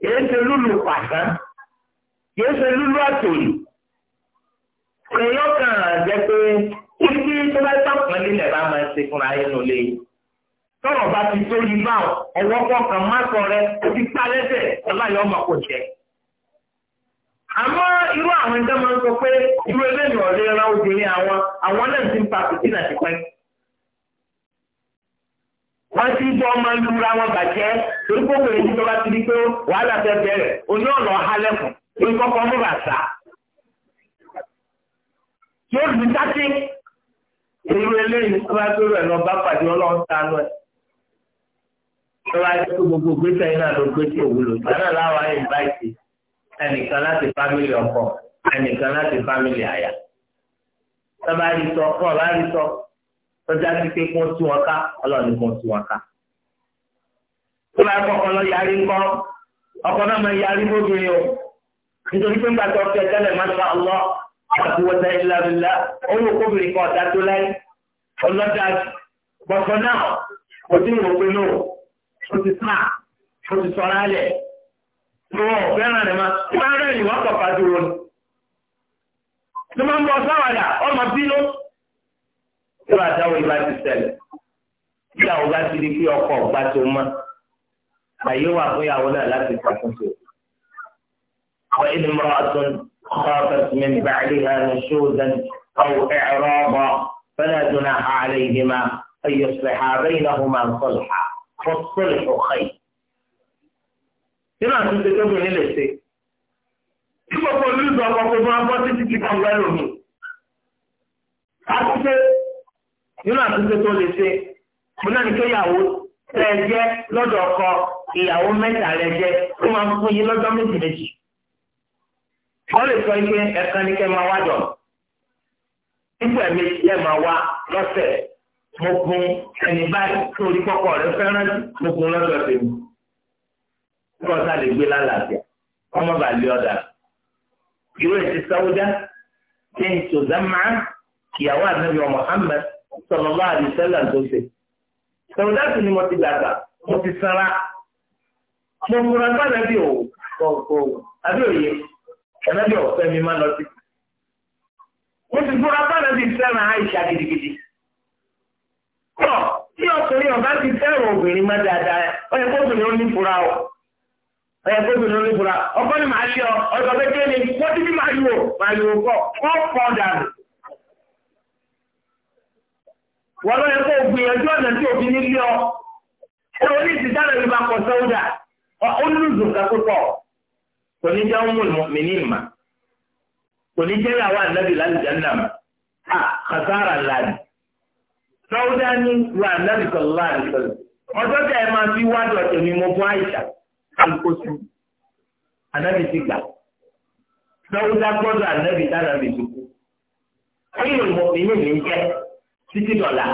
kìí ṣe lúlù pàṣán àtòlù èèyàn kàn pé ibi tó bá lílẹ̀ bá máa ṣe fúnra nù lé bá rẹ ti pa lẹ́sẹ̀ ọláyọ̀ ọmọ kò jẹ àmọ́ irú àwọn ẹgbẹ́ máa ń sọ pé irú ẹgbẹ́ mi ra obìnrin àwọn wọ́n ti bọ́ ọmọ ra wọn bàjẹ́ torí kó wèrè yìí ti di wàhálà fẹ́ bẹ̀rẹ̀ oní ọ̀nà ọ̀hálẹ̀kùn orí kọ́kọ́ mú bàtà. yóò dùn dákì èrò eléyìí tó bá tó rẹ̀ lọ bá pàdé ọlọ́run sánú ẹ̀. gbogbo gbèsè náà ló gbèsè òwúlò sánà ẹnìkan láti fámìlì ọkọ ẹnìkan láti fámìlì àyà. rí sọ tọ́já sí pé kó tú wọn ká ọlọ́ọ̀ni kó tú wọn ká. tó bá kọ́ ọkọ lọ yarí ńkọ́ ọkọ náà máa yarí lóbìnrin o nítorí pé ńgbà tó fẹ́ tẹ́lẹ̀ máa ṣá ọlọ́ àtúwọ́tá ilá ilá owó kóbìnrin kan ọ̀dá tó láyé ọlọ́dà gbọ̀ngàn náà kò sí ìwò pé náà ó ti sá ó ti sọ̀rọ̀ alẹ̀ tó wọ́n fẹ́ràn rẹ̀ máa fẹ́ràn rẹ̀ ni wọ́n kọ̀ fàdúró ni. tó máa ń bọ̀ sáwàdà ọmọ bínú tí wàá dáwọ́ ibà ti ṣẹlẹ̀ tí àwọn bá ti di pé ọkọ ọgbà tó mọ àyè wà fún ìyàwó náà láti ṣàkóso. وإن امرأة خافت من بعدها نشوزا أو إعراضا فلا جناح عليهما أن يصلحا بينهما صلحا والصلح خير. nínú àtúntò tó bìnrin lè ṣe tí gbogbo olùdó ọkọ̀ gbogbo abọ́ títí ti kàn lẹ́nu mi. àtúntò nínú àtúntò tó lè ṣe mo náà ní kéyàwó tẹ ẹ jẹ lọ́dọ̀ ọkọ ìyàwó mẹ́ta rẹ jẹ ó máa ń fún yín lọ́jọ́ méjì méjì wọ́n lè sọ ike ẹ̀kan ní kẹ́ máa wá jọ nígbà méjì ẹ̀ máa wá lọ́sẹ̀ mo gun ẹni báyìí tó orí kọ́kọ́ rẹ fẹ́ràn mo gun lọ́dọ̀ tèmi kọ́ ọ̀sá lè gbé lálàáfíà ọmọ bàá lé ọ̀dà ìwé ti sáwúdá ṣe ń máa ìyàwó àdébíyàn Muhammad sọlọ́lá àdìsẹ́là tó ṣe sọ̀rọ̀dáàtì ni mo ti dàgbà mo ti sanra mo fura sábẹ́bí ò kò àbí òye ọ̀fẹ́ mi máa lọ sí. mo ti gidigidi. tí ọkùnrin ọ̀gá ti fẹ́ràn obìnrin dáadáa ó ní o ó ní ọkọ ni ọ ọ̀dọ̀ wọ́n ti màá màá wọ́n lọ yẹ kó o gbìyànjú ọ̀nà tí òfin nílé ọ ẹ wọ́n ní ìsìdára yìí máa kọ sọ́wọ́dà ó lùzù ká púpọ̀ kò ní jẹ́ ọmọ mi ní ìmà kò ní jẹ́ ìyàwó ànábì lálùjá nà mà á kàtàrà láàbì sọ́wọ́dà ní wà ànábì sọ̀lá àdìsọ́lá ọjọ́ tẹ ẹ máa fi wájú ọ̀tẹ̀ mi mo fún àyíṣà kálukó sí ànábì ti gbà sọ́wọ́dà gbọ́dọ̀ ànábì dáná mi dùkú ẹ̀yìn títí dọ̀là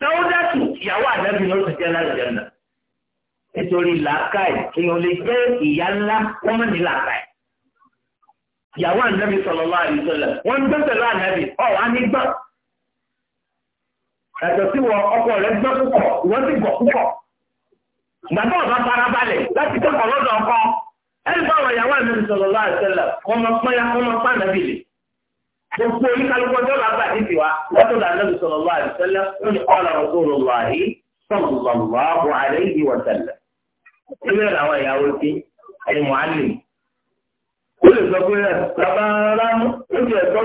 sáwọ́dàtù ìyàwó ànábì ló ti jẹ́ lálẹ́ náà nítorí làákàyè èèyàn lè jẹ́ ìyá ńlá wọ́n mọ̀ ní làákàyè ìyàwó ànábì sallallahu alaihi wasallam wọ́n ń gbẹ́sẹ̀ lọ ànábì ọ̀ wá ní gbọ́ ẹ̀tọ́ sí wọ ọkọ rẹ gbọ́ púpọ̀ ìwọ́n sì gbọ́ púpọ̀ gbàgbọ́ ọ̀gá farabalẹ̀ láti kẹ́kọ̀ọ́ lọ́dọ̀ ọkọ ẹ̀rí gbogbo oníkálukú ọjọ́ làgbà níbi wa lọ́dún làlẹ́bí sọ̀rọ̀ lọ́wọ́ àdìsẹ́lẹ̀ ó ní kọ́ ọ̀rọ̀ tó rọ̀ wá yìí sọ̀rọ̀ lọ́wọ́ yìí wọ̀ tẹ̀lẹ̀. ilé làwọn ìyàwó ti ó lè sọ pé bàbá ó ti ẹ̀tọ́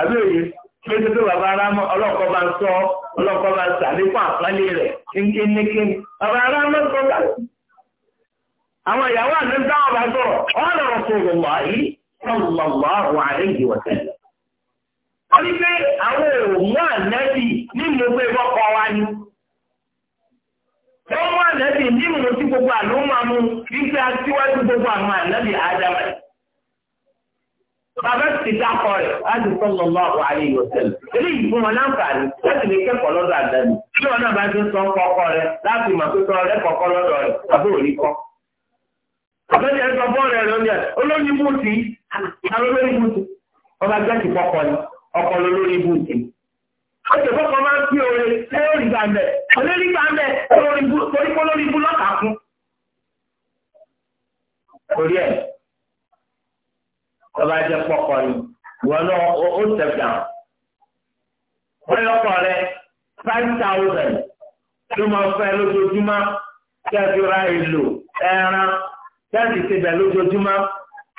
àbí òye ṣé ti bàbá bá sọ bá bàbá àwọn ìyàwó àti sallallahu alayhi wa sallam. wọ́n ní pé àwọn òmùú ànẹ́bì nínú pé wọ́kọ̀ wa ni. wọ́n mú ànẹ́bì nínú tí gbogbo àlóhùn amú wípé aṣíwájú gbogbo àwọn ànẹ́bì ádámà. Bàbá ti dákọ̀ rẹ̀ láti sallallahu alayhi wa sallam. Eléyìí fún wọn láǹfààní láti lè kẹ́kọ̀ọ́ lọ́dọ̀ àdáni. Bí wọn náà bá ti sọ kọ́kọ́ rẹ̀ láti mọ̀ pé sọ̀rọ̀ lẹ́kọ̀ọ́kọ́ lọ́dọ̀ rẹ̀ tàbí òrí àwọn olórí ibùsùn ọba gẹ́ẹ̀sì fọkọ ni ọkọ lórí ibùsùn ọjọ́ fọkọ máa ń fi oore lórí gbàmbẹ olórí gbàmbẹ torí kó lórí ibù lọ́tà fún. orí ẹ̀ ọba jẹ́ fọkọ ni wọn náà ó step down wọ́n lọ́kọ̀ rẹ̀ five thousand ló máa fẹ́ lójoojúmọ́ kí ẹ fi ra èlò ẹran kí ẹ sì ti bẹ̀ lójoojúmọ́.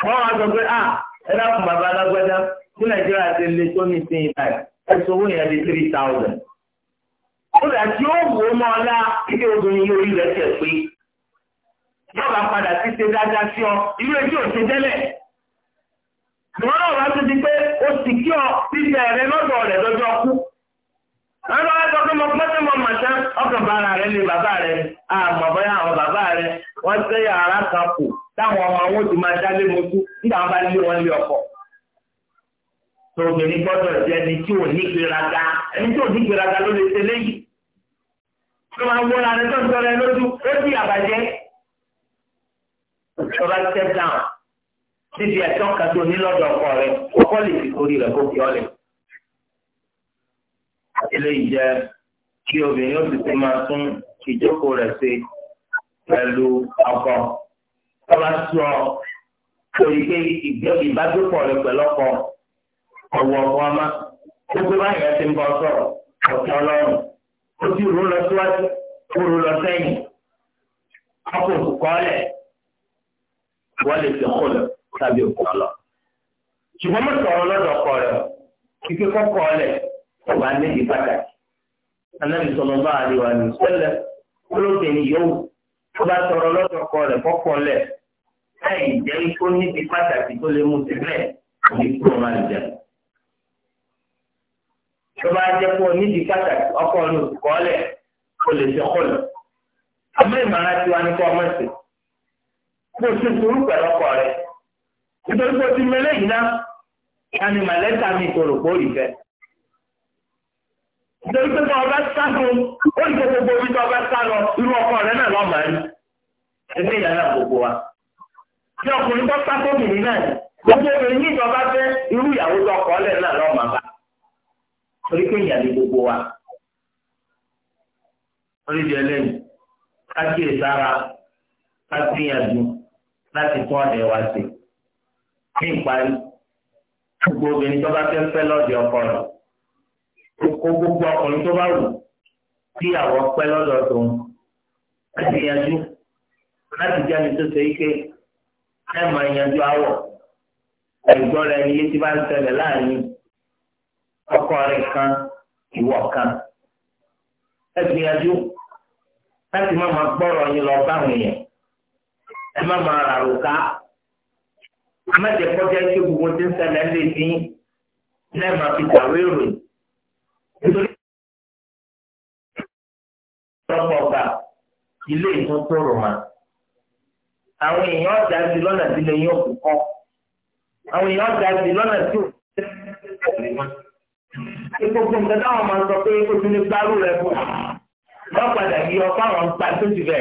wọ́n wá sọ pé ah ẹ dákun bàbá alágbádá tí nàìjíríà ti lè tó ní sí ẹ sọ owó yẹn di three thousand. tí ó wò ó ilé obìnrin yóò rí rẹ̀ tẹ̀ pé yọba padà ṣe dáadáa sí ọ ilé ojú tẹ́lẹ̀. náà wá sí ti pé sì kí ọ lọ́dọ̀ rẹ̀ lọ́jọ́ kú. Àwọn mọ ọkàn rẹ̀ lé bàbá rẹ̀ àmọ̀ àwọn bàbá rẹ̀ wọ́n yàrá kan kù táwọn ọmọ àwọn òtún máa dálé mojú nígbà wọn bá lé wọn lé ọkọ. tó obìnrin gbọ́dọ̀ jẹ́ ẹni tí ò ní gbéraga ẹni tí ò ní gbéraga ló lè ṣe léyìí. tó máa wọ́n ara tó ń tọrọ ẹ lójú ó di àbàjẹ́. ìjọba step down níbi ẹ̀tọ́ kan tó ní lọ́dọ̀ ọkọ rẹ ọkọ lè fi torí rẹ kó fi ọ lẹ̀. eléyìí jẹ́ kí obìnrin ó sì ti máa tún ìjókòó rẹ̀ ṣe pẹ̀lú ọkọ tọ́ba sọ torí pé ìbádòpọ̀ rẹ pẹ̀lú ọkọ ọ̀wọ̀ ọkọ ọmọ gbogbo báyìí ẹ ti ń bọ sọ̀rọ̀ ọ̀tọ̀ ọlọ́run ó ti rú lọ síwájú ó rú lọ sẹ́yìn ọkọ̀ òkùnkọ́lẹ̀ wọ́n lè fi kó lọ tàbí òkú ọlọ. ṣùgbọ́n mo sọ̀rọ̀ lọ́dọ̀ ọkọ rẹ̀ kíkẹ́ kọ́kọ́ ọlẹ̀ ọba níbi pàtàkì. anábìsọ̀rọ̀ bá àríwá ní sẹ́lẹ̀ olóbìnrin yóò tó bá tọrọ lọ́sọ̀kọ rẹ̀ kọ́kọ́ lẹ̀ láì jẹ́ ikú níbi pàtàkì tó lè mú sílẹ̀ ní kúrò máa jẹ. tó bá jẹ́ kó níbi pàtàkì ọkọ ní òkúkọ́ lẹ̀ kó lè ṣe kọ́lọ̀. àmọ́ ìmọ̀ràn tiwa ní kọ́ ọmọ sí. kó o ṣe sùúrù pẹ̀lú ọkọ rẹ̀. nítorí pé o ti mẹ́lẹ́ yìí ná ìyá màlẹ́ta mi kò rò rí fẹ́. Ìjọba tó bá ọba sáfún, ó ń jẹ gbogbo orí tó ọba sá lọ, irú ọkọ rẹ náà lọ́mọ rí. Ẹgbẹ́ ìyára gbogbo wa. Ṣé ọkùnrin tó sá fún mi náà ni? Gbogbo obìnrin ní ìjọba fẹ́ irú ìyàwó tó ọkọ lẹ̀ náà lọ́mọ bá. Torí pé ìyàlè gbogbo wa. Orí di ẹlẹ́yìn, ká kíyèsára, ká gbìyànjú láti tún ọ̀dẹ̀ wa sí. Ní ìparí, gbogbo obìnrin tó bá fẹ́ fẹ́ lọ́dẹ̀ ọkọ rẹ̀ kó gbogbo ọkùnrin tó bá wù kí àwọ̀ pẹ́ lọ́dọ̀ tòun láti yanjú láti jẹ́ni tó ṣe ike ẹ̀ máa yanjú àwọ̀ ẹ̀gbọ́n rẹ̀ ni yéti bá ń ṣẹlẹ̀ láàrin ọkọ rẹ̀ kan ìwọ kan ẹ gbìyànjú láti má máa gbọ́rọ̀ yín lọ bá àwọn èèyàn ẹ má máa rà òkà amájẹkọjá ike gbogbo tí ń ṣẹlẹ̀ ń lè dín lẹ́ẹ̀ma fi tàwé ìròyìn. nítorí ọ̀pọ̀ ọ̀gbà ilé ìtótóòrò mà àwọn èèyàn ọ̀dà sí lọ́nà tí lè yín òkú kọ́ àwọn èèyàn ọ̀dà sí lọ́nà tí òkú gbogbo nǹkan táwọn máa ń sọ pé ní gbárù rẹ fún yọ padà yí ọ fáwọn tó ti lọ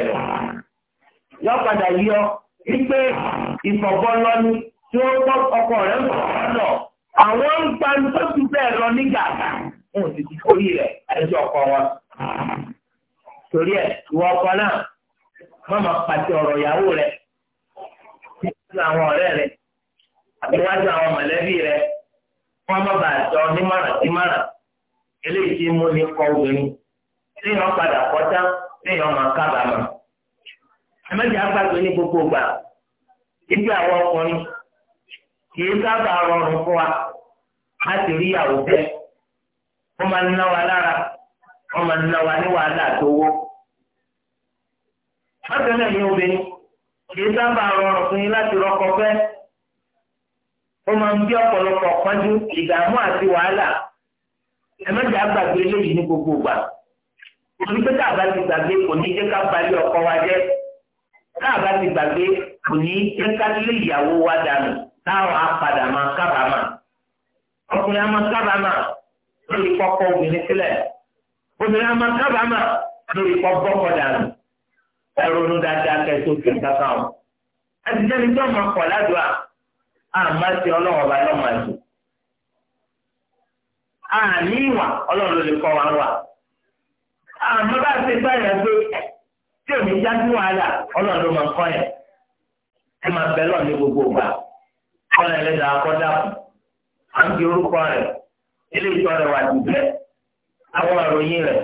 yọ padà yí ọ wípé tí ó ọkọ ń sọ̀rọ̀ lọ àwọn tó ti wọn ò sì ti torí rẹ̀ ẹjọ́ ọkọ wọn. torí ẹ̀ ìwọ ọkọ náà má máa pàṣẹ ọ̀rọ̀ ìyàwó rẹ̀ níwájú àwọn ọ̀rẹ́ rẹ̀ àbíwájú àwọn rẹ̀ wọ́n má bàa jọ nímọ̀ràn eléyìí tí mú ní kọ obìnrin léèyàn padà kọjá léèyàn máa ní gbogbo gbà ibi àwọn ọkùnrin kì í sábà rọrùn fún wa láti rí ìyàwó wọ́n máa ń ná wa lára wọ́n máa ń ná wa ní wàhálà tó wọ́. bákan náà ní obìnrin kì í sábà rọrùn fún yín láti rọ́kọ fẹ́. ó máa ń bí ọ̀pọ̀lọpọ̀ pọ́njú ìdààmú àti wàhálà. ẹ méjì àgbàgbé eléyìí ní gbogbo ìgbà. òbí pé káàbá ti gbàgbé kò ní jẹ́ ká balẹ̀ ọkọ wa jẹ́. káàbá ti gbàgbé kò ní jẹ́ ká lé ìyàwó wa dànù táwọn apàdà máa kábàámà. ọkùnrin á máa kábàámà. lórí kọ́kọ́ obìnrin sílẹ̀ obìnrin a máa kábàámà lórí kọ́kọ́ kọ́dàánù ẹ̀rọ̀nù dáadáa kẹ́tó ti kápá wọn. àti jẹ́ni tí máa kọ̀ ládùúgbà àmọ́ ti ọlọ́wọ́ bá lọ́mọ àjò. àní ìwà ọlọ́run ló lè kọ́ wa wà. àmọ́ bá a ṣe báyà gbé tí òní jáde wàhálà ọlọ́run ló máa kọ́ yẹn. ẹ máa bẹ lọ́ọ̀ ní gbogbo ìgbà. ọ̀rẹ́ kọ́ à ń fi eléyìí tó rẹwà jù bẹ́ẹ̀ àwọn àròyìn rẹ̀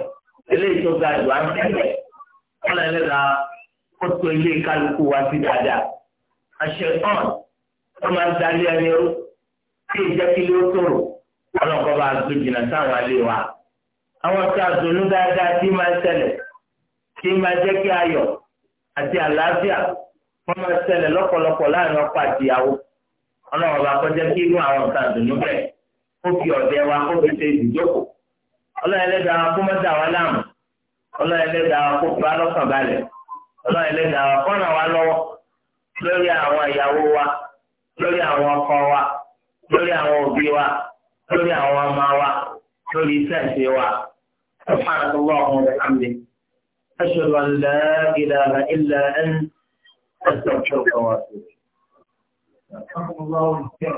eléyìí tó ga jù àwọn ẹgbẹ́ wọn lè ra kótó ilé kálukú wá sí dáadáa àṣẹ hàn wọn máa ń dalé ẹni rú tí ìjẹ́kílé ó tòrò ọlọ́kọ́ bá gbé jìnnà sáwọn alẹ́ wa àwọn tí a dùnú dáadáa tí máa ń ṣẹlẹ̀ tí máa jẹ́ kí ayọ̀ àti àlàáfíà wọ́n máa ń ṣẹlẹ̀ lọ́pọ̀lọpọ̀ láàrin ọkọ àti ìyàwó ọlọ́wọ́ bá kọjá kí inú àwọn nǹkan dùnú bẹ́ẹ̀. ó fi ọ̀dẹ wa kó fi ṣe ìdíjókòó ọlọ́ọ̀lẹ́dàá wa kó má dà láàmú ọlọ́ọ̀lẹ́dàá wa kó fa lọ́kàn balẹ̀ ọlọ́ọ̀lẹ́dàá wa kó ràn wá lọ́wọ́ lórí àwọn ìyàwó wa lórí àwọn ọkọ wa lórí àwọn òbí wa lórí àwọn ọmọ wa lórí iṣẹ́ ìṣe wa أشهد أن لا إله إلا أنت أستغفرك وأتوب إليك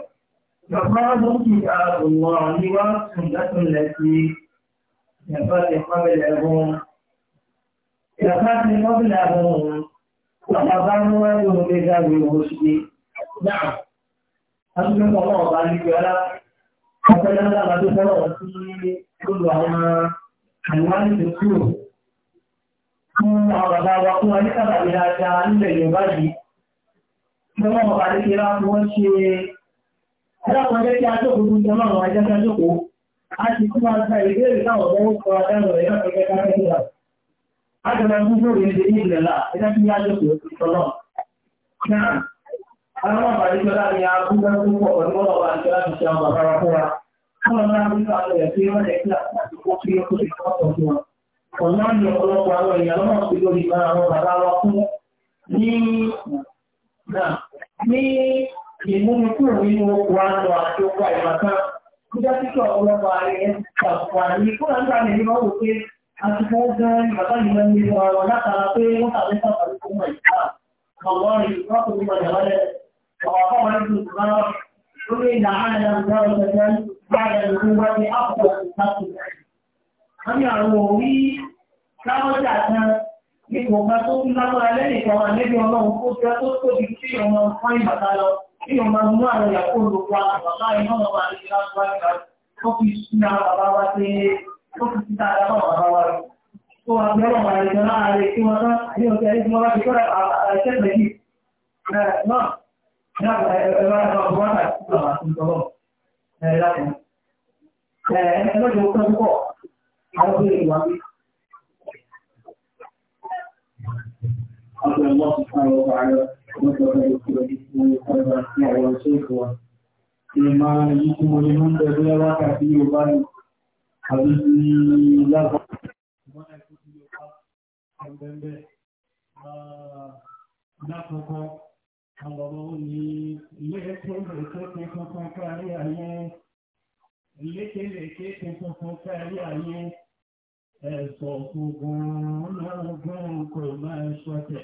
فقالوا كتاب الله والسنة التي نفت قبلهم نفت قبلهم وتضمنوا بذوي الرشد نعم أما الله ذلك ولا حتى لا نغد فرعتي كلهما عنوان الدكتور كل أربعة وقوة لكما إلى جعل يبادي كما هو عليك لا هو شيء Alákọ̀ọ́jẹ́ kí a tó kò gúnjẹ máa wà jẹ́ sájókò, a ti kí máa ta ìbéèrè náà ọ̀gbọ́n kọ adáàrọ̀ ẹ̀yà pẹ̀kẹ́ káfẹ́kẹ́ rẹ̀. A jẹ́ máa gúnjẹ́ òun ní ilé ìlẹ̀lá, ẹ̀dá kí a jẹ́ kò sọ́nà. Náà, àwọn àbàdíjọ́lá ni a gúnjẹ́ púpọ̀ pẹ̀lú ọ̀rọ̀ àdíjọ́lá ti ṣe àwọn bàbá wa fún wa. Àwọn máa ń gbé àwọn ẹ̀sìn wọn ẹ̀kí àti kó kí ó kó ṣe kọ́kọ̀ fún wọn. Ọ̀nà ni ọ̀pọ̀lọpọ̀ àwọn èèyàn ìmúnikúrò tó ń lágbára lẹ́yìn kan àlejò ọlọ́run kó fẹ́ tó tóbi sí ọmọ fún ìbàtà lọ kí wọ́n máa mú àwọn ìyàwó olùkọ́ àgbàlá iná wọn wà ní ìlànà ìgbà tó fi sí àwọn bàbá wa pé tó fi sí dáadáa náà bàbá wa rẹ̀. Tó wà bí ọlọ́run àìsàn láàárẹ̀ kí wọ́n tán ní oṣù ẹni tí wọ́n bá ti kọ́ra àìsẹ́ pẹ̀lú náà ní àwọn ọ̀gbọ́n àwọn Ìmá yìí tí mo lè mọ́ ń bẹ̀rẹ̀ bí ọwá kàbí Yorùbá ni, àbí ti lágbà. Ìmá ẹ̀kú ti Yorùbá, ẹgbẹ̀ẹ́gbẹ̀. Lákọ̀ọ́kọ́, àwọn ọmọ ó ní ilé-ẹ̀kẹ́ tuntun kárí ayé, ilé-ẹ̀kẹ́ tuntun kárí ayé, ẹ̀sọ̀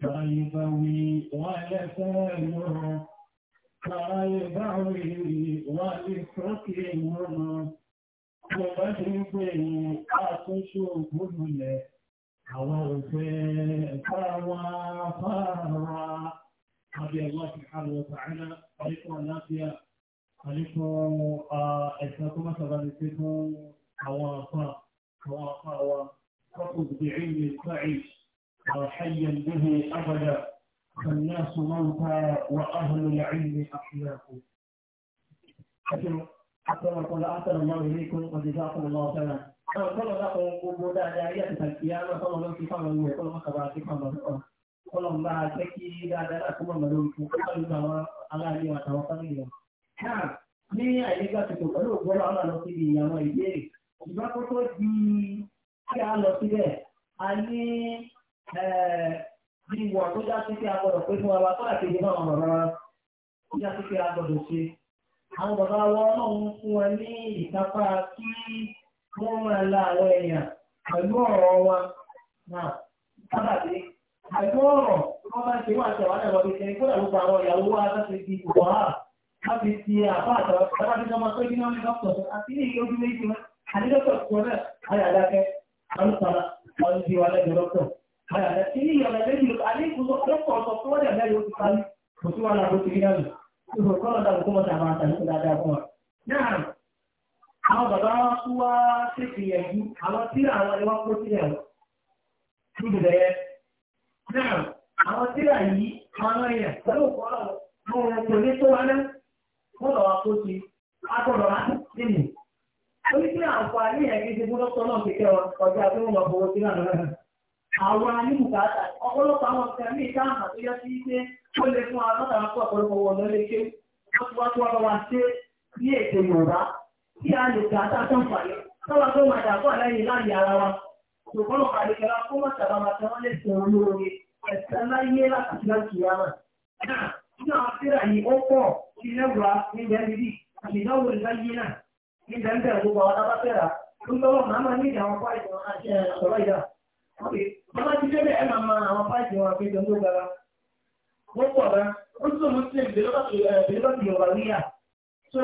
فيبوي ولسانه فيبوي ولسكنه Ọbáṣẹ́gbẹ̀rẹ̀ àtúnṣò gbólulẹ̀, àwọn òfẹ́ fáwà fáwà, àbí Allah subhanahu wa ta'ala, àríkọ̀ láfíà, àríkọ̀ ẹ̀sẹ̀ tó máa sàbàrí pé fún àwọn àfá, àwọn àfá wa, kọ́kù bí i أو به أبدا فالناس موتى وأهل العلم أحياء حتى نقول أحسن الله إليكم وجزاكم الله خيرا قال لكم قبول داعية القيامة صلى الله عليه وسلم يقول ما كبرتكم الله قال ما تكي دادركم ملوك قال ما على لي وتوكلوا ها ní àyíká tuntun pẹ̀lú ògbọ́lọ́ àwọn lọ síbi àwọn ìbéèrè ìgbà tó tó di kí a lọ síbẹ̀ a ní ìwọ̀ tó já sí pé a gbọ́dọ̀ pé fún wa tó àti náà bàbá wa tó já sí pé a gbọ́dọ̀ ṣe. Àwọn bàbá wa náà ń fún wa ní ìkápá kí wọ́n máa la àwọn èèyàn pẹ̀lú ọ̀rọ̀ wa náà Àìkú ọ̀rọ̀ wọ́n máa ń ṣe wà tẹ̀wá náà lọ́dún ṣe kó dàgbà àwọn ìyàwó wa láti di ìwà wa láti di àbá àtàwọn ọ̀rọ̀ àti ọmọ tó gbiná ní ní ìyẹ́ Ilé ìyọ̀nà méjì aléìkúsọ ọ̀pọ̀ ọ̀sọ̀ tó wọ́n dẹ̀ mẹ́rin oṣù kan kò sí wọn àbò tìrí náà. Ìgbò kọ́nà dàbò kó mọ̀ta máa tàbí kó dáadáa fún wa. Náà, àwọn bàbá wa tó wá ṣètì ẹ̀jú, àwọn tí àwọn ẹwà kó sílẹ̀ wọn. Ní ìbẹ̀rẹ̀ yẹn. Náà, àwọn tí rà yìí, àwọn ẹ̀yà pẹ̀lú kọ́nà wọn kò ní tó wá náà. Wọ́n lọ wá kó sí, a gbọ́dọ̀ àwọn anímùkátà ọ̀pọ̀lọpọ̀ àwọn ọ̀sẹ̀ ní ìdáhùn tó yẹ sí pé lè fún wá ṣe ní Yorùbá a lè tó ń tọ́wọ́ tó máa dàgbọ́ lẹ́yìn láàyè ara wa ṣùgbọ́n kó má máa lè sọ ẹ̀sẹ̀ láti láti síra yìí ó pọ̀ àwọn Bàbá ti débẹ̀ ẹ máa ma àwọn páàkì wọn àpéjọ tó gara. Wọ́n pọ̀ gan. So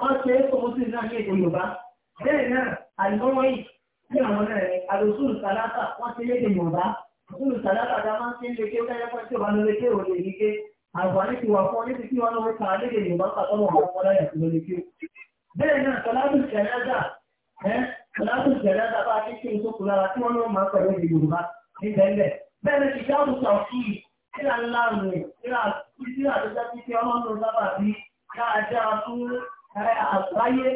wọ́n ṣe é fowó sí ìdílọ́tì náà ní èdè Yorùbá. Bẹ́ẹ̀ náà, àlùmọ́wọ́ yìí ní àwọn náà ni àlùsùlù sàlátà wọ́n ṣe léde Yorùbá. Àlùsùlù sàlátà dá máa ń ṣe léke kẹ́yẹ́pọ̀ tí òbá lórí ké òde yìí ké. Àǹfààní ti wà fún ọ níbi tí wọ́n láti ìṣẹ̀lẹ̀ tàbá tí kí n tó kù lára tí wọ́n náà máa pẹ̀lú èdè Yorùbá ní bẹ́ẹ̀ bẹ́ẹ̀ ti dáàbò sàn sí i síra ńlá rẹ̀ síra síra tó dá sí pé ọlọ́run sábà bí dáadáa fún àgbáyé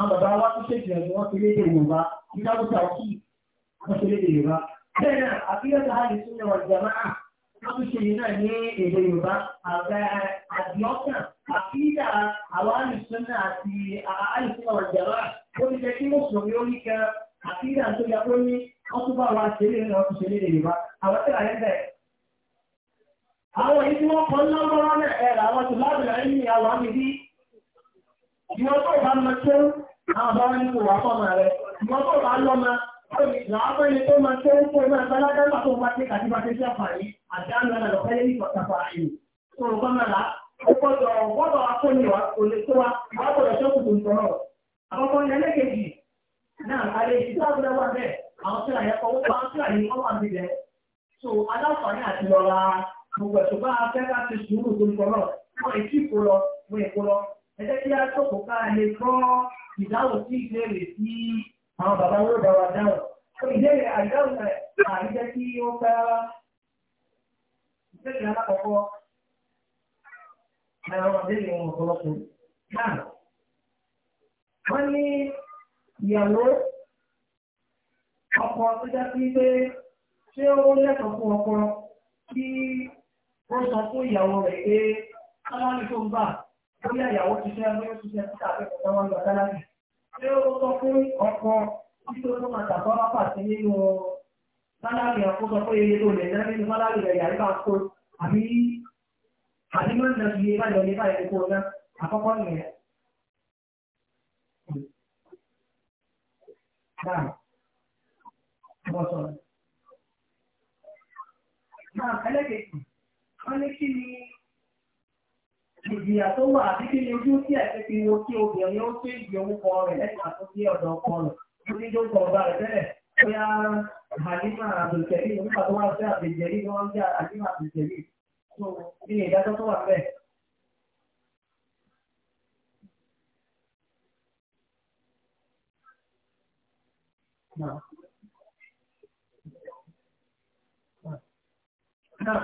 àwọn bàbá wa tó ṣèṣì rẹ̀ wọ́n ti lédè Yorùbá ní dáàbò sàn sí i wọ́n ti lédè Yorùbá àkídà àwọn àlùsùnà àti àlùsùnà ọ̀jàrà ó ti jẹ́ kí mùsùlùmí ó ní kẹ́ àkídà tó yẹ kó ní wọ́n tún bá wa ṣeré ní ọtún ṣeré lè wá àwọn tẹ̀lé ayé bẹ̀. àwọn èyí tí wọ́n kọ́ lọ́wọ́ náà ẹ̀rọ àwọn tó lábìlà ń ní àwọn àmì bí ìwọ́n tó bá mọ tó àwọn bá wọn ní kò wá fọ́ọ̀mù rẹ̀ ìwọ́n tó bá lọ́mọ làákọ́ni tó máa tó ń kó náà gbálágbá tó máa tẹ́ kàtíbàtẹ́ sí àfààní àdánù ẹ̀rọ lọ́fẹ́ lẹ́yìn pàtàkì tó rọ̀ gbọ́dọ̀ gbọ́dọ̀ akóniwa olùkówa gbọ́dọ̀ ní ẹlẹ́kẹ̀jì náà àlè ìṣiṣẹ́ àbúrò wà bẹ́ẹ̀ àwọn tí àyẹ̀ kọ́ wọ́n tí àyè kọ́ wà nílẹ̀ so aláǹfààní àti gbogbo bá ti sùúrù tó ń èkì kó lọ èkó lọ ká àwọn àbẹ̀rẹ̀ wọn ọ̀pọ̀lọpọ̀ náà wọ́n ní ìyàwó ọkọ tó já sí pé ṣé ó lẹ́tọ̀ọ́ fún ọkọ kí ó sọ fún ìyàwó rẹ̀ pé sáláàlì tó ń bà bóyá ìyàwó ti fẹ́ lóyún ti fẹ́ títà àbẹ̀kọ̀ tó wọn lọ sáláàlì ṣé ó sọ fún ọkọ nítorí ó máa tàbọ̀ lápá sí nínú sáláàlì àkóso pé iye tó lè ná nínú sáláàlì rẹ̀ yàrá bá kó àbí àti máa ń lọ sí ilé báyọ̀ ilé báyọ̀ kókó ọ̀nà àkọ́kọ́ nìyẹn. Báà bọ́ sọ̀rọ̀. Máa ẹlẹ́kẹ̀kì, wọ́n ní kí ni ìjìyà tó wà àbí kí ni ojú tí ẹ̀sẹ̀ fi wo kí obìnrin ó tó ìgbì orúkọ rẹ̀ lẹ́sà tó ọ̀dọ̀ ọkọ rẹ̀ tó ní tó ń ọba rẹ̀ tẹ́lẹ̀ bóyá Halima Abdulkari nípa tó wà sí Abdulkari ni wọ́n ń jẹ́ Halima Abdulkari kí ìdájọ́ tó wà bẹ́ẹ̀.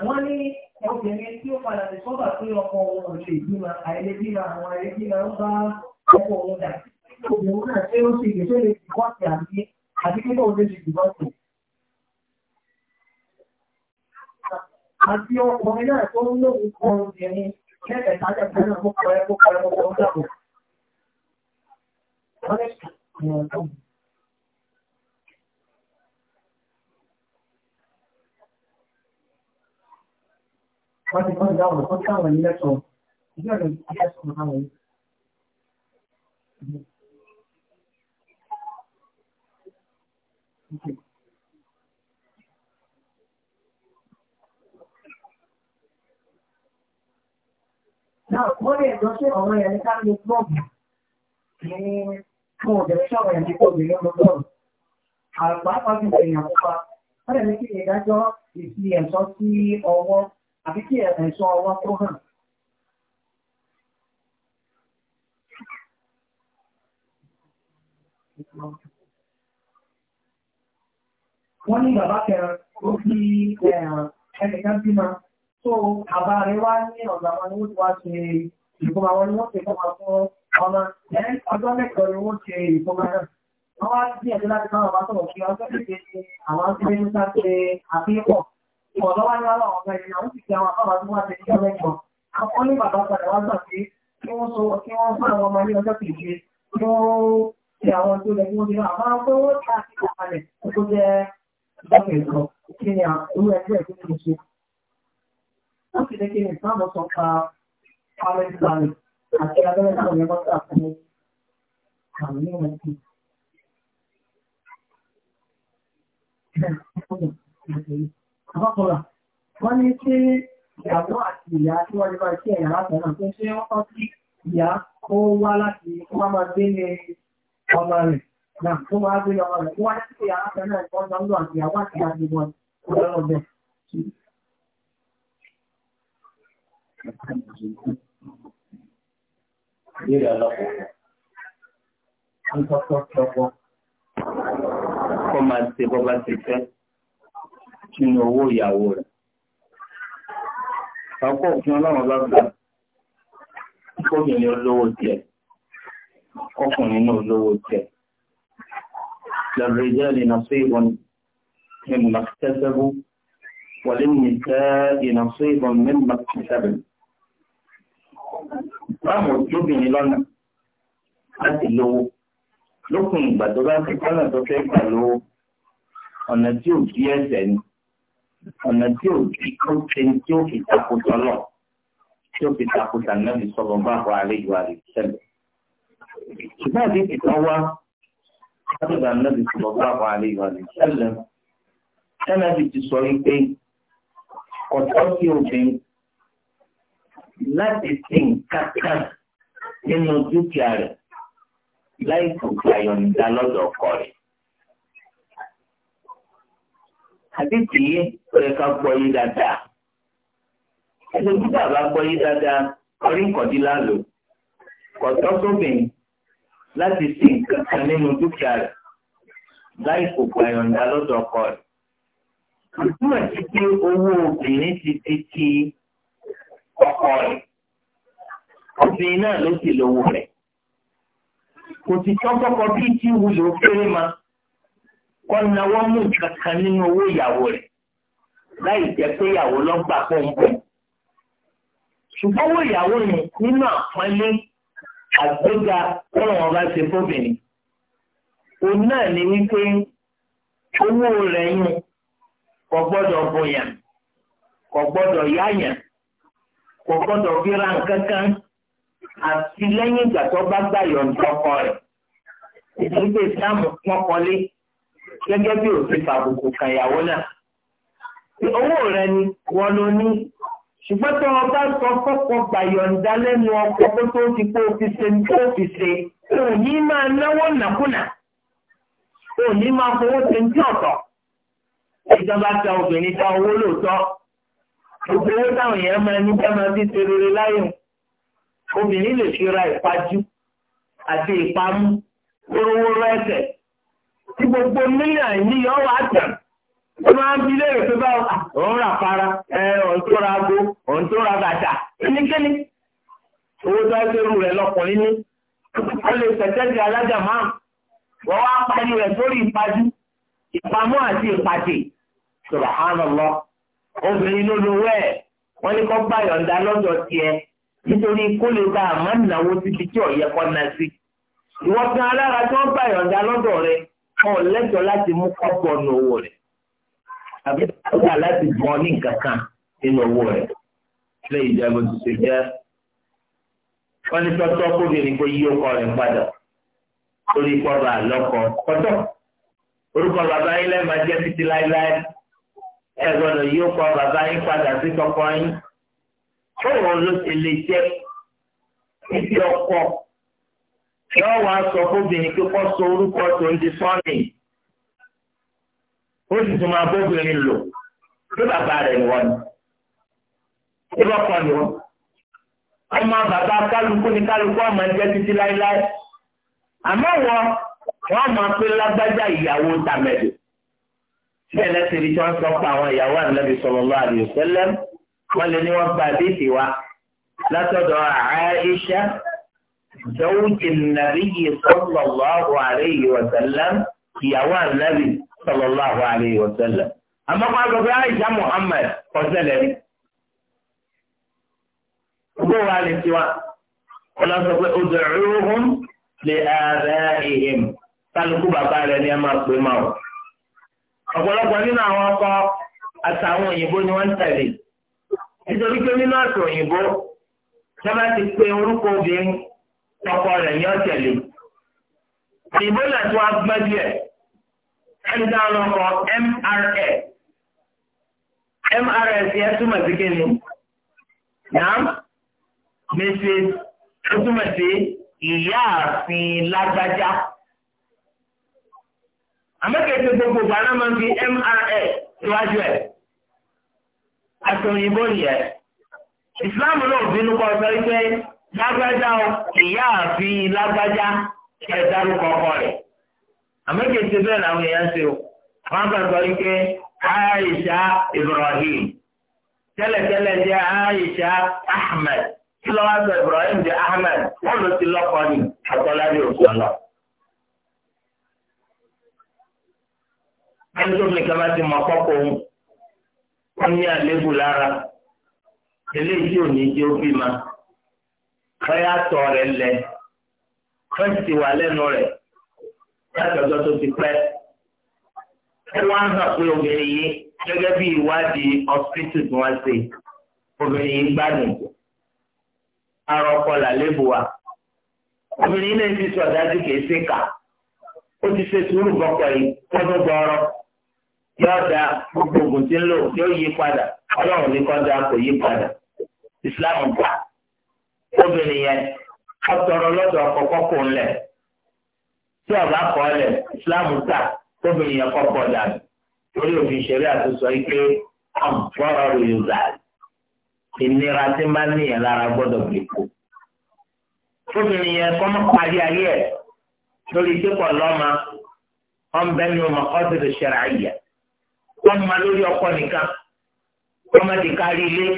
Wọ́n ní obìnrin tí ó padà sí sọ́bà pé ọkọ òun ò lè bímọ, àìlè bímọ àwọn àìlè bímọ ń bá ọkọ òun dà. Obìnrin náà ṣé ó ṣe ìgbésẹ̀ lè dìbọ́ọ̀tì àbí àbí kíkọ́ òun lè ṣe dìbọ́ọ̀tì. àti ọkùnrin náà tó ń lóòrùn kan obìnrin kẹ́ẹ̀kẹ́ta jẹ́ náà mọ́kọ̀ ẹ́ mọ́kọ̀ ẹ́ mọ́kọ̀ ẹ́ dàbò. Wọ́n ti kọ́ ìdáwọ̀ lọ́kọ́ tí àwọn ilé sọ, ìjọ́ àwọn ilé. Thank you. Náà wọ́n lè lọ sí ọ̀rọ̀ ẹ̀rí ká ló gbọ́ọ̀bù ní fún ọ̀dẹ̀ sí ọ̀rọ̀ ẹ̀rí tó bèèrè lọ́gbọ́ọ̀bù. Àgbà pàtó èèyàn pupa. Wọ́n lè ní kí ìdájọ́ ìfi ẹ̀sọ́ sí ọwọ́ àbí kí ẹ̀sọ́ ọwọ́ tó hàn. Wọ́n ní bàbá kẹrin ó fi ẹnìkan bímọ tó àbá wá ní ọ̀dà wọn ni wọ́n ti wá ṣe ìkómà wọn ni wọ́n ṣe kọ́mà fún ọmọ ẹ̀ ọjọ́ mẹ́kọ̀ọ́ ni wọ́n ṣe ìkómà náà wọ́n wá sí ẹ̀dọ́ láti máa wá sọ̀rọ̀ kí ọjọ́ kéde àwọn ti fi ń àfihàn ọ̀dọ́ wá ní wọn ọ̀gá ìrìn àwọn sì fi àwọn àbábà tó wá ṣe ní mẹ́kọ̀ọ́ àwọn ní bàbá padà wá gbà pé kí wọ́n so kí wọ́n fún àwọn ọmọ ní ọjọ́ kejì kí wọ́n ṣe àwọn tó lẹ́gbẹ́ wọn nínú àmọ́ pé wọ́n ta àti kò tó jẹ́ ìjọba kí ni àwọn ẹgbẹ́ ìjọba ìjọba wọ́n ti dékè ní sáàmù sọ pa palestine àti abẹ́rẹ́ náà ní wọ́n sàkó àwọn ní wọ́n ti. wọ́n ní ṣé ìyàwó àti ìyá tí wọ́n lè máa ṣe ẹ̀yà látọ̀ náà tó ṣe wọ́n sí ìyá kó wá láti kó má máa gbé ní ọmọ rẹ̀ náà tó máa gbé ọmọ rẹ̀ kó wá láti ìyá látọ̀ náà ìfọ́nà ń lò àti ìyàwó àti ìyá gbogbo ọ̀dọ́ ọ̀bẹ̀. غير alákòókò ń tọ́tọ́ tọ́pọ́ kó máa ṣe bọ́ bá ti fẹ́ nínú owó ìyàwó rẹ̀ ọkọ̀ òfin ọlọ́run bá gbà kóbìnrin olówó tiẹ̀ ọkùnrin náà olówó tiẹ̀ lọ́rọ̀ jẹ́ ìrìnà sí ìbọn mímọ̀ tẹ́sẹ́bú wọlé nìkẹ́ ìrìnà sí ìbọn mímọ̀ tẹ́sẹ́bú báwọn òjòbìnrin lọ́nà láti lówó lókun ìgbà tó bá ti kọ́nà tó fẹ́ gbà lówó ọ̀nà tí ò di ẹ̀sẹ̀ ni ọ̀nà tí ò di kókè tí ó fi takò tọ́lọ̀ tí ó fi takò tànàbì sọ̀rọ̀ bá àwọn àlejò àlejò sẹ́lẹ̀. ṣùgbọ́n àti ìtàn wá látọ̀dọ̀ ànábì sọ̀rọ̀ bá àwọn àlejò àlejò sẹ́lẹ̀. sẹ́nàbì ti sọ wípé ọ̀tọ́ sí obìnrin láti sí nǹkan kan nínú dúkìá rẹ̀ láì kò gbàyọ̀ǹda lọ́dọ̀ ọkọ rẹ̀. àdéhùn yìí ó yẹ ká gbọ́ yí dáadáa. ẹni tí bàbá gbọ́ yí dáadáa orí kọ̀dílá lò kò tọ́ sóbìnrin láti sí nǹkan kan nínú dúkìá rẹ̀ láì kò gbàyọ̀ǹda lọ́dọ̀ ọkọ rẹ̀. àdúrà ti pé owó obìnrin ti ti ti ọkọ rẹ̀ obìnrin náà ló sì lówó rẹ̀ kò sì tọ́kọ́kọ́ bí tí wúlò kéré ma kọ́ náwó mú kankan nínú owó ìyàwó rẹ̀ láì jẹ́ pé ìyàwó lọ́gbà pọ̀npọ̀ ṣùgbọ́n owó ìyàwó ni nínú àpọ́nlé àgbéga tọ́lọ̀ wọn bá ṣe fóbìnrin òun náà ni wípé owó rẹ̀ yún kò gbọ́dọ̀ bòyàn kò gbọ́dọ̀ yáyàn kò gbọ́dọ̀ fi ra nǹkan kan àti lẹ́yìn ìgbà tó bá gbà yọ̀ǹda ọkọ rẹ̀ nítorí pé ìsìláàmù pọ́n kọ́lé gẹ́gẹ́ bí òfin fàbùkù kan ìyàwó náà owó rẹ̀ ni wọ́n ló ní ṣùgbọ́n tí wọ́n bá sọ fọ́pọ̀ gbà yọ̀ǹda lẹ́nu ọkọ pé tó ti kó fi ṣe ní kó fi ṣe kò ní máa náwó nàkúnà kò ní máa fowó ṣe ní ọ̀tọ̀ ìjọba ta obìnrin ta owó lóòótọ́ gbogbo owó táwọn èèyàn máa ní dáná bí terere láyò obìnrin lè fi ra ìpajú àti ìpamú wórówóró ẹsẹ̀ tí gbogbo mílíọ̀n yìí yọ wá tàn ó máa ń bi léèrè pé báwo òun rà para òun tó ra ago òun tó ra bàtà kíníkíní owó tó ẹgbẹ́rú rẹ̀ lọkùnrin ní ó lè tẹ̀tẹ́ di alájà máa wọ́n wá parí rẹ̀ sórí ìpajú ìpamọ́ àti ìpàdé subhanallah obìnrin ló lówó ẹ̀ wọ́n ní kó gbà yọ̀ǹda lọ́dọ̀ tiẹ̀ nítorí kó lè bá a máa nàwó títí tí ọ̀yẹ́ kọ́ na sí. ìwọ kan alára tí wọ́n gbà yọ̀ǹda lọ́dọ̀ rẹ̀ wọn ò lẹ́tọ̀ọ́ láti mú kọ́pọ̀ nù owó rẹ̀ àbí kọ́pọ̀ láti bọ́ ní nǹkan kan nínú owó rẹ̀ lé ìjọba tó ṣe jẹ́ wọ́n ní tọ́tọ́ kóbìnrin kó yí ọkọ rẹ̀ padà lórí kọ́ba àlọ́kọ kọ́tọ̀ orúkọ bàbá yín lẹ́ẹ̀ máa jẹ́ títí láéláé ẹ gbọ́dọ̀ yí ọkọ bàbá yín padà sí tọkọ yín fóun ló ti lè jẹ títí ọkọ yóò wá sọ fóbìnrin pé kó sọ orúkọ tó ń di sọ́ọ̀nì ó sì tún máa bóbìnrin lò pé bàbá rẹ̀ ni wọ́n ní ṣé bọ́kàn ni wọ́n ọmọ bàbá kálukú ni kálukú ọmọ jẹ́ títí láéláé àmọ́ wọn wọ́n máa pé lágbájá ìyàwó tàmẹ̀dù. bẹ́ẹ̀ lẹ́sìn ibi tí wọ́n sọ pé àwọn ìyàwó ànábì sallallahu alaihi wasallam wọ́n lé ní wọ́n gba àdéhìí wa látọ̀dọ̀ Aisha zawji nabiyyi sallallahu alaihi wasallam ìyàwó ànábì sallallahu alaihi wasallam. àmọ́ wọn sọ pé Aisha Muhammad ọ̀sẹ̀lẹ̀ rí. gbogbo wa ni tiwa wọn lọ sọ pé ud'uuhum li aaba'ihim kálukú bàbá ọ̀pọ̀lọpọ̀ nínú àwọn ọkọ àtàwọn òyìnbó ni wọ́n ń tẹ̀lé nítorí pé nínú àti òyìnbó sábà ti pé orúkọ obìnrin ọkọ rẹ̀ ní ọ̀tẹ̀lé òyìnbó náà tí wọ́n gbẹ́ díẹ̀ ẹni tí wọ́n lọ kọ MRS MRS yẹn túmọ̀ sí kí ni náà mrs ó túmọ̀ sí ìyáàfin lágbájá àmọ́kẹ́tì gbogbo gbaná máa ń fi mrs síwájú ẹ̀ àti òyìnbó nìyẹn ìsìláàmù náà bínú kọ́ sọ pé lágbájá o ìyá àfin lágbájá ẹ̀ dárúkọ ọkọ rẹ̀ àmọ́kẹ́tì bẹ́ẹ̀ làwọn èèyàn ṣe o wọ́n bá sọ pé Aisha Ibrahim tẹ́lẹ̀tẹ́lẹ̀ jẹ́ Aisha Ahmed kí ló wá sọ Ibrahim jẹ́ Ahmed wọ́n ló ti lọ́kọ ni àtọ́lá ní òkú ẹni tó nìkan bá ti mọ kọ́kọ́ òun ó ní àléébù lára eléyìí tí ò ní jẹ́ ó bímọ bóyá tọ̀ rẹ̀ lẹ fẹ́ǹsì wà lẹ́nu rẹ̀ látọ̀jọ́ tó ti pẹ́ ẹ wá ń hàn pé obìnrin yìí gẹ́gẹ́ bí ìwádìí hospital tí wọ́n ṣe obìnrin yìí gbádùn arọ́kọ làlébù wa obìnrin yìí náà ti sọ̀dájú kìí ṣe kà ó ti ṣe sùúrù bọ́kọ̀ yìí tọ́dún gbọ́rọ́ yóò da gbogbo oògùn tí ń lò yóò yí padà ọlọ́run ní kọ́ da kò yí padà islam gbà obìnrin yẹn ọtọrọ lọ́dọ̀ ọkọ̀ọ̀kọ̀ kò ń lẹ̀ tí ọba kọ́ lẹ̀ islam gbà obìnrin yẹn kọ́kọ́ dà torí òfin ìṣeré àtúnṣe yìí pé àǹfọ̀rọ̀ rẹ̀ yóò dà ìnira tí máa ń níyàn lára gbọ́dọ̀ gbé kú obìnrin yẹn kọ́ mọ́ parí ayé ẹ̀ lórí ìdíkọ̀ lọ́mọ ọ̀nbẹ́ni ọmọ ọ̀sẹ̀ lè ṣẹ̀ráyà wọ́n máa lórí ọkọ nìkan wọ́n máa ti kárí ilé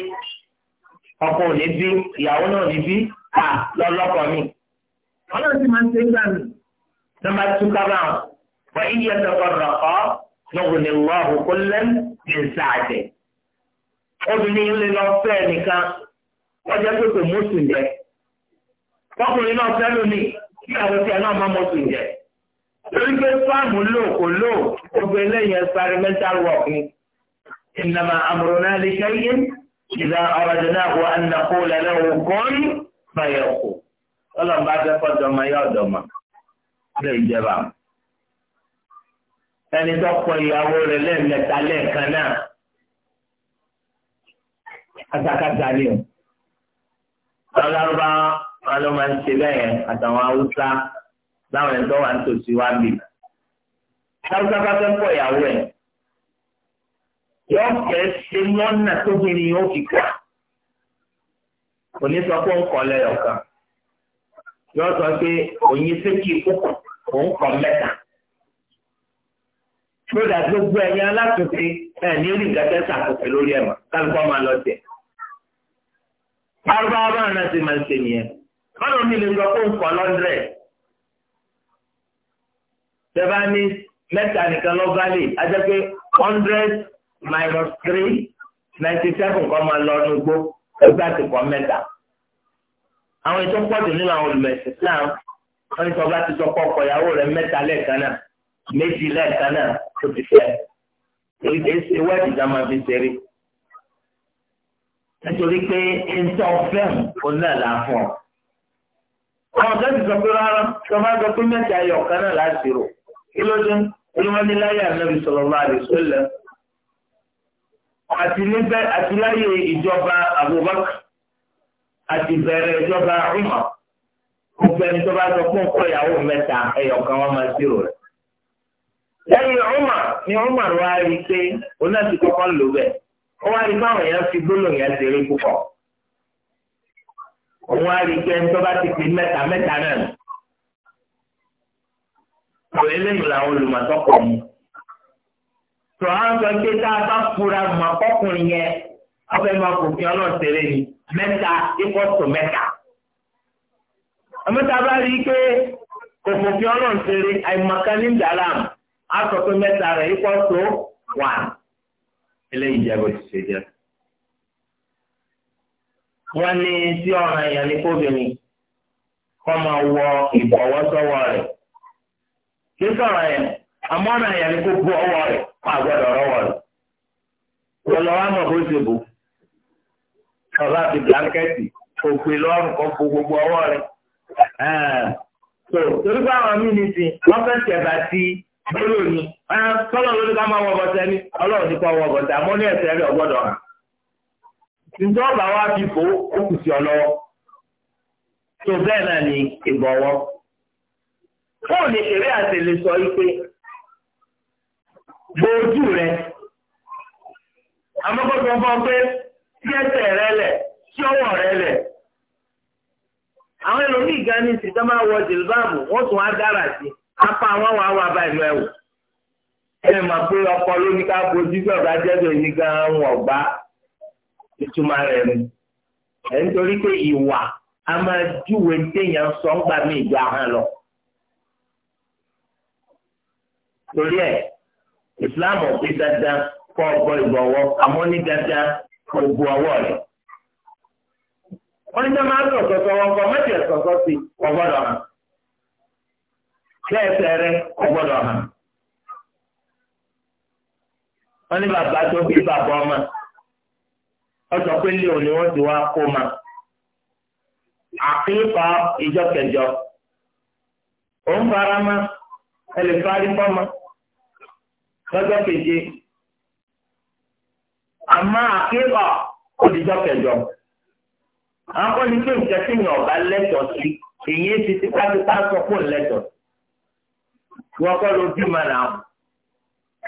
ọkọ ò ní bí ìyàwó náà ní bí à lọ́lọ́kọ mi. ọlọ́run ti máa ń ṣe ń gbà mí. nọ́mbà tún kábà wọ́n yí ẹsẹ̀ kọ̀ọ̀rọ̀ ọ́ lọ́gùn ní wọ́n àkókò lẹ́nu ní sàdẹ̀. obìnrin lè lọ fẹ́ nìkan wọ́n jẹ́ pé kò mọ́sùn jẹ. ọkùnrin náà fẹ́ lónìí kí àwọn tiẹ̀ náà má mọ́sùn jẹ torí pé fáàmù lò kò lò gbogbo eléyìí experimental work ni ìnàmà àmùrùnà lè ṣẹ́yẹ ìdá ọ̀rọ̀dẹ̀ náà wọ ànàkó lẹ́lẹ́ ògùn báyọ̀kù ọlọ́mọba fẹ́ fọ́dọ̀mọ yá ọ̀dọ̀mọ lè jẹba ẹni tó kọ ìyàwó rẹ̀ lẹ́ẹ̀mẹ́ta lẹ́ẹ̀kan náà àtàkàtà ni o ọlọ́run bá wọn máa ń ṣe bẹ́ẹ̀ àtàwọn haúsá láwọn ẹgbẹ́ wa ń tòsí wa bì. Táwùsá bá fẹ́ pọ̀ ìyàwó ẹ̀. Yọ fẹ́ ṣe lọ́nà tó fi ni yóò fi kọ́. Kò ní sọ pé ó ń kọ́ lẹ́yọ̀ kan. Yọ sọ pé òyin sékì kókò òun kọ́ mẹ́ta. Lódà gbogbo ẹ̀yin alátùnfẹ́ ẹ̀ ní orí ìgbàgbẹ́ sàkóso lórí ẹ̀ mọ̀ kálukọ́ máa lọ tẹ̀. Arúgbó abáwọn náà ti máa ń ṣe nìyẹn. Báwo mi lè sọ pé ó ń kọ́ lọ́ndrẹ̀ẹ́? tẹ́bá ní mẹ́ta nìkan lọ bá lè ajẹ́ pé hundred minus three ninety seven kọ́ máa lọ ní gbó ẹgbẹ́ àti kọ́ mẹ́ta. àwọn ètò pọ̀jù nínú àwọn olùmẹ̀sìn Islam wọ́n ní sọ bá ti sọ pọ̀ ọkọ ìyàwó rẹ̀ mẹ́ta lẹ́ẹ̀kan náà méjì lẹ́ẹ̀kan náà tó ti fẹ́ èsì wẹ́ẹ̀dì dá máa fi ṣeré. nítorí pé nǹkan ọ̀fẹ́ òun náà là ń fọ̀. àwọn kan ti sọ pé rárá sọ ma sọ pé mẹ́ta ẹyọ kan náà láti rò kí ló dé olúmọdéláyé ànábì sallallahu alaihi wasallam àti níbẹ̀ àti láyé ìjọba Abubakar àti bẹ̀rẹ̀ ìjọba Umar ọgbẹni tó bá sọ fún ọkọ ìyàwó mẹ́ta ẹyọ kan wọn máa ṣírò rẹ̀ lẹ́yìn Umar ni Umar wá rí i pé òun náà ti kọ́kọ́ lò bẹ́ẹ̀ ó wá rí i báwọn èèyàn fi gbólóhùn yẹn ṣeré púpọ̀ òun wá rí pé ẹni ti fi mẹ́ta mẹ́ta náà tó eléyìí làwọn olùmọ̀tọ́kọ̀ mu. tó a ń sọ pé tá a bá fura mọ̀ ọkùnrin yẹn ọbẹ̀ máa kò fi ọlọ́ọ̀tẹ̀rẹ̀ ni mẹ́ta ikọ̀ tó mẹ́ta. àmọ́tá bá rí i pé kò kò fi ọlọ́ọ̀tẹ̀rẹ̀ àìmọ̀kan ní dàrám á sọ mẹ́ta rẹ̀ ikọ̀ tó wà. eléyìí jẹ́ bó ti ṣe jẹ́. wọ́n ní sí ọ̀ràn yẹn ní kóbìnrin kọ́ máa wọ ìbọ̀wọ́sọ́wọ́ rẹ̀. kì í sọ̀rọ̀ yẹn àmọ́ ọ̀nà yẹn ni kò bu ọwọ́ rẹ̀ kó ọba àti blanketi òpè lọ́rùn kan fo gbogbo ọwọ́ rẹ̀ so torí pé àwọn míì ní sin wọ́n fẹ́ tẹ̀bà sí bólú lórí ká máa wọ ọlọ́run ní kó wọ wa fi tó bẹ́ẹ̀ náà ni ah, fóònù ní ṣeré àti lè sọ ipe bo ojú rẹ amọ́kọ́tò ń bọ́ pé tí ẹsẹ̀ rẹ lẹ̀ tí ọwọ́ rẹ lẹ̀ àwọn ẹlòmíì gan ní ìsìn tó máa wọ jìlbáàbù wọ́n tún á dára sí apá àwọn wàá wà báyìí lọ ẹ̀wò ẹ mà pé ọkọ lóní ká bojú sí ọ̀gá jẹ́dọ̀ yìí gan wọ̀n gbá ìtumọ̀ rẹ̀ ni ẹ̀ ń torí pé ìwà a máa júwe téèyàn sọ ń gbà mí ìjà hàn lọ. torí ẹ̀ islam ò pé dandan kọ́ ọgbọ ìbọ̀wọ́ àmọ́ ní dandan kò bu ọwọ́ wọ́n ní sọ́mà ń sọ̀tọ̀tọ̀ wọn kọ́ mẹ́tì ẹ̀sọ̀tọ̀ sí ọgbọ́dọ̀ hàn kẹ́ẹ̀sẹ̀ rẹ̀ ọgbọ́dọ̀ hàn wọ́n ní bàbá tó bí bàbá ọmọ ọsọ pé òní wọ́n ti wá kó ma ma lọ́jọ́ keje àmọ́ àkíkọ̀ òdìjọ́ kẹjọ àwọn kan ní pé nǹkan tí mi ọ̀gá lẹ́tọ̀ọ́ sí èyí ti tipátipá sọ fún lẹ́tọ̀ọ́ wọ́n kọ́ ló bímọ náà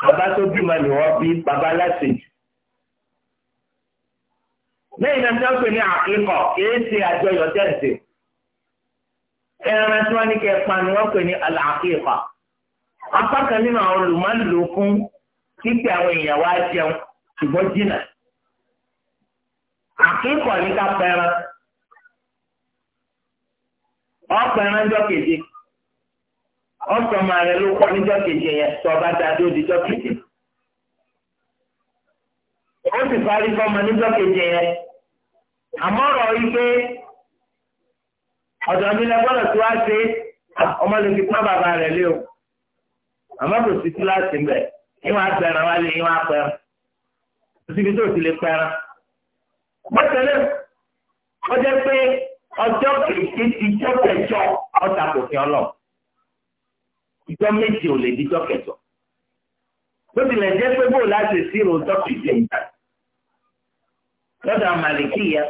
bàbá tó bímọ ni wọ́n bí bàbá láti jù lẹ́yìn náà sọ pé ní àkíkọ̀ kìí ṣe àjọyọ̀ tẹ̀sí ẹran tí wọ́n ní kẹ́ ni wọ́n pè ní àlàkíkọ̀ apá kan nínú àwọn olùmọ̀lò fún kíkẹ́ àwọn èèyàn wá jẹun ṣùgbọ́n jìnnà àkíkọ̀ ní ká pẹran ọpẹran jọ keje ọsọ máa rẹ ló kọ níjọ́ keje yẹn tó ọba dáadé òdìjọ́ keje ó sì parí fọmọ níjọ́ keje yẹn àmọ́ ọ̀rọ̀ yìí pé ọ̀dọ̀ mi lẹ gbọ́dọ̀ tí wàá ṣe ọmọ lè bàbá rẹ̀ lé o àmọ́ kò sí kíláàsì mbẹ̀ ìwọ̀n apẹ̀rẹ̀ wá lé ìwọ̀n apẹ̀rẹ̀ síbi tó ti lè pẹ̀rẹ̀. bọ́sẹ̀lẹ̀ ọjọ́ pé ọjọ́ kejì ti jọ́ kẹjọ ọ̀tà kò fi ọlọ́ ìjọ méje ò lè di jọ́ kẹjọ. bó tilẹ̀ jẹ́ pé bó láti sírò ọjọ́ kejì ìgbà lọ́dọ̀ àmàlìkì yẹ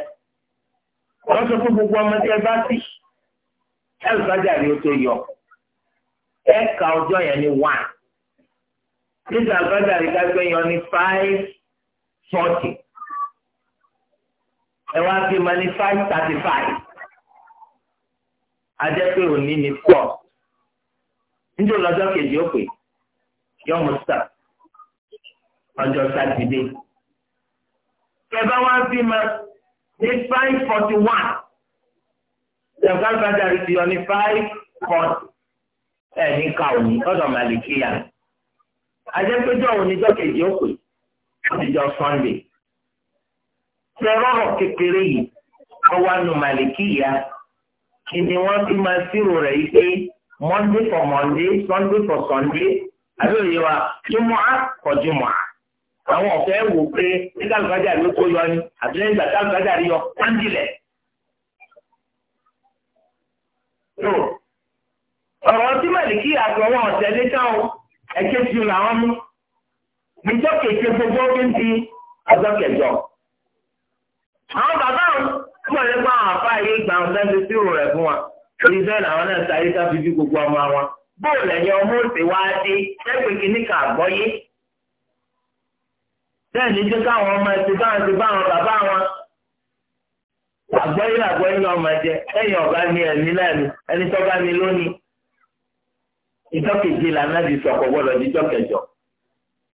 wọ́n sọ fún gbogbo ọmọdé ẹ bá sí ẹ̀ lọ́jà ni ó tó yọ ẹ ka ọjọ́ yẹn ní one nígbà gbọ́dọ̀ àríkà pé yan ní five forty ẹ wá bí ma ní five thirty five ajẹ́ pé òní ní four níjọ́ lọ́jọ́ kejì ó pè yọ mọ̀ sà ọjọ́ sátidé kẹbà wá bí ma ní five forty one ṣẹ̀fà gbọ́dọ̀ àríkà yan ní five forty ẹ̀ ní ka òní ọ̀dọ̀ màlìkíyà àjẹpẹ́jọ́ òní jọ́kejì ó pè ọ̀dìjọ́ sunday tẹ̀rọ̀rọ̀ kékeré yìí ọwọ́ àánú màlìkíyà kí ni wọ́n fi máa sírò rẹ̀ yìí pé monday for monday sunday for sunday àbẹ̀rẹ̀ wa jùmọ̀á kọ jùmọ̀á àwọn ọ̀fẹ́ wò pé nígbà lùfájà ló kó yọ ni àbí lẹ́yìn ìgbà tá lùfájà rí yọ pàǹdìlẹ̀ ọ̀rọ̀ tí màlìkí àgbọ̀wọ́ ọ̀tẹ̀lé táwọn ẹ̀kẹ́ ti làwọn mú níjọ́ kẹ̀kẹ́ gbogbo ó ń di ọjọ́ kẹjọ. àwọn bàbá wọn mọ̀ nípa àwọn àfa yìí gbà wọn sẹ́ńtì sí òun rẹ̀ fún wa torí bẹ́ẹ̀ làwọn náà sáré ká fi bí gbogbo ọmọ wọn bóòlù ẹ̀yìn ọmọ òsè wá dé lẹ́gbẹ̀ẹ́ kìíní kà gbọ́yé. bẹ́ẹ̀ ni jẹ́ káwọn ọmọ ẹ̀ ti bá ti bá wọn bàbá wọn àgbọ́yé làgbọ́yé lọ́mọ jẹ ẹ̀yìn ọ̀gá ni ẹ̀mí lẹ́nu ẹni tó bá ni lónìí ìjọ keje la di sọkọ gbọ́dọ̀ di ìjọ kẹjọ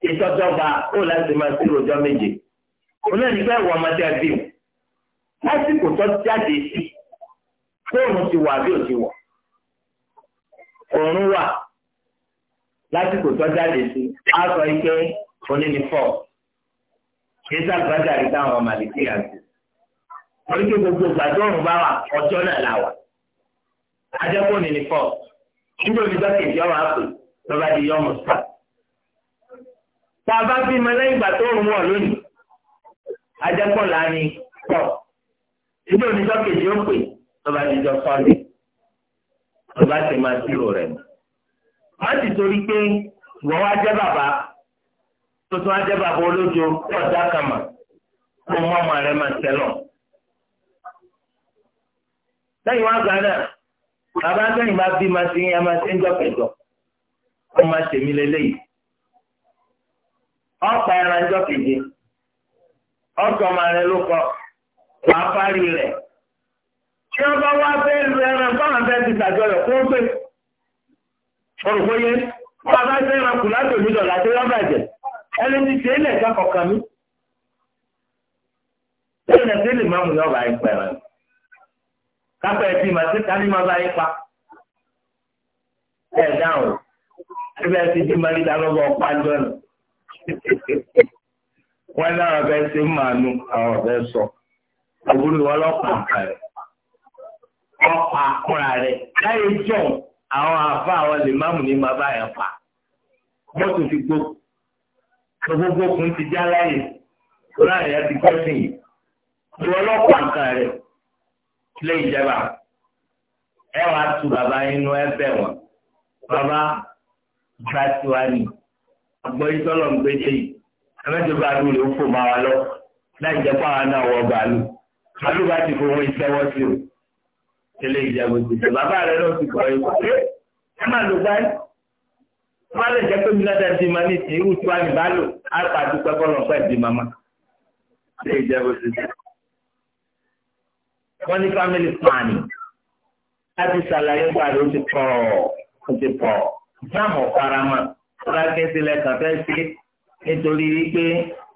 ìtọjọba ó láti máa sí rojọ méje òun náà nígbà ìwọ ọmọdé àbí o lásìkò tó jáde sí fóònù ti wà bí ò ti wọ òun wà lásìkò tó jáde sí á sọ ike òní ní fọ yéésà gbájà rí táwọn ọmọ àdìsí àti oríkè gbogbo gbàdúrà bá wà ọjọ́ náà là wà ajẹ́kọ̀ọ́ ní nígbà òbí dọ́kẹ̀jì ọ̀rọ̀ àpè lọ́ba di yọ ọmọ sá. tá a bá bí ma lẹ́yìn ìgbà tó rùn wọ̀ lónìí ajẹ́pọ̀ láàrin pọ̀ nígbà òbí dọ́kẹ̀jì ó pè lọ́ba di jọ sọ́ọ̀lì lọ́ba ti máa ṣírò rẹ̀ mọ́. má sì torí pé ìwọ wá jẹ́ bàbá tuntun ajẹ́ bàbá olójo ọ̀dà kàmà kó mọ́ ọmọ rẹ̀ máa tẹ́lọ̀. lẹ́yìn wá gbà bàbá sẹ́yìn bá bí ma ṣe ẹ ma ṣe ń jọ́kẹ̀jọ́ ó ma ṣèmi lélẹ́yìí ọ̀pá ẹran jọ́kẹ̀jẹ́ ọ̀tọ̀ ọmọ rẹ ló kọ wàá parí rẹ̀ tí wọ́n bá wá fẹ́ lu ẹran báwọn fẹ́ ti ṣàjọyọ̀ kó gbé olùkóyè bàbá sẹ́yìn ra kùlátò mi dọ̀là tí wọ́n bàjẹ́ ẹni tí ṣe é lẹ̀ ká kọ̀ọ̀kan mi. Ṣé ìrẹsì lè má mú yọ̀ọ̀ bá ń pẹ̀rẹ̀? kápẹ́ ẹbí màá sí tani máa bá yín pa ẹ̀ dáhùn ẹgbẹ́ ti di máa ní ìdánilọ́gbọ̀n ọ̀pá jọ́nà wọ́n náà fẹ́ ṣe máa nu àwọn ọ̀fẹ́ sọ àbúrò wọn lọ́pàá rẹ̀ ọ̀pá kúra rẹ̀ láyé jọ àwọn àfa àwọn lè má mú ní máa bá yẹn pa mọ́tò ti gbó gbogbo kun ti já láyè kúra rẹ̀ ti gbẹ́sìn yìí ìwọ lọ́pàá kan rẹ̀ lé ìjẹba ẹ wàá tu bàbá inú ẹ bẹ̀ wọ́n bàbá gba tiwa ni àgbọ̀ ìtọ́lọ̀ ń gbé dé yìí ẹ̀mẹ́tò bàálù ló fò máa wá lọ láì jẹ́ pé àwọn náà wọ bàálù bàálù bá ti fowó ìṣẹ́wọ́ sí o ilé ìjẹ̀bù ti sè bàbá rẹ̀ náà ti kọ̀ ẹ̀kọ́ pé ẹ máa lò báyìí má lè jẹ́ pé mílíọ̀dà ti máa ní ìsìn irú tiwa ni bàálù á pàdé pẹ́kọ́ lọ́pẹ́ di màmá ilé ìjẹ̀bù ti wọ́n ní family planning láti ṣàlàyé pàdé ó ti pọ̀ ó ti pọ̀ islam ọ̀farama rákẹ́sílẹ̀ kan fẹ́ ṣe nítorí wípé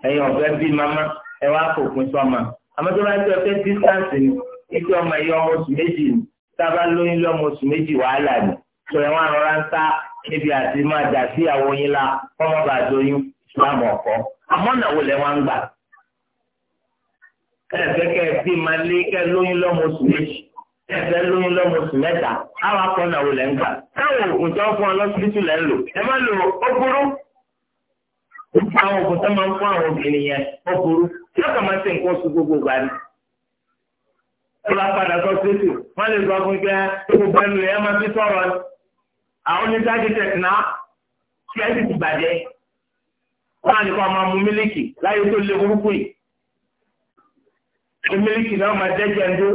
ẹ̀yin ọ̀fẹ́ bí mama ẹ wá fòpin sọ́mà àmọ́ tó bá ń tẹ́ fẹ́ distance ni ibi ọmọ ẹ̀yọ ọmọ oṣù méjì ni sábà lóyún lọ́mọ oṣù méjì wàhálà ni sọ ẹ̀wọ̀n àrọ́rá ń níbi àti máa dà sí àwọn oyin la kọ́mọ́bà doyún islam ọ̀kọ́ àmọ́ náà wò lẹ́wọ̀n ń gbà ẹ̀fẹ́ kẹ́ ẹ bí máa lé kẹ́ lóyún lọ́mọ oṣù méjì ẹ̀fẹ́ lóyún lọ́mọ oṣù mẹ́ta àwọn akọ́nà wò lẹ́ ń gbà táwọn oògùn tó ń fún ọ lọ́sibítù lẹ́ ń lò ẹ má lò ó burú àwọn oògùn tó máa ń fún àwọn obìnrin yẹn ó burú lọ́kàn máa ń ṣe nǹkan oṣù gbogbo gbà ní. ó bá padà sọ sísù wọ́n lè sọ fún kẹ́ gbogbo ẹnu rẹ̀ máa fi sọ̀rọ̀ ni àwọn oníṣáájú tẹ̀sí mílíkì náà máa jẹ́ jẹ́ndó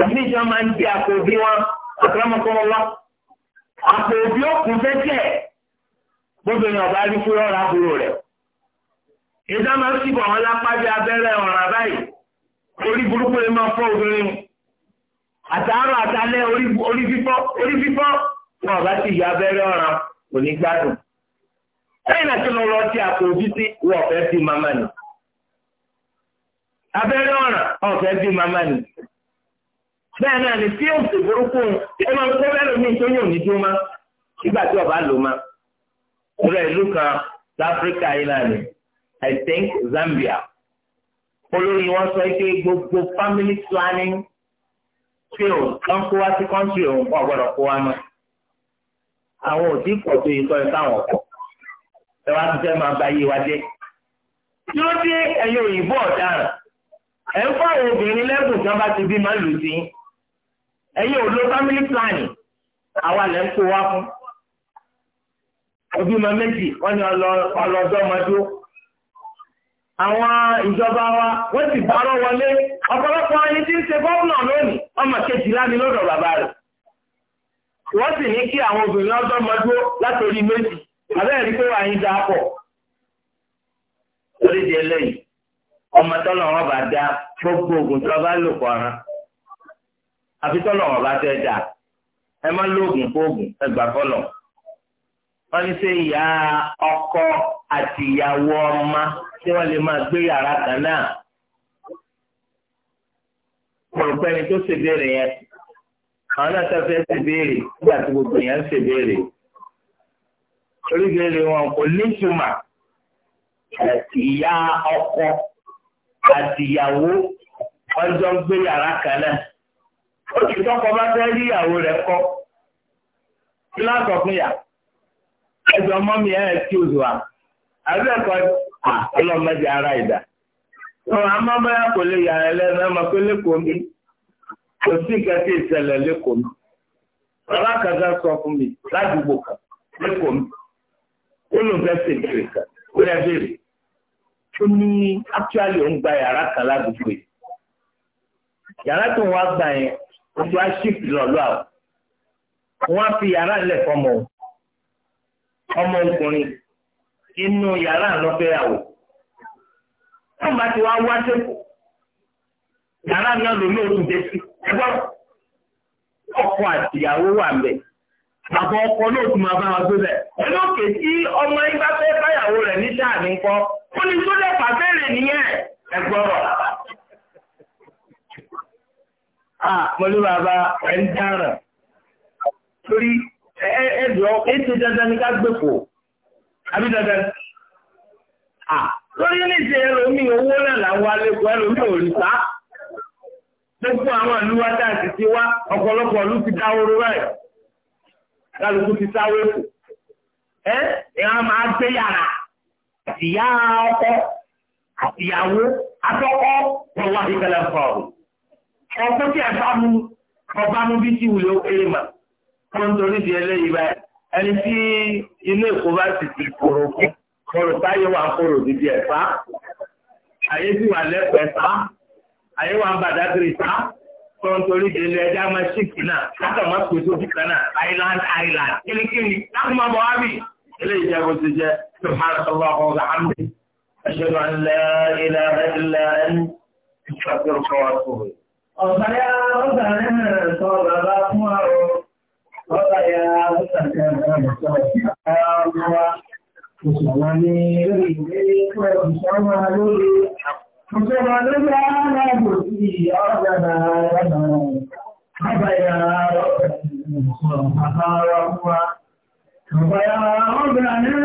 òbí ìjọ máa ń di àpò òbí wọn àkàràmọ́kọ́mọ́ wá àpò òbí òkun fẹ́jẹ̀ gbogbo èèyàn bá rí fúlọ́ ra àbúrò rẹ̀ ìjọ máa ń síbọ̀ wọn lápá bí abẹ́rẹ́ ọ̀ràn báyìí orí burúkú yẹn máa fọ́ obìnrin àtàárọ̀ àtàlẹ́ orí fífọ́ orí fífọ́ wọn bá ti yọ abẹ́rẹ́ ọ̀ràn kò ní gbádùn lẹ́yìn àti lọ́rọ́ ti àpò òbí sí wọ́n fẹ́ fi máma nìyí abẹ́rẹ́ ọ̀ràn ọ̀fẹ́ bí màmá ni. bẹ́ẹ̀ náà ni tí òsì burúkú ẹ máa ń kó bẹ́ẹ̀rù mi tó yàn nídú ma nígbà tí ọba lò ma. rẹ̀ ìlú kan láfíríkà yìí náà ni I think Zambia. olórí wọn sọ pé gbogbo family planning field kan kó wá sí kọ́ńtì òun kọ́ gbọ́dọ̀ kó wá mọ́. àwọn òsì pọ̀ tó yìí kọ́ ẹ káwọn ọ̀pọ̀ ẹ wá ti fẹ́ máa bá yé wa dé. dé ẹ̀yin òyìnbó ọ̀daràn ẹ̀ ń fáwọn obìnrin lẹ́bùn tí wọ́n bá ti bí máa lù sí family planning àwa lẹ́ ń kó wá fún òbí ma méjì wọ́n ní ọlọ́dọ́ máa dúró àwọn ìjọba wa wọ́n ti parọ́ wọlé ọ̀pọ̀lọpọ̀ ayé tí ń ṣe gómìnà lónìí ọmọ kejìlá ni lọ́dọ̀ bàbá rẹ̀ wọ́n sì ní kí àwọn obìnrin ọdọ́ máa dúró látòrí méjì àbẹ́ẹ̀rí pé wàá yín dáa pọ̀ lórí di eléyìí ọmọ tọ́lọ̀ wọn bá dá gbogbo oògùn tí wọ́n bá lò kọ́ran àfi tọ́lọ̀ wọn bá fẹ́ dà ẹ má lóògùn kóògùn ẹ gbà fọlọ̀ wọ́n ní ṣe ìyá ọkọ àti ìyàwó ọmọ tí wọ́n lè máa gbé yàrá kan náà pọ̀lọpọ̀ ẹni tó ṣe béèrè yẹn àwọn náà tó fẹ́ ṣe béèrè nígbà tí gbogbo yẹn ń ṣe béèrè orí béèrè wọn kò ní ìtumọ̀ ìyá ọkọ àtìyàwó ọjọ́ ń gbé yàrá kan náà ó ti tọ́kọ bá fẹ́ rí ìyàwó rẹ̀ kọ́ kí lásọ̀ fún yà ẹjọ́ mọ́mí ẹ̀ excuse wa àbí ẹ̀kọ́ ọlọ́mọdé ara ìdá ọ̀rọ̀ amábáyà kò lè yàrá lẹ́nu ẹ̀ máa pé lẹ́kọ̀ọ́ mi kò sí nǹkan tí ìṣẹ̀lẹ̀ lẹ́kọ̀ọ́ mi bàbá kan kan sọ fún mi ládùúgbò kan lẹ́kọ̀ọ́ mi ó lóun fẹ́ ṣèbéèrè kan ó lẹ́ béèrè tó ní actually ó ń gba yàrá kan ládùúgbò yìí yàrá tó ń wá gbà yẹn ojú á shift lọ́lọ́ àwọn wọ́n á fi yàrá ńlẹ̀ fọmọ ọmọ ọkùnrin inú yàrá lọ́fẹ̀yàwó wọ́n bá ti wá wá sẹ́kù yàrá náà ló lóòrù dé sí ẹgbọ́n ọkọ àtìyàwó wà ń bẹ̀ bàbá ọkọ náà tún máa bá wa gbé bẹ̀ ẹ̀ lókè tí ọmọ yín bá fẹ́ báyàwó rẹ̀ ní sáà ní kọ́. ó ní tó lẹ́pà béèrè nìyẹn ẹ̀gbọ́rọ̀. a bàbá ẹ̀ ń torí ẹ̀ẹ́dùn ọ́ ètò dandan ní ká gbèpò àbí dandan. lórí ní ìṣe ẹlòmíì owó náà làwọn alẹ́kọ̀ọ́ ẹlòmíì ò sá. gbogbo àwọn ìlú wa dá wá ọ̀pọ̀lọpọ̀ ìlú àtìyá ọkọ àtìyàwó atọ́kọ́ wọn wá sí kẹlẹ́ fún ọ̀rùn. ọkọ tí ẹ bá mú ọba mú bí tí wùlé ókéré mà kó ń torí di eléyìí báyìí ẹni tí ilé èkó bá sì ti kòrò fún kòrò táyé wà kòrò dídí ẹ̀ fá àyè sì wà lẹ́pẹ̀ẹ́ fá àyè wà bàdágìrì fá kó ń torí di ilé ẹjẹ́ àmọ́ ṣìkì náà látọ̀ má pèsè òbí kan náà island island kíríkírí lákùnmọ́ bọ̀ wá bì eléyìí jẹ́ bó ti jẹ́. سبحانك اللهم وبحمدك أشهد أن لا إله إلا أنت أستغفرك وأتوب إليك ọba ya ọba náà sọ bàbá fún ọ̀rọ̀ ọba ya ọba náà sọ bàbá fún wa ìṣọ̀wọ́ ní lórí ìwé ìṣọ̀wọ́ ìṣọ̀wọ́ lórí ìṣọ̀wọ́ lórí aláàbò sí ọjà náà lọ́nà ọba ya ọba náà sọ bàbá fún wa ọba ya ọba náà.